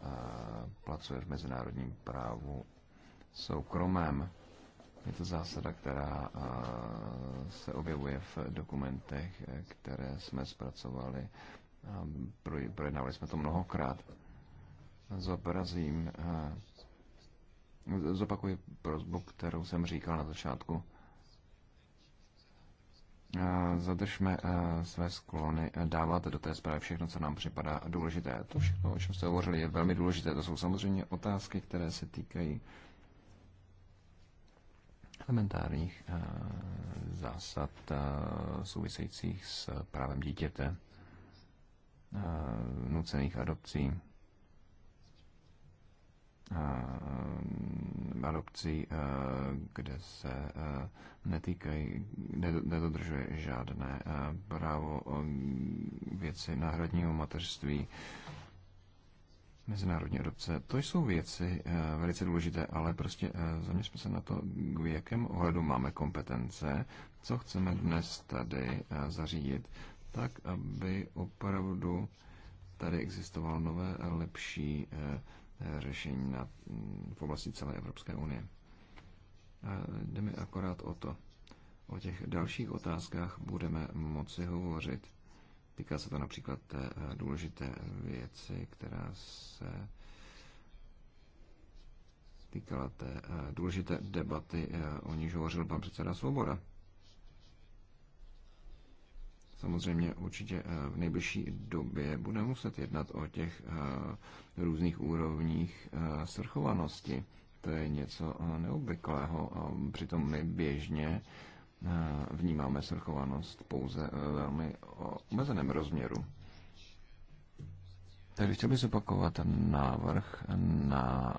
pracuje v mezinárodním právu soukromém. Je to zásada, která se objevuje v dokumentech, které jsme zpracovali. Projednávali jsme to mnohokrát. Zobrazím, zopakuji prozbu, kterou jsem říkal na začátku zadržme své sklony dávat do té zprávy všechno, co nám připadá důležité. To všechno, o čem jste hovořili, je velmi důležité. To jsou samozřejmě otázky, které se týkají elementárních zásad souvisejících s právem dítěte, nucených adopcí, Eh, adopcí, eh, kde se eh, netýkají, nedodržuje žádné právo o věci náhradního mateřství, mezinárodní adopce. To jsou věci velice důležité, ale prostě zaměřme se na to, v jakém ohledu máme kompetence, co chceme dnes tady zařídit, tak aby opravdu tady existovalo nové, lepší řešení na, mm, v oblasti celé Evropské unie. A jde mi akorát o to. O těch dalších otázkách budeme moci hovořit. Týká se to například té eh, důležité věci, která se týkala té eh, důležité debaty, eh, o níž hovořil pan předseda Svoboda samozřejmě určitě eh, v nejbližší době budeme muset jednat o těch eh, různých úrovních eh, svrchovanosti. To je něco neobvyklého. Přitom my běžně vnímáme svrchovanost pouze ve velmi omezeném rozměru. Takže chtěl bych zopakovat návrh na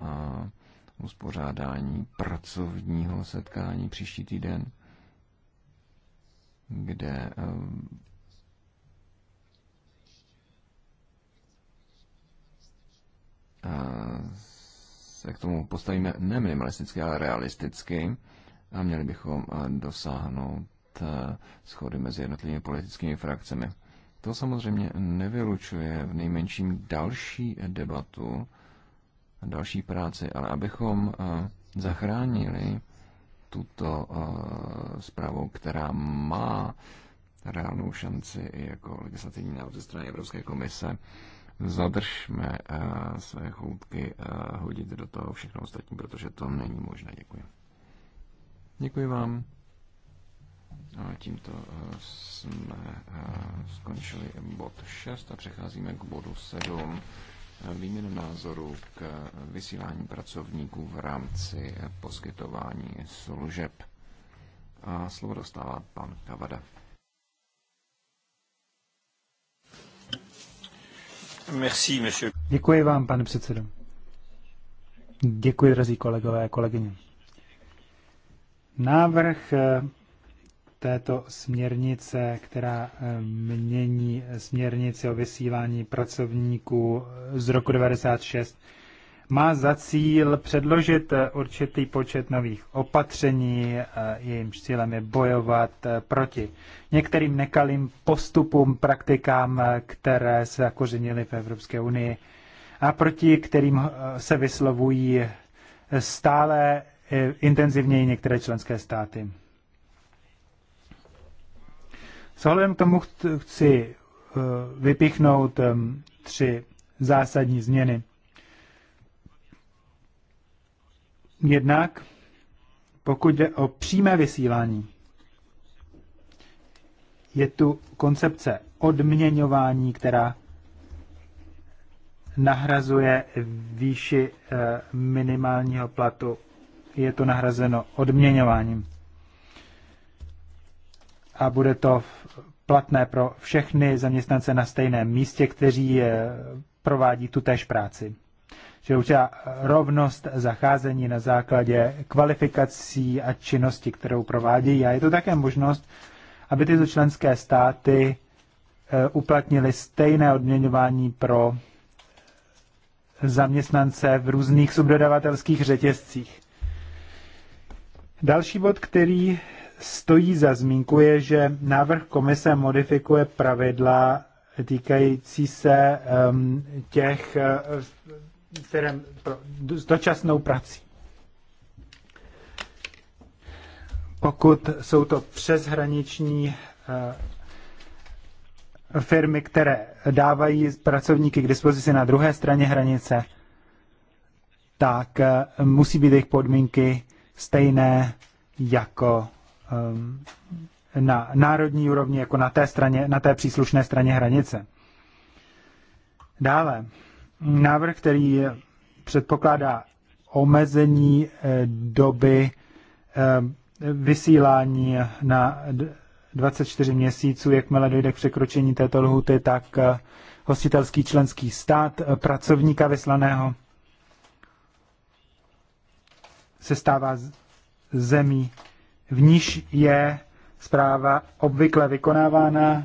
uspořádání pracovního setkání příští týden, kde se k tomu postavíme ne minimalisticky, ale realisticky a měli bychom eh, dosáhnout eh, schody mezi jednotlivými politickými frakcemi. To samozřejmě nevylučuje v nejmenším další debatu, další práci, ale abychom eh, zachránili tuto zprávu, která má reálnou šanci i jako legislativní návrh ze strany Evropské komise, zadržme eh, své choutky a eh, hodit do toho všechno ostatní, protože to není možné. Děkuji. Děkuji vám. A no, tímto eh, jsme skončili bod 6 a přecházíme k bodu 7. Výměna názoru k vysílání pracovníků v rámci poskytování služeb. A slovo dostává pan Kavada.
Děkuji vám, pane předsedo. Děkuji, drazí kolegové a kolegyně. Návrh eh, této směrnice, která eh, mění směrnici o vysílání pracovníků eh, z roku 96, má za cíl předložit eh, určitý počet nových opatření, eh, jejímž cílem je bojovat eh, proti některým nekalým postupům, praktikám, které se zakořenily v Evropské unii a proti kterým se vyslovují stále intenzivněji některé členské státy. S ohledem k tomu chci vypichnout tři zásadní změny Jednak pokud jde o přímé vysílání, je tu koncepce odměňování, která nahrazuje výši eh, minimálního platu. Je to nahrazeno odměňováním. A bude to platné pro všechny zaměstnance na stejném místě, kteří eh, provádí tu též práci že určitá rovnost zacházení na základě kvalifikací a činnosti, kterou provádějí. A je to také možnost, aby tyto členské státy eh, uplatnili stejné odměňování pro zaměstnance v různých subdodavatelských řetězcích. Další bod, který stojí za zmínku, je, že návrh komise modifikuje pravidla týkající se um, těch uh, firm pro, dočasnou prací. Pokud jsou to přeshraniční eh, firmy, které dávají pracovníky k dispozici na druhé straně hranice, tak eh, musí být jejich podmínky stejné jako eh, na národní úrovni, jako na té, straně, na té příslušné straně hranice. Dále, návrh, který předpokládá omezení eh, doby eh, vysílání na 24 měsíců, jakmile dojde k překročení této lhuty, tak eh, hostitelský členský stát pracovníka vyslaného se stává zemí, v níž je zpráva obvykle vykonávána,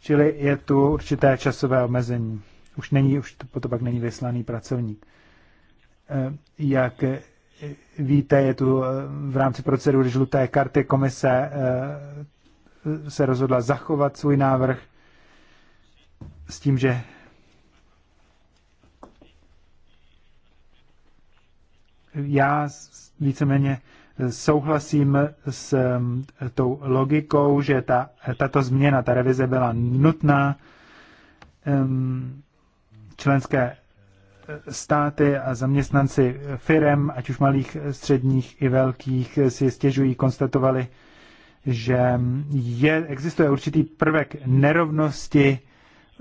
čili je tu určité časové omezení už není, už to, to pak není vyslaný pracovník. Eh, jak eh, víte, je tu eh, v rámci procedury žluté karty komise se rozhodla zachovat svůj návrh s tím, že já víceméně souhlasím s tou logikou, že ta, tato změna, ta revize byla nutná. Ehm, členské státy a zaměstnanci firem, ať už malých, středních i velkých, si stěžují, konstatovali, že je, existuje určitý prvek nerovnosti,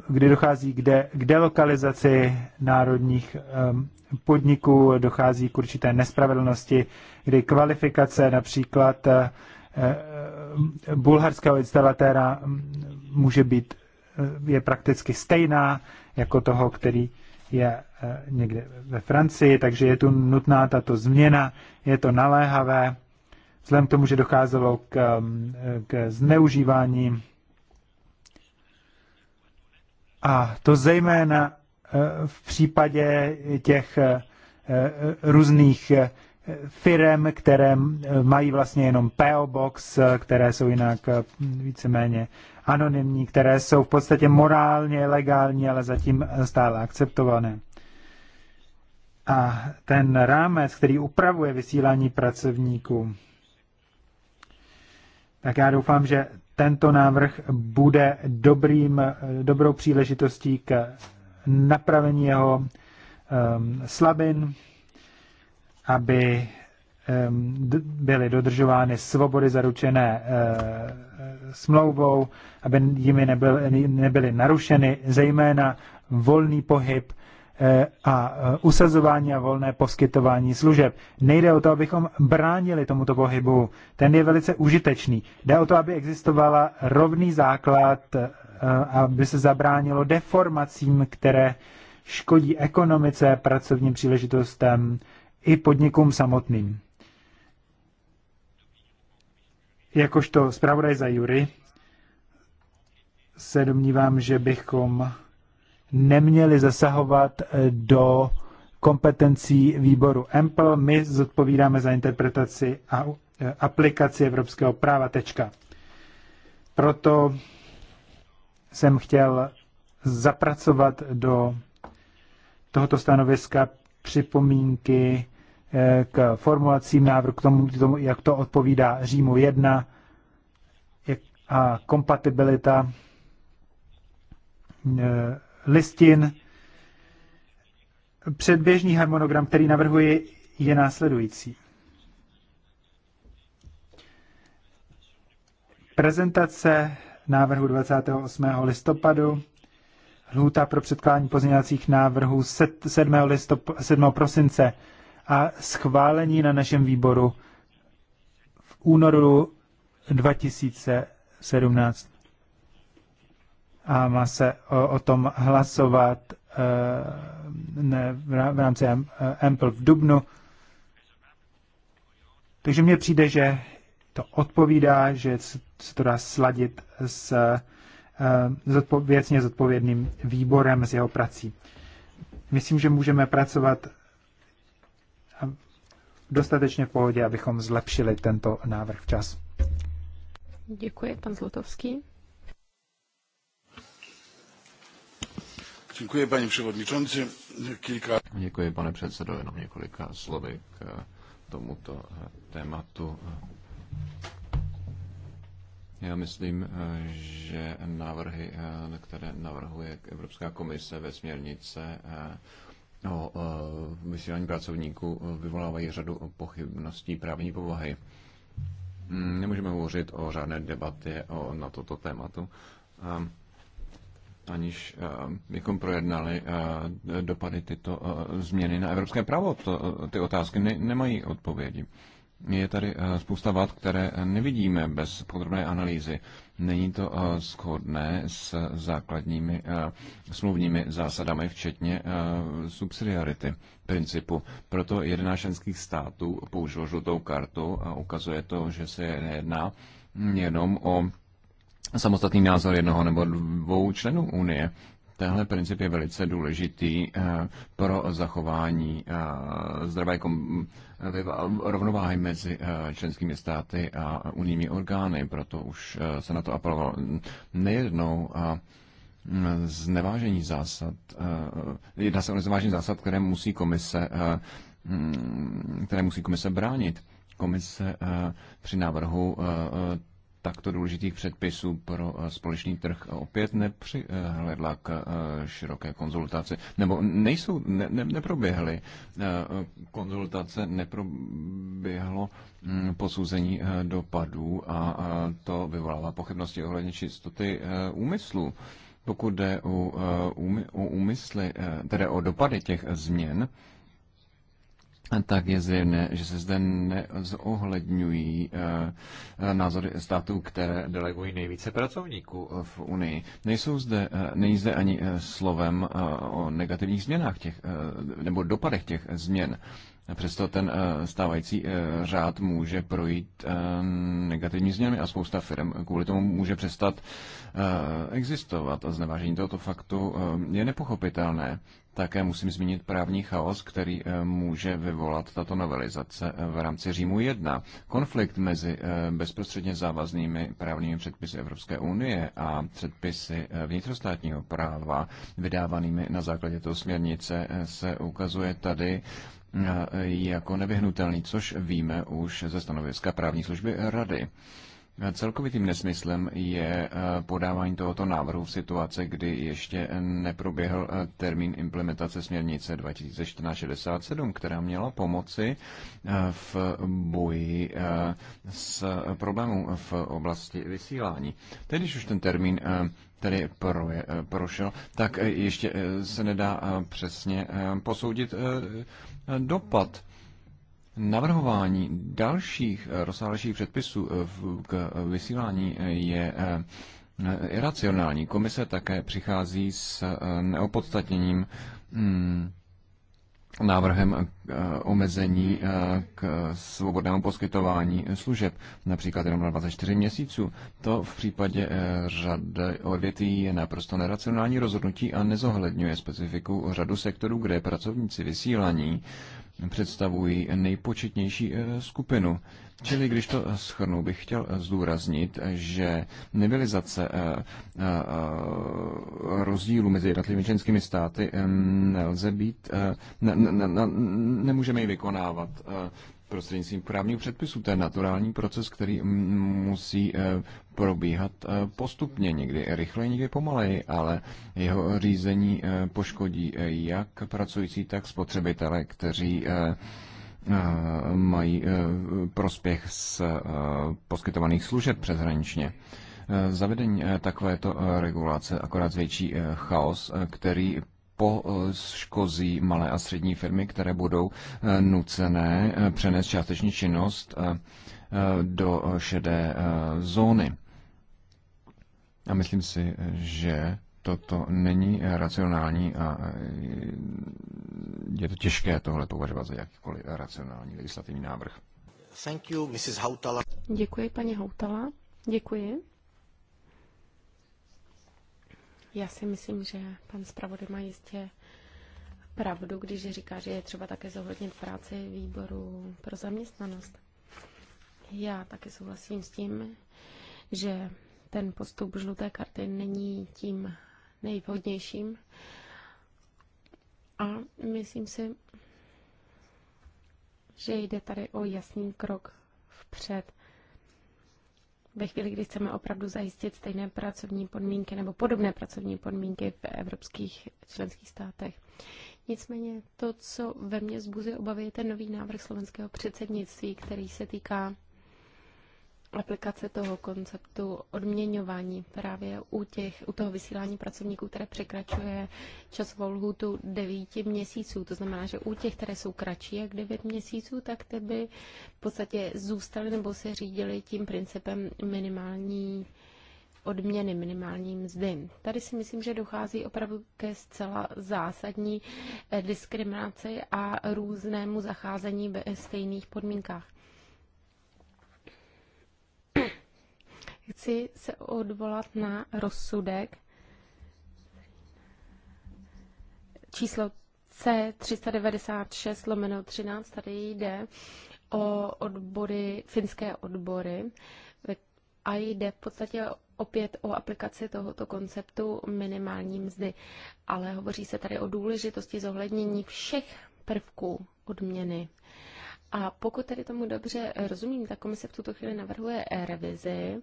kdy dochází k, de, k delokalizaci národních um, podniků, dochází k určité nespravedlnosti, kdy kvalifikace například uh, bulharského instalatéra může být, eh, je prakticky stejná jako toho, který je eh, někde ve Francii, takže je tu nutná tato změna, je to naléhavé, vzhledem k tomu, že docházelo k, mm, k zneužívání a to zejména eh, v případě těch eh, různých firem, které mají vlastně jenom PO Box, které jsou jinak víceméně anonymní, které jsou v podstatě morálně legální, ale zatím stále akceptované. A ten rámec, který upravuje vysílání pracovníků, tak já doufám, že tento návrh bude dobrým, dobrou příležitostí k napravení jeho um, slabin, aby um, byly dodržovány svobody zaručené uh, smlouvou, aby jimi nebyl, nebyly narušeny, zejména volný pohyb eh, a eh, usazování a volné poskytování služeb. Nejde o to, abychom bránili tomuto pohybu. Ten je velice užitečný. Jde o to, aby existovala rovný základ, eh, aby se zabránilo deformacím, které škodí ekonomice, pracovním příležitostem i podnikům samotným. jakožto zpravodaj za Jury se domnívám, že bychom neměli zasahovat eh, do kompetencí výboru EMPL. My zodpovídáme za interpretaci a eh, aplikaci evropského práva. Tečka. Proto jsem chtěl zapracovat do tohoto stanoviska připomínky Eh, k formulacím návrhu, k tomu, k tomu jak to odpovídá Římu 1 a kompatibilita eh, listin. Předběžný harmonogram, který navrhuji, je následující. Prezentace návrhu 28. listopadu, lhůta pro předkládání pozměňovacích návrhů 7. Listop- 7. prosince a schválení na našem výboru v únoru 2017. A má se o, o tom hlasovat eh, ne, v rámci eh, Ample v Dubnu. Takže mně přijde, že to odpovídá, že se to dá sladit s eh, věcně zodpovědným výborem, s jeho prací. Myslím, že můžeme pracovat dostatečně v pohodě, abychom zlepšili tento návrh včas.
Děkuji, pan Zlotovský.
Děkuji, paní předsedající. Kilka... Děkuji, pane předsedo, jenom několika slovy k eh, tomuto eh, tématu. Já myslím, eh, že návrhy, které navrhuje Evropská komise ve směrnice, o no, eh, vysílání pracovníků eh, vyvolávají řadu pochybností právní povahy. Hmm, nemůžeme hovořit o žádné debatě o, na toto tématu, eh, aniž bychom projednali dopady tyto změny na evropské právo. To, ty otázky ne, nemají odpovědi. Je tady eh, spousta vad, které eh, nevidíme bez podrobné analýzy. Není to eh, shodné s základními smluvními zásadami, včetně subsidiarity principu. Proto jedna členských států použil žlutou kartu a ukazuje to, že se nejedná jenom o samostatný názor jednoho nebo dvou členů Unie. Tenhle princip je velice důležitý eh, pro zachování eh, zdravé eh, rovnováhy mezi členskými státy a unijními orgány, proto už se na to apelovalo nejednou a mm, znevážení zásad, jedná se o znevážení zásad, které musí komise, mm, které musí komise bránit. Komise při návrhu takto důležitých předpisů pro eh, společný trh eh, opět nepřihledla k eh, široké konzultaci, nebo nejsou, ne, ne, neproběhly konzultace, neproběhlo mm, posouzení dopadů a to vyvolává pochybnosti ohledně čistoty úmyslu. Pokud jde o, o úmysly, tedy o dopady těch změn, tak je zjevné, že se zde nezohledňují eh, eh, názory států, které delegují nejvíce pracovníků eh, v Unii. Nejsou zde, není zde ani slovem o negativních změnách těch, nebo dopadech těch změn. Přesto ten stávající řád může projít negativní změnami a spousta firm kvůli tomu může přestat existovat. A znevážení tohoto faktu je nepochopitelné. Také musím zmínit právní chaos, který eh, může vyvolat tato novelizace eh, v rámci Římu 1. Konflikt mezi eh, bezprostředně závaznými právními předpisy Evropské unie a předpisy vnitrostátního práva vydávanými na základě toho směrnice se ukazuje tady jako nevyhnutelný, což víme už ze stanoviska právní služby Rady. Celkovitým nesmyslem je eh, podávání tohoto návrhu v situaci, kdy ještě neproběhl eh, termín implementace směrnice 2014-67, která měla pomoci eh, v boji s problémů v oblasti vysílání. Tedy, když už ten termín tedy pro, prošel, tak ještě se nedá přesně posoudit dopad Navrhování dalších eh, rozsáhlejších předpisů eh, k eh, vysílání je iracionální. Komise také přichází s neopodstatněním mm, návrhem omezení k svobodnému poskytování služeb, například jenom na 24 měsíců. To v případě řady odvětví je naprosto neracionální rozhodnutí a nezohledňuje specifiku řadu sektorů, kde pracovníci vysílání představují nejpočetnější eh, skupinu. Čili když to schrnu, bych chtěl eh, zdůraznit, že nivelizace eh, rozdílu mezi jednotlivými členskými státy nelze být, ne, ne, ne, nemůžeme ji vykonávat prostřednictvím právních předpisů. To je naturální proces, který musí eh, probíhat eh, postupně, někdy rychleji, někdy pomaleji, ale jeho řízení eh, poškodí jak pracující, tak spotřebitele, kteří mají prospěch z poskytovaných služeb přeshraničně. Zavedení takovéto regulace akorát zvětší chaos, který poškozí malé a střední firmy, které budou eh, nucené eh, přenést částeční činnost eh, do šedé zóny. A myslím si, že toto není racionální a je to těžké tohle považovat za jakýkoliv racionální legislativní návrh. Thank you, Mrs.
Děkuji, paní Houtala. Děkuji. Já si myslím, že pan zpravodaj má jistě pravdu, když říká, že je třeba také zohlednit práci výboru pro zaměstnanost. Já taky souhlasím s tím, že ten postup žluté karty není tím nejvhodnějším. A myslím si, že jde tady o jasný krok vpřed ve chvíli, kdy chceme opravdu zajistit stejné pracovní podmínky nebo podobné pracovní podmínky v evropských členských státech. Nicméně to, co ve mně zbuzuje obavy, je ten nový návrh slovenského předsednictví, který se týká aplikace toho konceptu odměňování právě u, těch, u toho vysílání pracovníků, které překračuje časovou lhůtu 9 měsíců. To znamená, že u těch, které jsou kratší jak 9 měsíců, tak ty by v podstatě zůstaly nebo se řídily tím principem minimální odměny, minimální mzdy. Tady si myslím, že dochází opravdu ke zcela zásadní eh, diskriminaci a různému zacházení ve stejných podmínkách. Chci se odvolat na rozsudek číslo C396 lomeno 13. Tady jde o odbory, finské odbory a jde v podstatě opět o aplikaci tohoto konceptu minimální mzdy, ale hovoří se tady o důležitosti zohlednění všech prvků odměny. A pokud tady tomu dobře rozumím, tak komise v tuto chvíli navrhuje revizi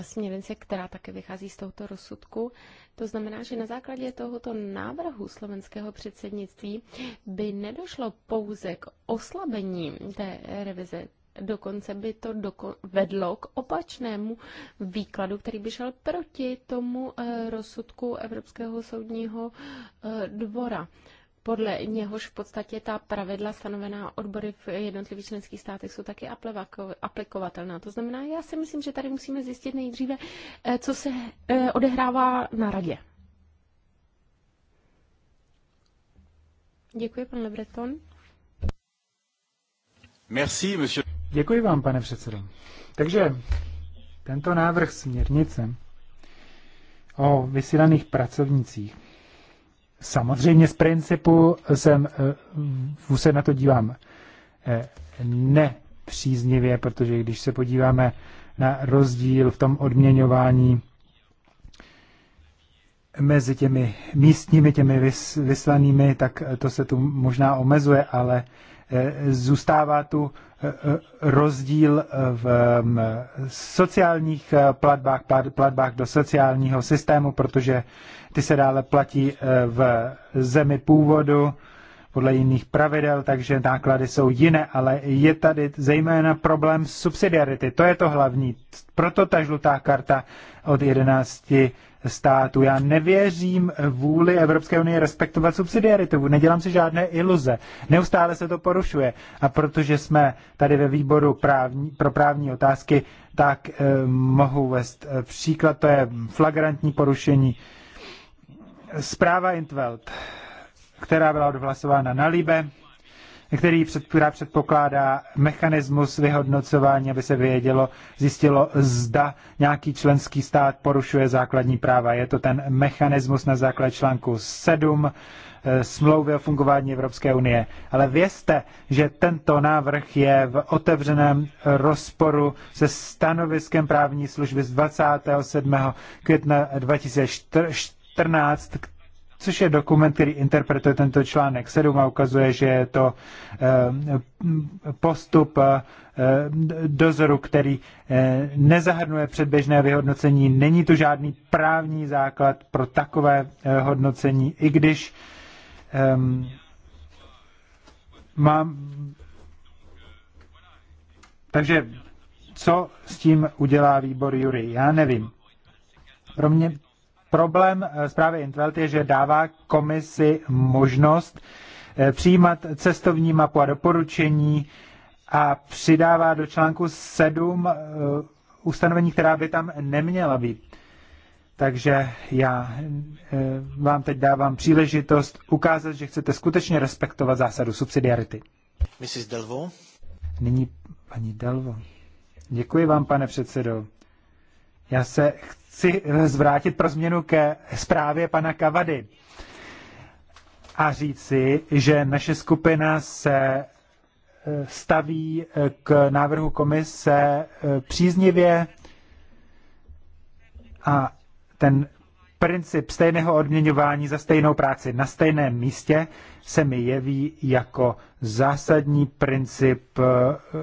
směrnice, která také vychází z tohoto rozsudku. To znamená, že na základě tohoto návrhu slovenského předsednictví by nedošlo pouze k oslabení té revize, dokonce by to doko- vedlo k opačnému výkladu, který by šel proti tomu eh, rozsudku Evropského soudního eh, dvora podle něhož v podstatě ta pravidla stanovená odbory v jednotlivých členských státech jsou taky aplikovatelná. To znamená, já si myslím, že tady musíme zjistit nejdříve, eh, co se eh, odehrává na radě. Děkuji, pan Lebreton.
Merci, monsieur. Děkuji vám, pane předsedo. Takže tento návrh směrnice o vysílaných pracovnicích Samozřejmě z principu jsem, se eh, na to dívám eh, nepříznivě, protože když se podíváme na rozdíl v tom odměňování mezi těmi místními, těmi vyslanými, tak to se tu možná omezuje, ale Eh, zůstává tu eh, eh, rozdíl v mm, sociálních platbách, platbách do sociálního systému, protože ty se dále platí v zemi původu podle jiných pravidel, takže náklady jsou jiné, ale je tady zejména problém subsidiarity. To je to hlavní. Proto ta žlutá karta od 11 Státu. Já nevěřím vůli Evropské unie respektovat subsidiaritu. Nedělám si žádné iluze. Neustále se to porušuje. A protože jsme tady ve výboru právní, pro právní otázky, tak eh, mohu vést eh, příklad. To je flagrantní porušení. Zpráva Intveld, která byla odhlasována na Libe, který před, která předpokládá mechanismus vyhodnocování, aby se vědělo, zjistilo, zda nějaký členský stát porušuje základní práva. Je to ten mechanismus na základě článku 7 eh, smlouvy o fungování Evropské unie. Ale vězte, že tento návrh je v otevřeném rozporu se stanoviskem právní služby z 27. května 2014, což je dokument, který interpretuje tento článek 7 a ukazuje, že je to eh, postup eh, dozoru, který eh, nezahrnuje předběžné vyhodnocení. Není to žádný právní základ pro takové hodnocení, i když ehm, mám... Takže co s tím udělá výbor Jury? Já nevím. Pro mě Problém eh, zprávy Intveld je, že dává komisi možnost eh, přijímat cestovní mapu a doporučení a přidává do článku 7 eh, ustanovení, která by tam neměla být. Takže já vám teď dávám příležitost ukázat, že chcete skutečně respektovat zásadu subsidiarity.
Mrs. Delvo.
Nyní paní Delvo. Děkuji vám, pane předsedo. Já se chci zvrátit pro změnu ke zprávě pana Kavady a říci, že naše skupina se eh, staví eh, k návrhu komise eh, příznivě a ten princip stejného odměňování za stejnou práci na stejném místě se mi jeví jako zásadní princip,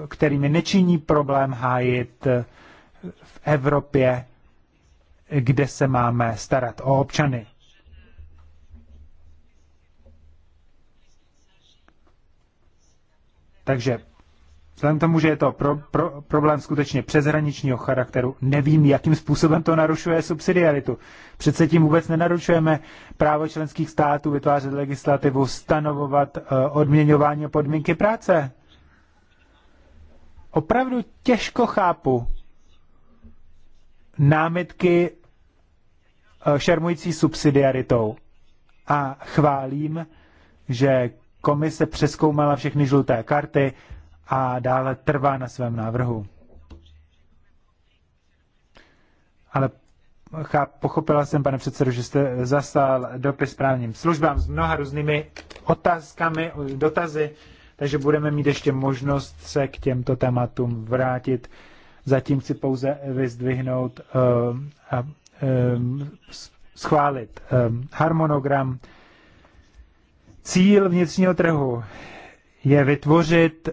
který mi nečiní problém hájit Evropě, kde se máme starat o občany. Takže vzhledem k tomu, že je to pro, pro, problém skutečně přeshraničního charakteru, nevím, jakým způsobem to narušuje subsidiaritu. Přece tím vůbec nenarušujeme právo členských států vytvářet legislativu, stanovovat eh, odměňování a podmínky práce. Opravdu těžko chápu, námitky eh, šermující subsidiaritou. A chválím, že komise přeskoumala všechny žluté karty a dále trvá na svém návrhu. Ale cháp, pochopila jsem, pane předsedu, že jste zaslal dopis právním službám s mnoha různými otázkami, dotazy, takže budeme mít ještě možnost se k těmto tématům vrátit Zatím chci pouze vyzdvihnout eh, a eh, schválit eh, harmonogram. Cíl vnitřního trhu je vytvořit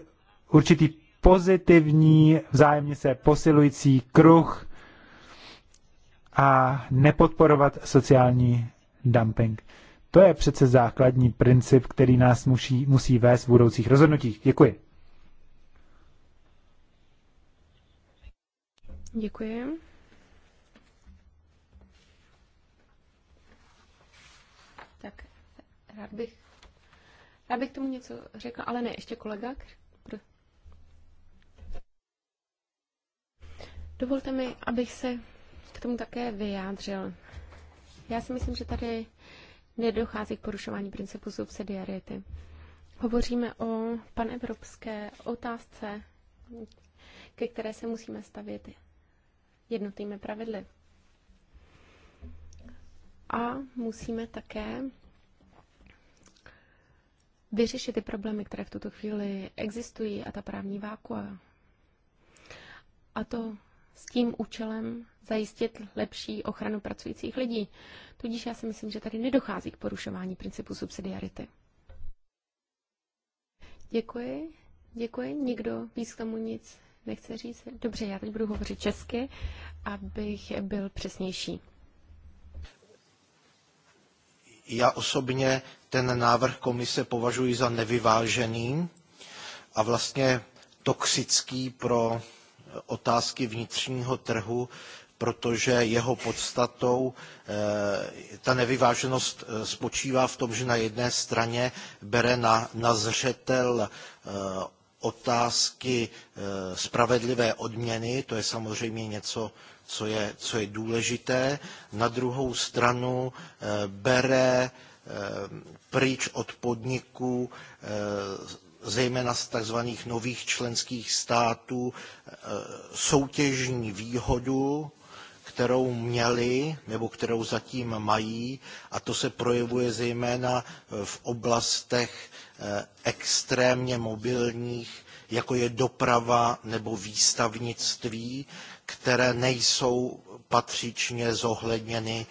určitý pozitivní, vzájemně se posilující kruh a nepodporovat sociální dumping. To je přece základní princip, který nás musí, musí vést v budoucích rozhodnutích. Děkuji.
Děkuji. Tak, rád bych, rád bych tomu něco řekla, ale ne, ještě kolega. Dovolte mi, abych se k tomu také vyjádřil. Já si myslím, že tady nedochází k porušování principu subsidiarity. Hovoříme o panevropské otázce, ke které se musíme stavět jednotými pravidly. A musíme také vyřešit ty problémy, které v tuto chvíli existují a ta právní vákua. A to s tím účelem zajistit lepší ochranu pracujících lidí. Tudíž já si myslím, že tady nedochází k porušování principu subsidiarity. Děkuji. Děkuji. Nikdo víc k tomu nic nechce říct? Dobře, já teď budu hovořit česky, abych byl přesnější.
Já osobně ten návrh komise považuji za nevyvážený a vlastně toxický pro otázky vnitřního trhu, protože jeho podstatou eh, ta nevyváženost eh, spočívá v tom, že na jedné straně bere na, na zřetel eh, otázky e, spravedlivé odměny, to je samozřejmě něco, co je, co je důležité. Na druhou stranu e, bere e, pryč od podniků zejména z tzv. nových členských států soutěžní výhodu kterou měli nebo kterou zatím mají a to se projevuje zejména e, v oblastech e, extrémně mobilních, jako je doprava nebo výstavnictví, které nejsou patřičně zohledněny e,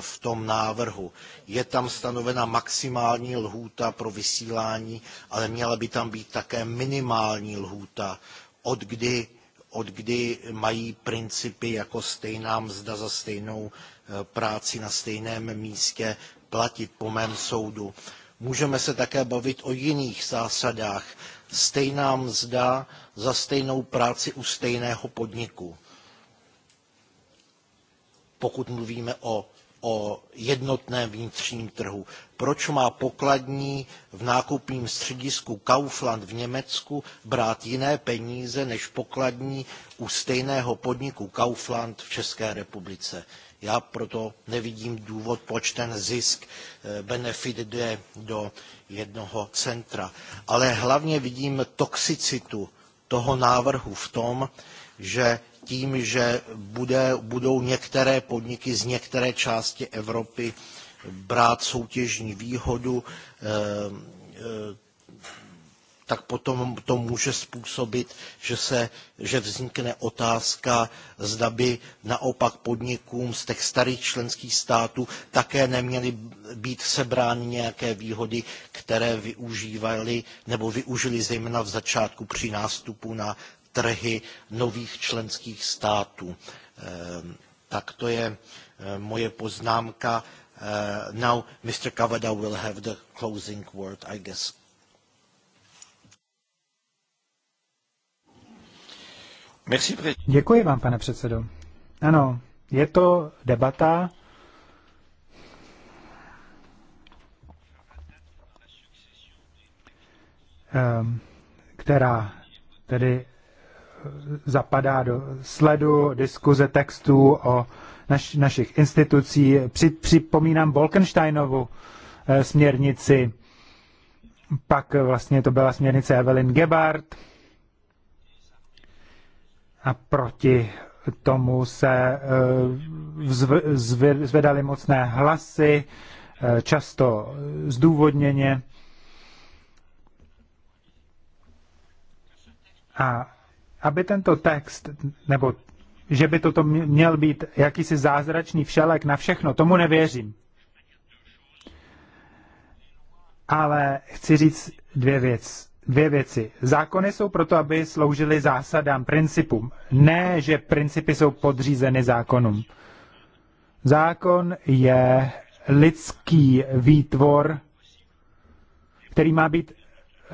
v tom návrhu. Je tam stanovena maximální lhůta pro vysílání, ale měla by tam být také minimální lhůta, od kdy od kdy mají principy jako stejná mzda za stejnou eh, práci na stejném místě platit, po mém soudu. Můžeme se také bavit o jiných zásadách. Stejná mzda za stejnou práci u stejného podniku. Pokud mluvíme o, o jednotném vnitřním trhu proč má pokladní v nákupním středisku Kaufland v Německu brát jiné peníze než pokladní u stejného podniku Kaufland v České republice. Já proto nevidím důvod, proč ten zisk, eh, benefit jde do jednoho centra. Ale hlavně vidím toxicitu toho návrhu v tom, že tím, že bude, budou některé podniky z některé části Evropy brát soutěžní výhodu, eh, eh, tak potom to může způsobit, že, se, že vznikne otázka, zda by naopak podnikům z těch starých členských států také neměly být sebrány nějaké výhody, které využívali nebo využili zejména v začátku při nástupu na trhy nových členských států. Eh, tak to je moje poznámka Uh, now, Mr. Kavada will have the closing word, I guess.
Děkuji vám, pane předsedo. Ano, je to debata. Ehm, která tedy zapadá do sledu diskuze textů o naš, našich institucí. Při, připomínám Bolkensteinovu eh, směrnici, pak vlastně to byla směrnice Evelyn Gebhardt a proti tomu se eh, zvedaly mocné hlasy, eh, často zdůvodněně. A aby tento text, nebo že by toto měl být jakýsi zázračný všelek na všechno. Tomu nevěřím. Ale chci říct dvě, věc, dvě věci. Zákony jsou proto, aby sloužily zásadám, principům. Ne, že principy jsou podřízeny zákonům. Zákon je lidský výtvor, který má být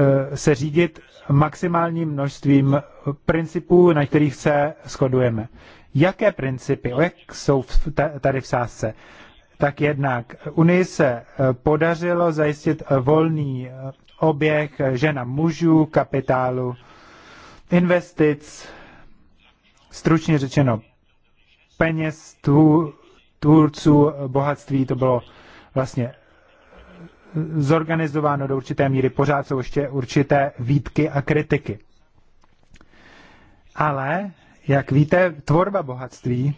Eh, se řídit maximálním množstvím principů, na kterých se shodujeme. Jaké principy, jak jsou tady v sázce? Tak jednak Unii se eh, podařilo zajistit eh, volný oběh žena mužů, kapitálu, investic, stručně řečeno peněz, tvůrců bohatství, to bylo vlastně zorganizováno do určité míry. Pořád jsou ještě určité výtky a kritiky. Ale, jak víte, tvorba bohatství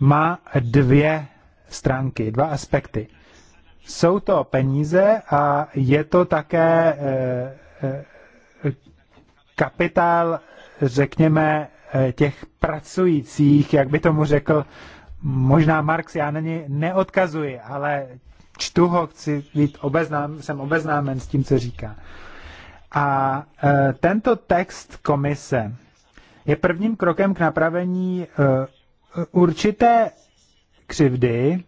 má dvě stránky, dva aspekty. Jsou to peníze a je to také eh, eh, kapitál, řekněme, eh, těch pracujících, jak by tomu řekl možná Marx, já na ně neodkazuji, ale čtu ho, chci mít obeznám, jsem obeznámen s tím, co říká. A e, tento text komise je prvním krokem k napravení e, určité křivdy,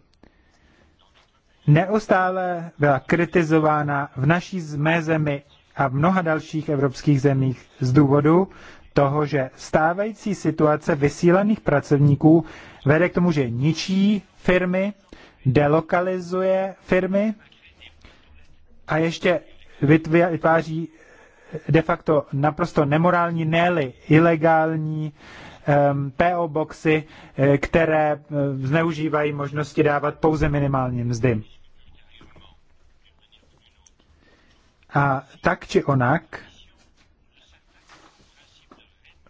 neustále byla kritizována v naší mé zemi a v mnoha dalších evropských zemích z důvodu toho, že stávající situace vysílených pracovníků vede k tomu, že ničí firmy delokalizuje firmy a ještě vytváří de facto naprosto nemorální, neli ilegální PO boxy, eh, které eh, zneužívají možnosti dávat pouze minimální mzdy. A tak či onak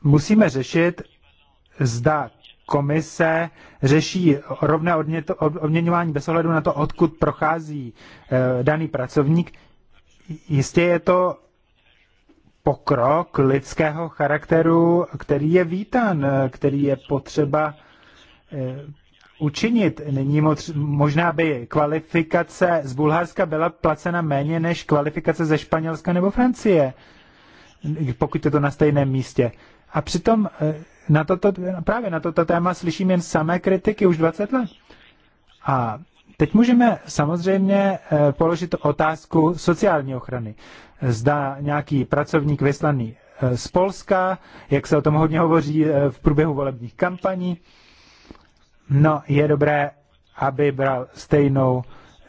musíme řešit, zda komise řeší rovné odměňování bez ohledu na to, odkud prochází eh, daný pracovník. Jistě je to pokrok lidského charakteru, který je vítan, eh, který je potřeba eh, učinit. Není možná by kvalifikace z Bulharska byla placena méně než kvalifikace ze Španělska nebo Francie, pokud je to na stejném místě. A přitom na toto, právě na toto téma slyším jen samé kritiky už 20 let. A teď můžeme samozřejmě eh, položit otázku sociální ochrany. Zda nějaký pracovník vyslaný eh, z Polska, jak se o tom hodně hovoří eh, v průběhu volebních kampaní, no je dobré, aby bral stejnou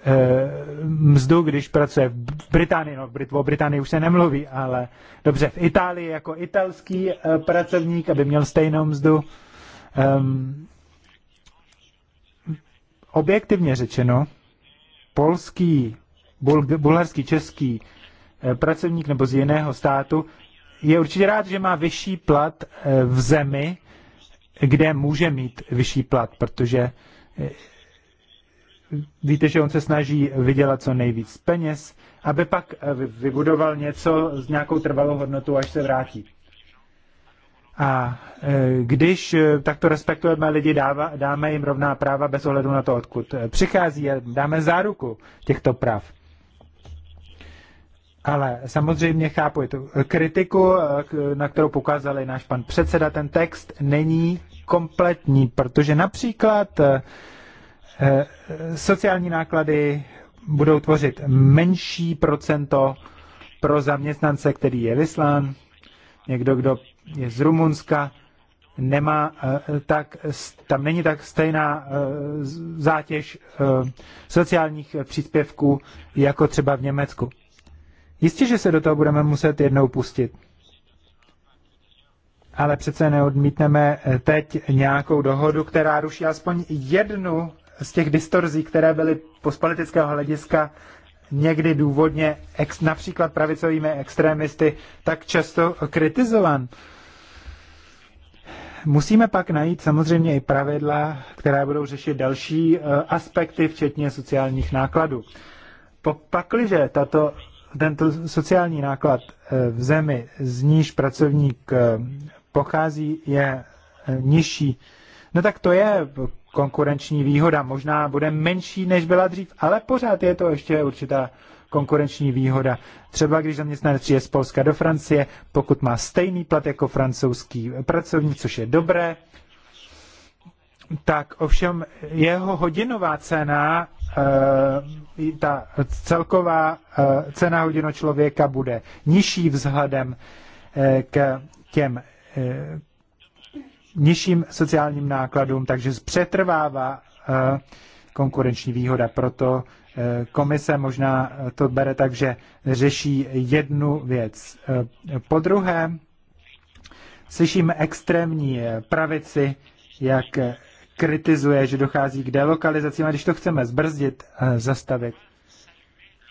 Eh, mzdu, když pracuje v Británii, no o Británii už se nemluví, ale dobře, v Itálii jako italský eh, pracovník, aby měl stejnou mzdu. Um, objektivně řečeno, polský, bulharský, český eh, pracovník nebo z jiného státu je určitě rád, že má vyšší plat v zemi, kde může mít vyšší plat, protože víte, že on se snaží vydělat co nejvíc peněz, aby pak eh, vybudoval něco s nějakou trvalou hodnotou, až se vrátí. A eh, když eh, takto respektujeme lidi, dáva, dáme jim rovná práva bez ohledu na to, odkud přichází a dáme záruku těchto práv. Ale samozřejmě chápu tu kritiku, na kterou pokázal náš pan předseda. Ten text není kompletní, protože například Eh, sociální náklady budou tvořit menší procento pro zaměstnance, který je vyslán. Někdo, kdo je z Rumunska, nemá eh, tak, tam není tak stejná eh, zátěž sociálních příspěvků jako třeba v Německu. Jistě, že se do toho budeme muset jednou pustit. Ale přece neodmítneme teď nějakou dohodu, která ruší aspoň jednu z těch distorzí, které byly z politického hlediska někdy důvodně ex, například pravicovými extrémisty tak často kritizovan. Musíme pak najít samozřejmě i pravidla, která budou řešit další e, aspekty, včetně sociálních nákladů. Pakliže tato, tento sociální náklad e, v zemi, z níž pracovník e, pochází, je nižší, no tak to je konkurenční výhoda. Možná bude menší, než byla dřív, ale pořád je to ještě určitá konkurenční výhoda. Třeba když zaměstnanec přijde z Polska do Francie, pokud má stejný plat jako francouzský pracovník, což je dobré, tak ovšem jeho hodinová cena, eh, ta celková eh, cena hodino člověka bude nižší vzhledem eh, k těm nižším sociálním nákladům, takže přetrvává eh, konkurenční výhoda. Proto eh, komise možná eh, to bere tak, že řeší jednu věc. Po druhé, slyšíme extrémní pravici, jak kritizuje, že dochází k delokalizacím, a když to chceme zbrzdit, zastavit,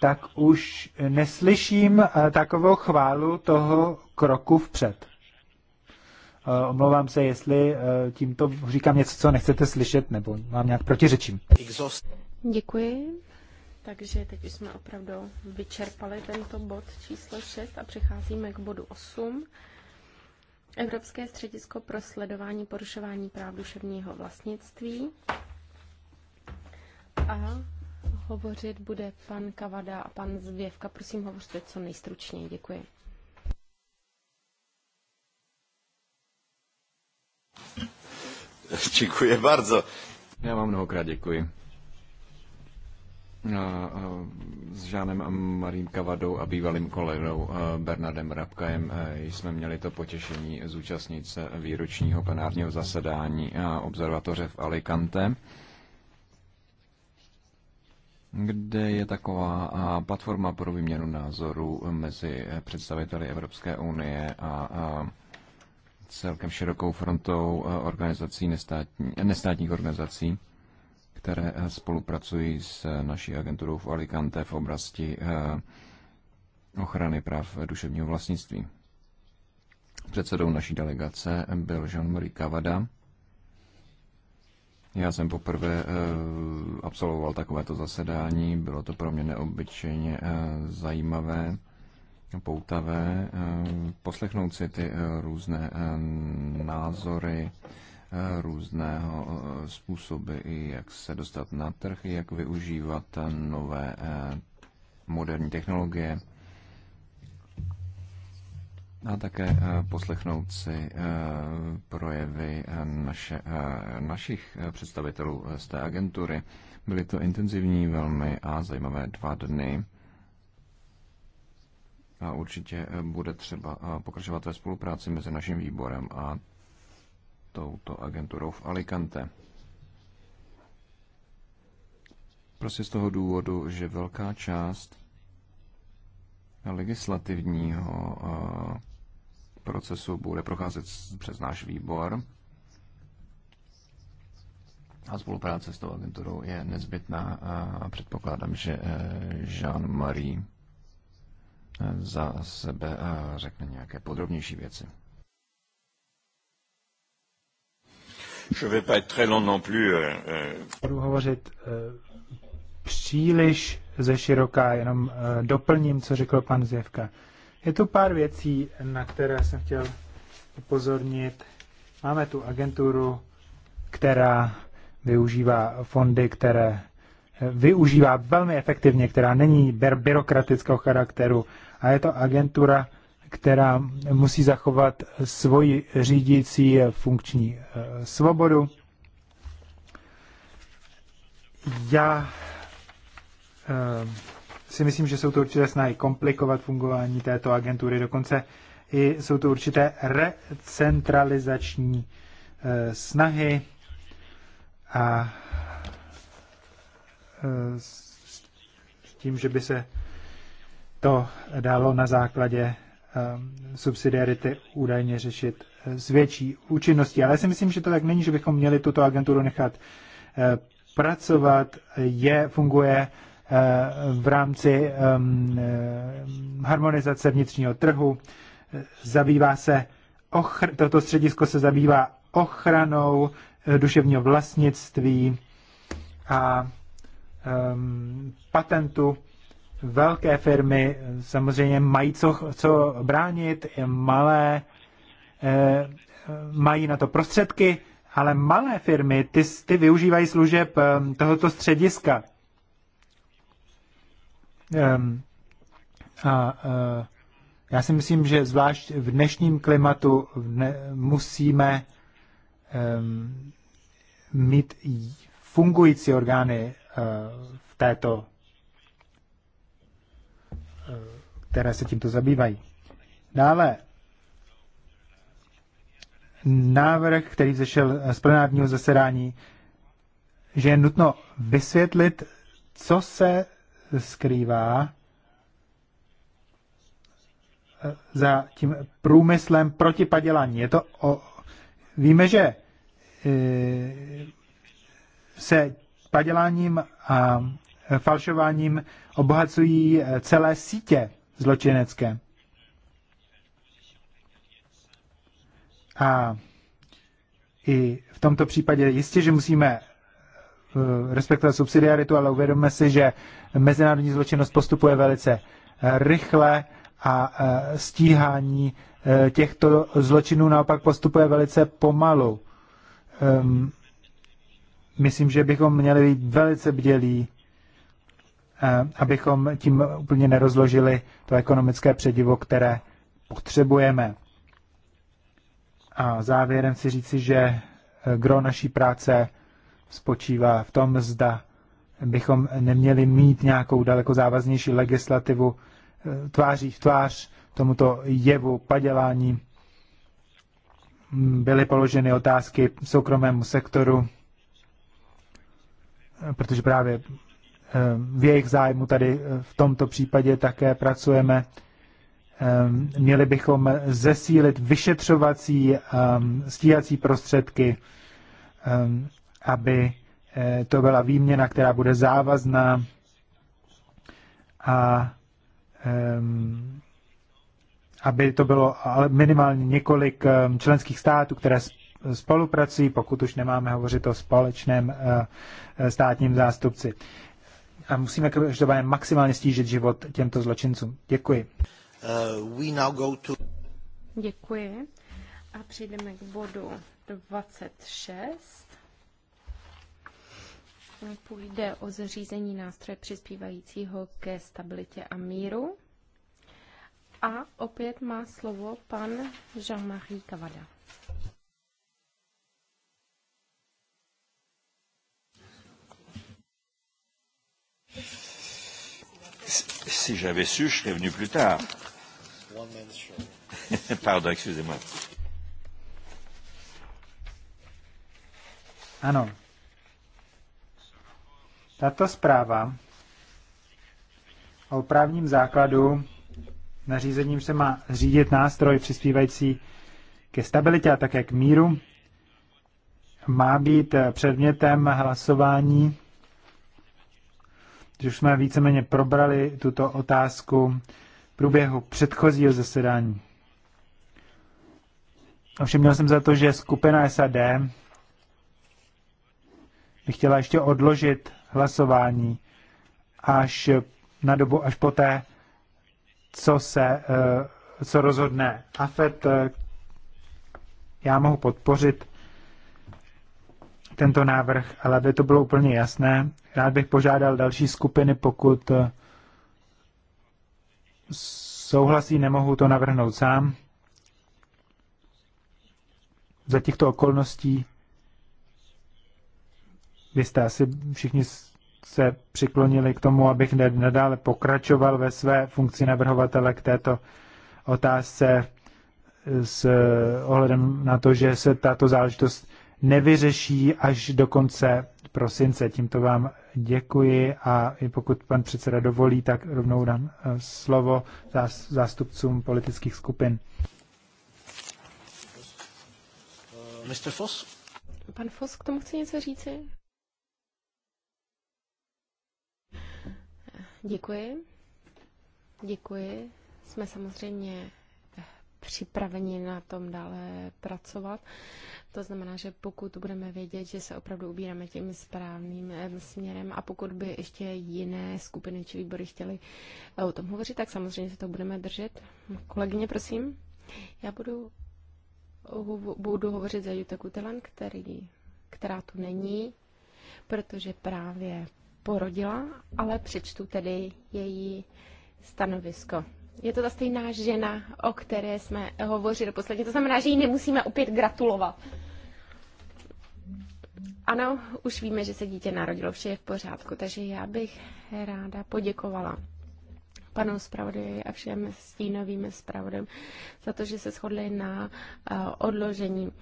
tak už neslyším takovou chválu toho kroku vpřed. Eh, omlouvám se, jestli eh, tímto říkám něco, co nechcete slyšet, nebo mám nějak protiřečím.
Děkuji. Takže teď už jsme opravdu vyčerpali tento bod číslo 6 a přecházíme k bodu 8. Evropské středisko pro sledování porušování práv duševního vlastnictví. A hovořit bude pan Kavada a pan Zvěvka. Prosím, hovořte co nejstručněji. Děkuji.
Děkuji bardzo. Já vám mnohokrát děkuji. S Žánem Marím Kavadou a bývalým kolegou Bernardem Rabkajem jsme měli to potěšení zúčastnit se výročního plenárního zasedání observatoře v Alicante kde je taková platforma pro výměnu názorů mezi představiteli Evropské unie a celkem širokou frontou eh, organizací nestátní, eh, nestátních organizací, které eh, spolupracují s naší agenturou v Alicante v oblasti ochrany práv duševního vlastnictví. Předsedou naší delegace byl Jean-Marie Cavada. Já jsem poprvé absolvoval takovéto zasedání, bylo to pro mě neobyčejně zajímavé poutavé eh, poslechnout si ty eh, různé eh, názory, různého způsoby, jak se dostat na trh, jak využívat nové moderní technologie a také poslechnout si projevy naše, našich představitelů z té agentury. Byly to intenzivní velmi a zajímavé dva dny a určitě eh, bude třeba eh, pokračovat ve spolupráci mezi naším výborem a touto agenturou v Alicante. Prostě z toho důvodu, že velká část legislativního eh, procesu bude procházet přes náš výbor a spolupráce s tou agenturou je nezbytná a předpokládám, že Jean-Marie za sebe a řekne nějaké podrobnější věci. Je vais pas être très long non plus. Euh, euh.
Budu hovořit eh, příliš ze široká, jenom eh, doplním, co řekl pan Zjevka. Je tu pár věcí, na které jsem chtěl upozornit. Máme tu agenturu, která využívá fondy, které využívá velmi efektivně, která není byrokratického charakteru. A je to agentura, která musí zachovat svoji řídící eh, funkční eh, svobodu. Já eh, si myslím, že jsou to určité snahy komplikovat fungování této agentury, dokonce i jsou to určité recentralizační snahy a s tím, že by se to dalo na základě ehm, subsidiarity údajně řešit eh, s větší účinností. Ale já si myslím, že to tak není, že bychom měli tuto agenturu nechat eh, pracovat. Je, funguje eh, v rámci ehm, harmonizace vnitřního trhu, zabývá se ochr- toto středisko se zabývá ochranou duševního vlastnictví a um, patentu. Velké firmy samozřejmě mají co, co bránit, malé eh, mají na to prostředky, ale malé firmy, ty, ty využívají služeb um, tohoto střediska. Um, a uh, já si myslím, že zvlášť v dnešním klimatu ne, musíme um, mít fungující orgány v této, které se tímto zabývají. Dále návrh, který vzešel z plenárního zasedání, že je nutno vysvětlit, co se skrývá za tím průmyslem proti padělání. Je to o, víme, že eh, se paděláním a e, falšováním obohacují e, celé sítě zločinecké. A i v tomto případě jistě, že musíme e, respektovat subsidiaritu, ale uvědomme si, že mezinárodní zločinnost postupuje velice rychle a stíhání těchto zločinů naopak postupuje velice pomalu. Ehm, myslím, že bychom měli být velice bdělí, eh, abychom tím úplně nerozložili to ekonomické předivo, které potřebujeme. A závěrem si říci, že eh, gro naší práce spočívá v tom, zda bychom neměli mít nějakou daleko závaznější legislativu eh, tváří v tvář tomuto jevu padělání. Byly položeny otázky soukromému sektoru, protože právě eh, v jejich zájmu tady eh, v tomto případě také pracujeme. Eh, měli bychom zesílit vyšetřovací stíhací prostředky, aby to byla výměna, která bude závazná a aby to bylo ale minimálně několik členských států, které spoluprací, pokud už nemáme hovořit o společném eh, eh, státním zástupci. A musíme každopádně maximálně stížit život těmto zločincům. Děkuji.
Uh, we now go to...
Děkuji. A přejdeme k bodu 26. Půjde o zřízení nástroje přispívajícího ke stabilitě a míru. A opět má slovo pan Jean-Marie Cavada.
si j'avais su, je serais venu plus tard. Pardon, excusez-moi. Ano. Tato zpráva o právním základu nařízením se má řídit nástroj přispívající ke stabilitě a také k míru, má být předmětem hlasování když jsme víceméně probrali tuto otázku v průběhu předchozího zasedání. Ovšem měl jsem za to, že skupina SAD by chtěla ještě odložit hlasování až na dobu až poté, co se, eh, co rozhodne AFET. Já mohu podpořit tento návrh, ale aby to bylo úplně jasné, Rád bych požádal další skupiny, pokud eh, souhlasí, nemohu to navrhnout sám. Za těchto okolností vy jste asi všichni se přiklonili k tomu, abych nadále pokračoval ve své funkci navrhovatele k této otázce eh, s eh, ohledem na to, že se tato záležitost nevyřeší až do konce prosince. Tímto vám děkuji a i pokud pan předseda dovolí, tak rovnou dám eh, slovo zástupcům politických skupin.
Eh, Mr.
Foss? Pan Foss k tomu chce něco říci? Děkuji. Děkuji. Jsme samozřejmě připraveni na tom dále pracovat. To znamená, že pokud budeme vědět, že se opravdu ubíráme tím správným eh, směrem a pokud by ještě jiné skupiny či výbory chtěly eh, o tom hovořit, tak samozřejmě se to budeme držet. Kolegyně, prosím. Já budu, budu hovořit za Jutta Kutelan, který, která tu není, protože právě porodila, ale přečtu tedy její stanovisko je to ta stejná žena, o které jsme hovořili posledně. To znamená, že ji nemusíme opět gratulovat. Ano, už víme, že se dítě narodilo, vše je v pořádku, takže já bych ráda poděkovala panu zpravodaji a všem stínovým zpravodem za to, že se shodli na eh, odložení.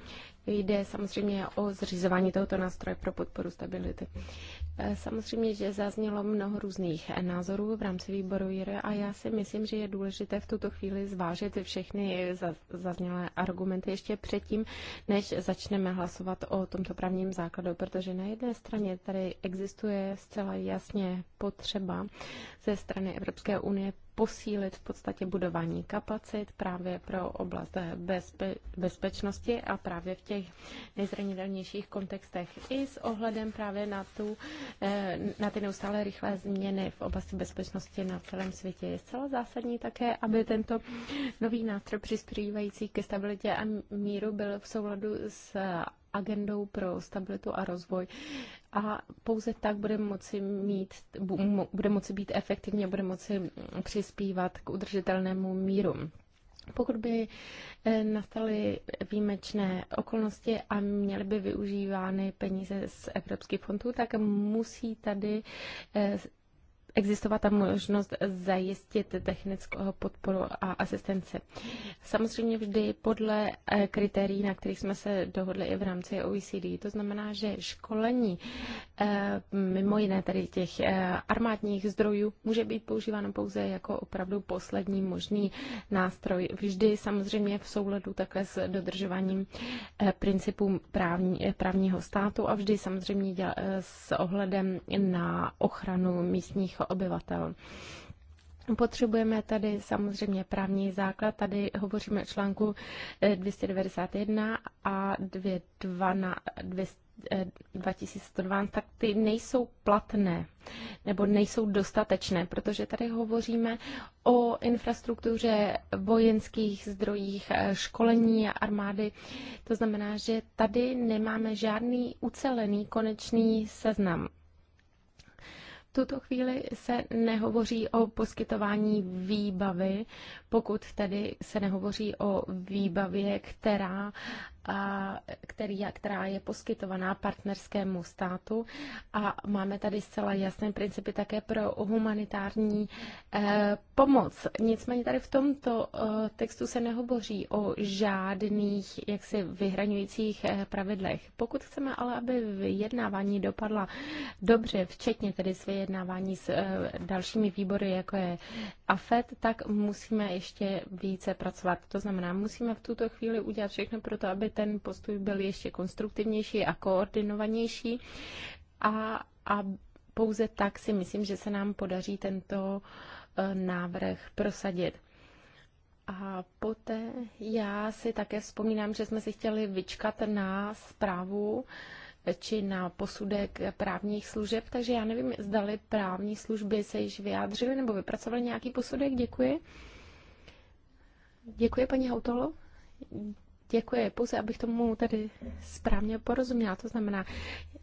Jde samozřejmě o zřizování tohoto nástroje pro podporu stability. Eh, samozřejmě, že zaznělo mnoho různých eh, názorů v rámci výboru JIRE a já si myslím, že je důležité v tuto chvíli zvážit všechny zaznělé argumenty ještě předtím, než začneme hlasovat o tomto právním základu, protože na jedné straně tady existuje zcela jasně potřeba ze strany Evropské unie posílit v podstatě budování kapacit právě pro oblast eh, bezpe- bezpečnosti a právě v těch nejzranitelnějších kontextech i s ohledem právě na tu na ty neustále rychlé změny v oblasti bezpečnosti na celém světě. Je zcela zásadní také, aby tento nový nástroj přispívající ke stabilitě a míru byl v souladu s agendou pro stabilitu a rozvoj a pouze tak bude moci, mít, bude moci být efektivně, bude moci přispívat k udržitelnému míru. Pokud by eh, nastaly výjimečné okolnosti a měly by využívány peníze z evropských fondů, tak musí tady eh, existovat ta možnost zajistit technickou podporu a asistenci. Samozřejmě vždy podle eh, kritérií, na kterých jsme se dohodli i v rámci OECD. To znamená, že školení eh, mimo jiné tady těch eh, armádních zdrojů může být používáno pouze jako opravdu poslední možný nástroj. Vždy samozřejmě v souladu také s dodržováním principů právní, právního státu a vždy samozřejmě s ohledem na ochranu místních číslo obyvatel. Potřebujeme tady samozřejmě právní základ. Tady hovoříme o článku 291 eh, a 212, 2112, eh, tak ty nejsou platné nebo nejsou dostatečné, protože tady hovoříme o infrastruktuře vojenských zdrojích, eh, školení a armády. To znamená, že tady nemáme žádný ucelený konečný seznam tuto chvíli se nehovoří o poskytování výbavy, pokud tedy se nehovoří o výbavě, která a který, která je poskytovaná partnerskému státu a máme tady zcela jasné principy také pro humanitární eh, pomoc. Nicméně tady v tomto eh, textu se nehovoří o žádných jaksi vyhraňujících eh, pravidlech. Pokud chceme ale, aby vyjednávání dopadla dobře, včetně tedy s vyjednávání s eh, dalšími výbory, jako je AFET, tak musíme ještě více pracovat. To znamená, musíme v tuto chvíli udělat všechno pro to, aby ten postoj byl ještě konstruktivnější a koordinovanější a, a pouze tak si myslím, že se nám podaří tento eh, návrh prosadit. A poté já si také vzpomínám, že jsme si chtěli vyčkat na zprávu eh, či na posudek právních služeb, takže já nevím, zdali právní služby se již vyjádřily nebo vypracovali nějaký posudek. Děkuji. Děkuji, paní Hautolo. Děkuji. Pouze, abych tomu tady správně porozuměla, to znamená,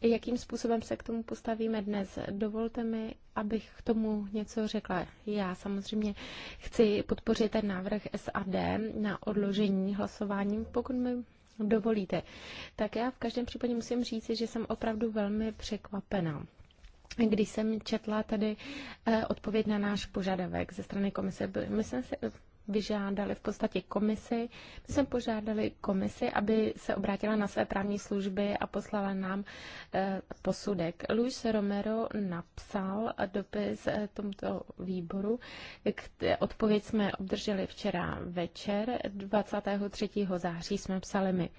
jakým způsobem se k tomu postavíme dnes. Dovolte mi, abych k tomu něco řekla. Já samozřejmě chci podpořit ten návrh SAD na odložení hlasování, pokud mi dovolíte. Tak já v každém případě musím říct, že jsem opravdu velmi překvapená když jsem četla tady eh, odpověď na náš požadavek ze strany komise, myslím si, vyžádali v podstatě komisi. My jsme požádali komisi, aby se obrátila na své právní služby a poslala nám eh, posudek. Luis Romero napsal dopis eh, tomuto výboru. Odpověď jsme obdrželi včera večer, 23. září jsme psali my.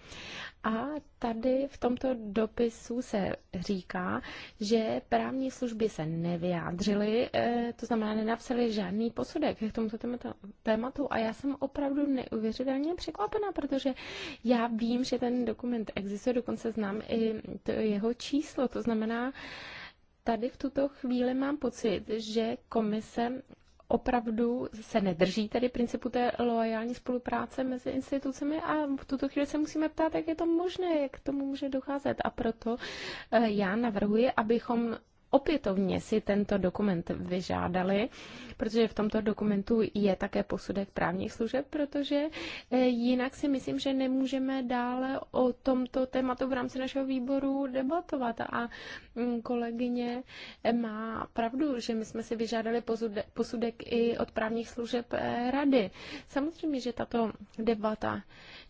A tady v tomto dopisu se říká, že právní služby se nevyjádřily, eh, to znamená nenapsali žádný posudek k tomuto tématu států a já jsem opravdu neuvěřitelně překvapena, protože já vím, že ten dokument existuje, dokonce znám i to jeho číslo, to znamená, tady v tuto chvíli mám pocit, že komise opravdu se nedrží tady principu té loajální spolupráce mezi institucemi a v tuto chvíli se musíme ptát, jak je to možné, jak k tomu může docházet. A proto eh, já navrhuji, abychom opětovně si tento dokument vyžádali, protože v tomto dokumentu je také posudek právních služeb, protože eh, jinak si myslím, že nemůžeme dále o tomto tématu v rámci našeho výboru debatovat. A mm, kolegyně eh, má pravdu, že my jsme si vyžádali posudek i od právních služeb eh, rady. Samozřejmě, že tato debata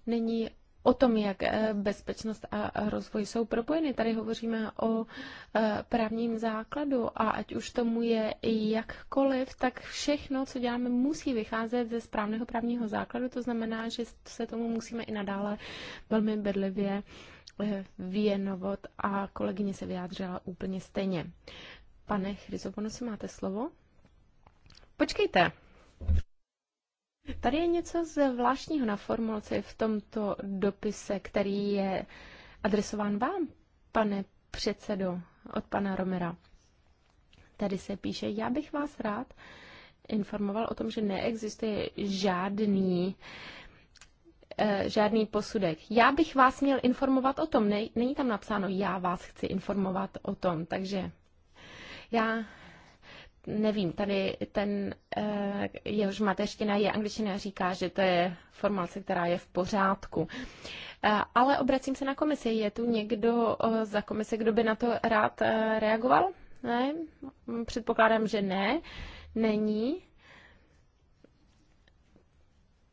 není o tom, jak eh, bezpečnost a rozvoj jsou propojeny. Tady hovoříme o eh, právním základu a ať už tomu je jakkoliv, tak všechno, co děláme, musí vycházet ze správného právního základu. To znamená, že se tomu musíme i nadále velmi bedlivě eh, věnovat a kolegyně se vyjádřila úplně stejně. Pane si máte slovo? Počkejte. Tady je něco zvláštního na formulaci v tomto dopise, který je adresován vám, pane předsedo, od pana Romera. Tady se píše, já bych vás rád informoval o tom, že neexistuje žádný eh, žádný posudek. Já bych vás měl informovat o tom. není tam napsáno, já vás chci informovat o tom. Takže já nevím, tady ten, eh, jehož mateřština je angličtina, říká, že to je formace, která je v pořádku. Eh, ale obracím se na komisi. Je tu někdo eh, za komisi, kdo by na to rád reagoval? Ne? Předpokládám, že ne. Není.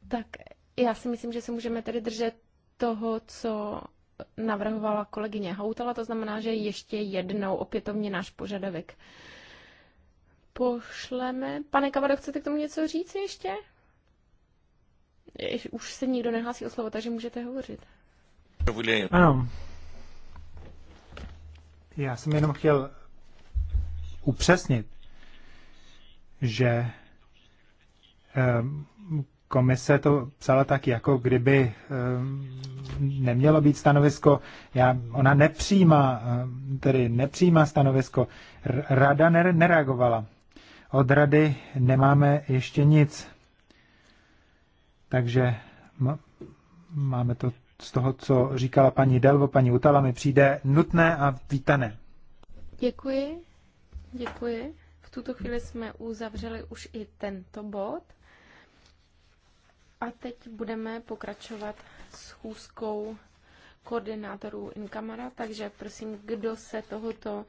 Tak já si myslím, že se můžeme tedy držet toho, co navrhovala kolegyně Houtala, to znamená, že ještě jednou opětovně náš požadavek pošleme. Pane Kavado, chcete k tomu něco říct ještě? Už se nikdo nehlásí o slovo, takže můžete hovořit.
Ano. Já jsem jenom chtěl upřesnit, že ehm, komise to psala tak, jako kdyby ehm, nemělo být stanovisko. Já, ona nepřijímá, ehm, tedy nepřijímá stanovisko. Rada nereagovala. Od rady nemáme ještě nic. Takže máme to z toho, co říkala paní Delvo, paní Utala, mi přijde nutné a vítané.
Děkuji, děkuji. V tuto chvíli jsme uzavřeli už i tento bod. A teď budeme pokračovat chůzkou koordinátorů in camera, takže prosím, kdo se tohoto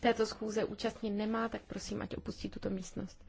této schůze účastnit nemá, tak prosím, ať opustí tuto místnost.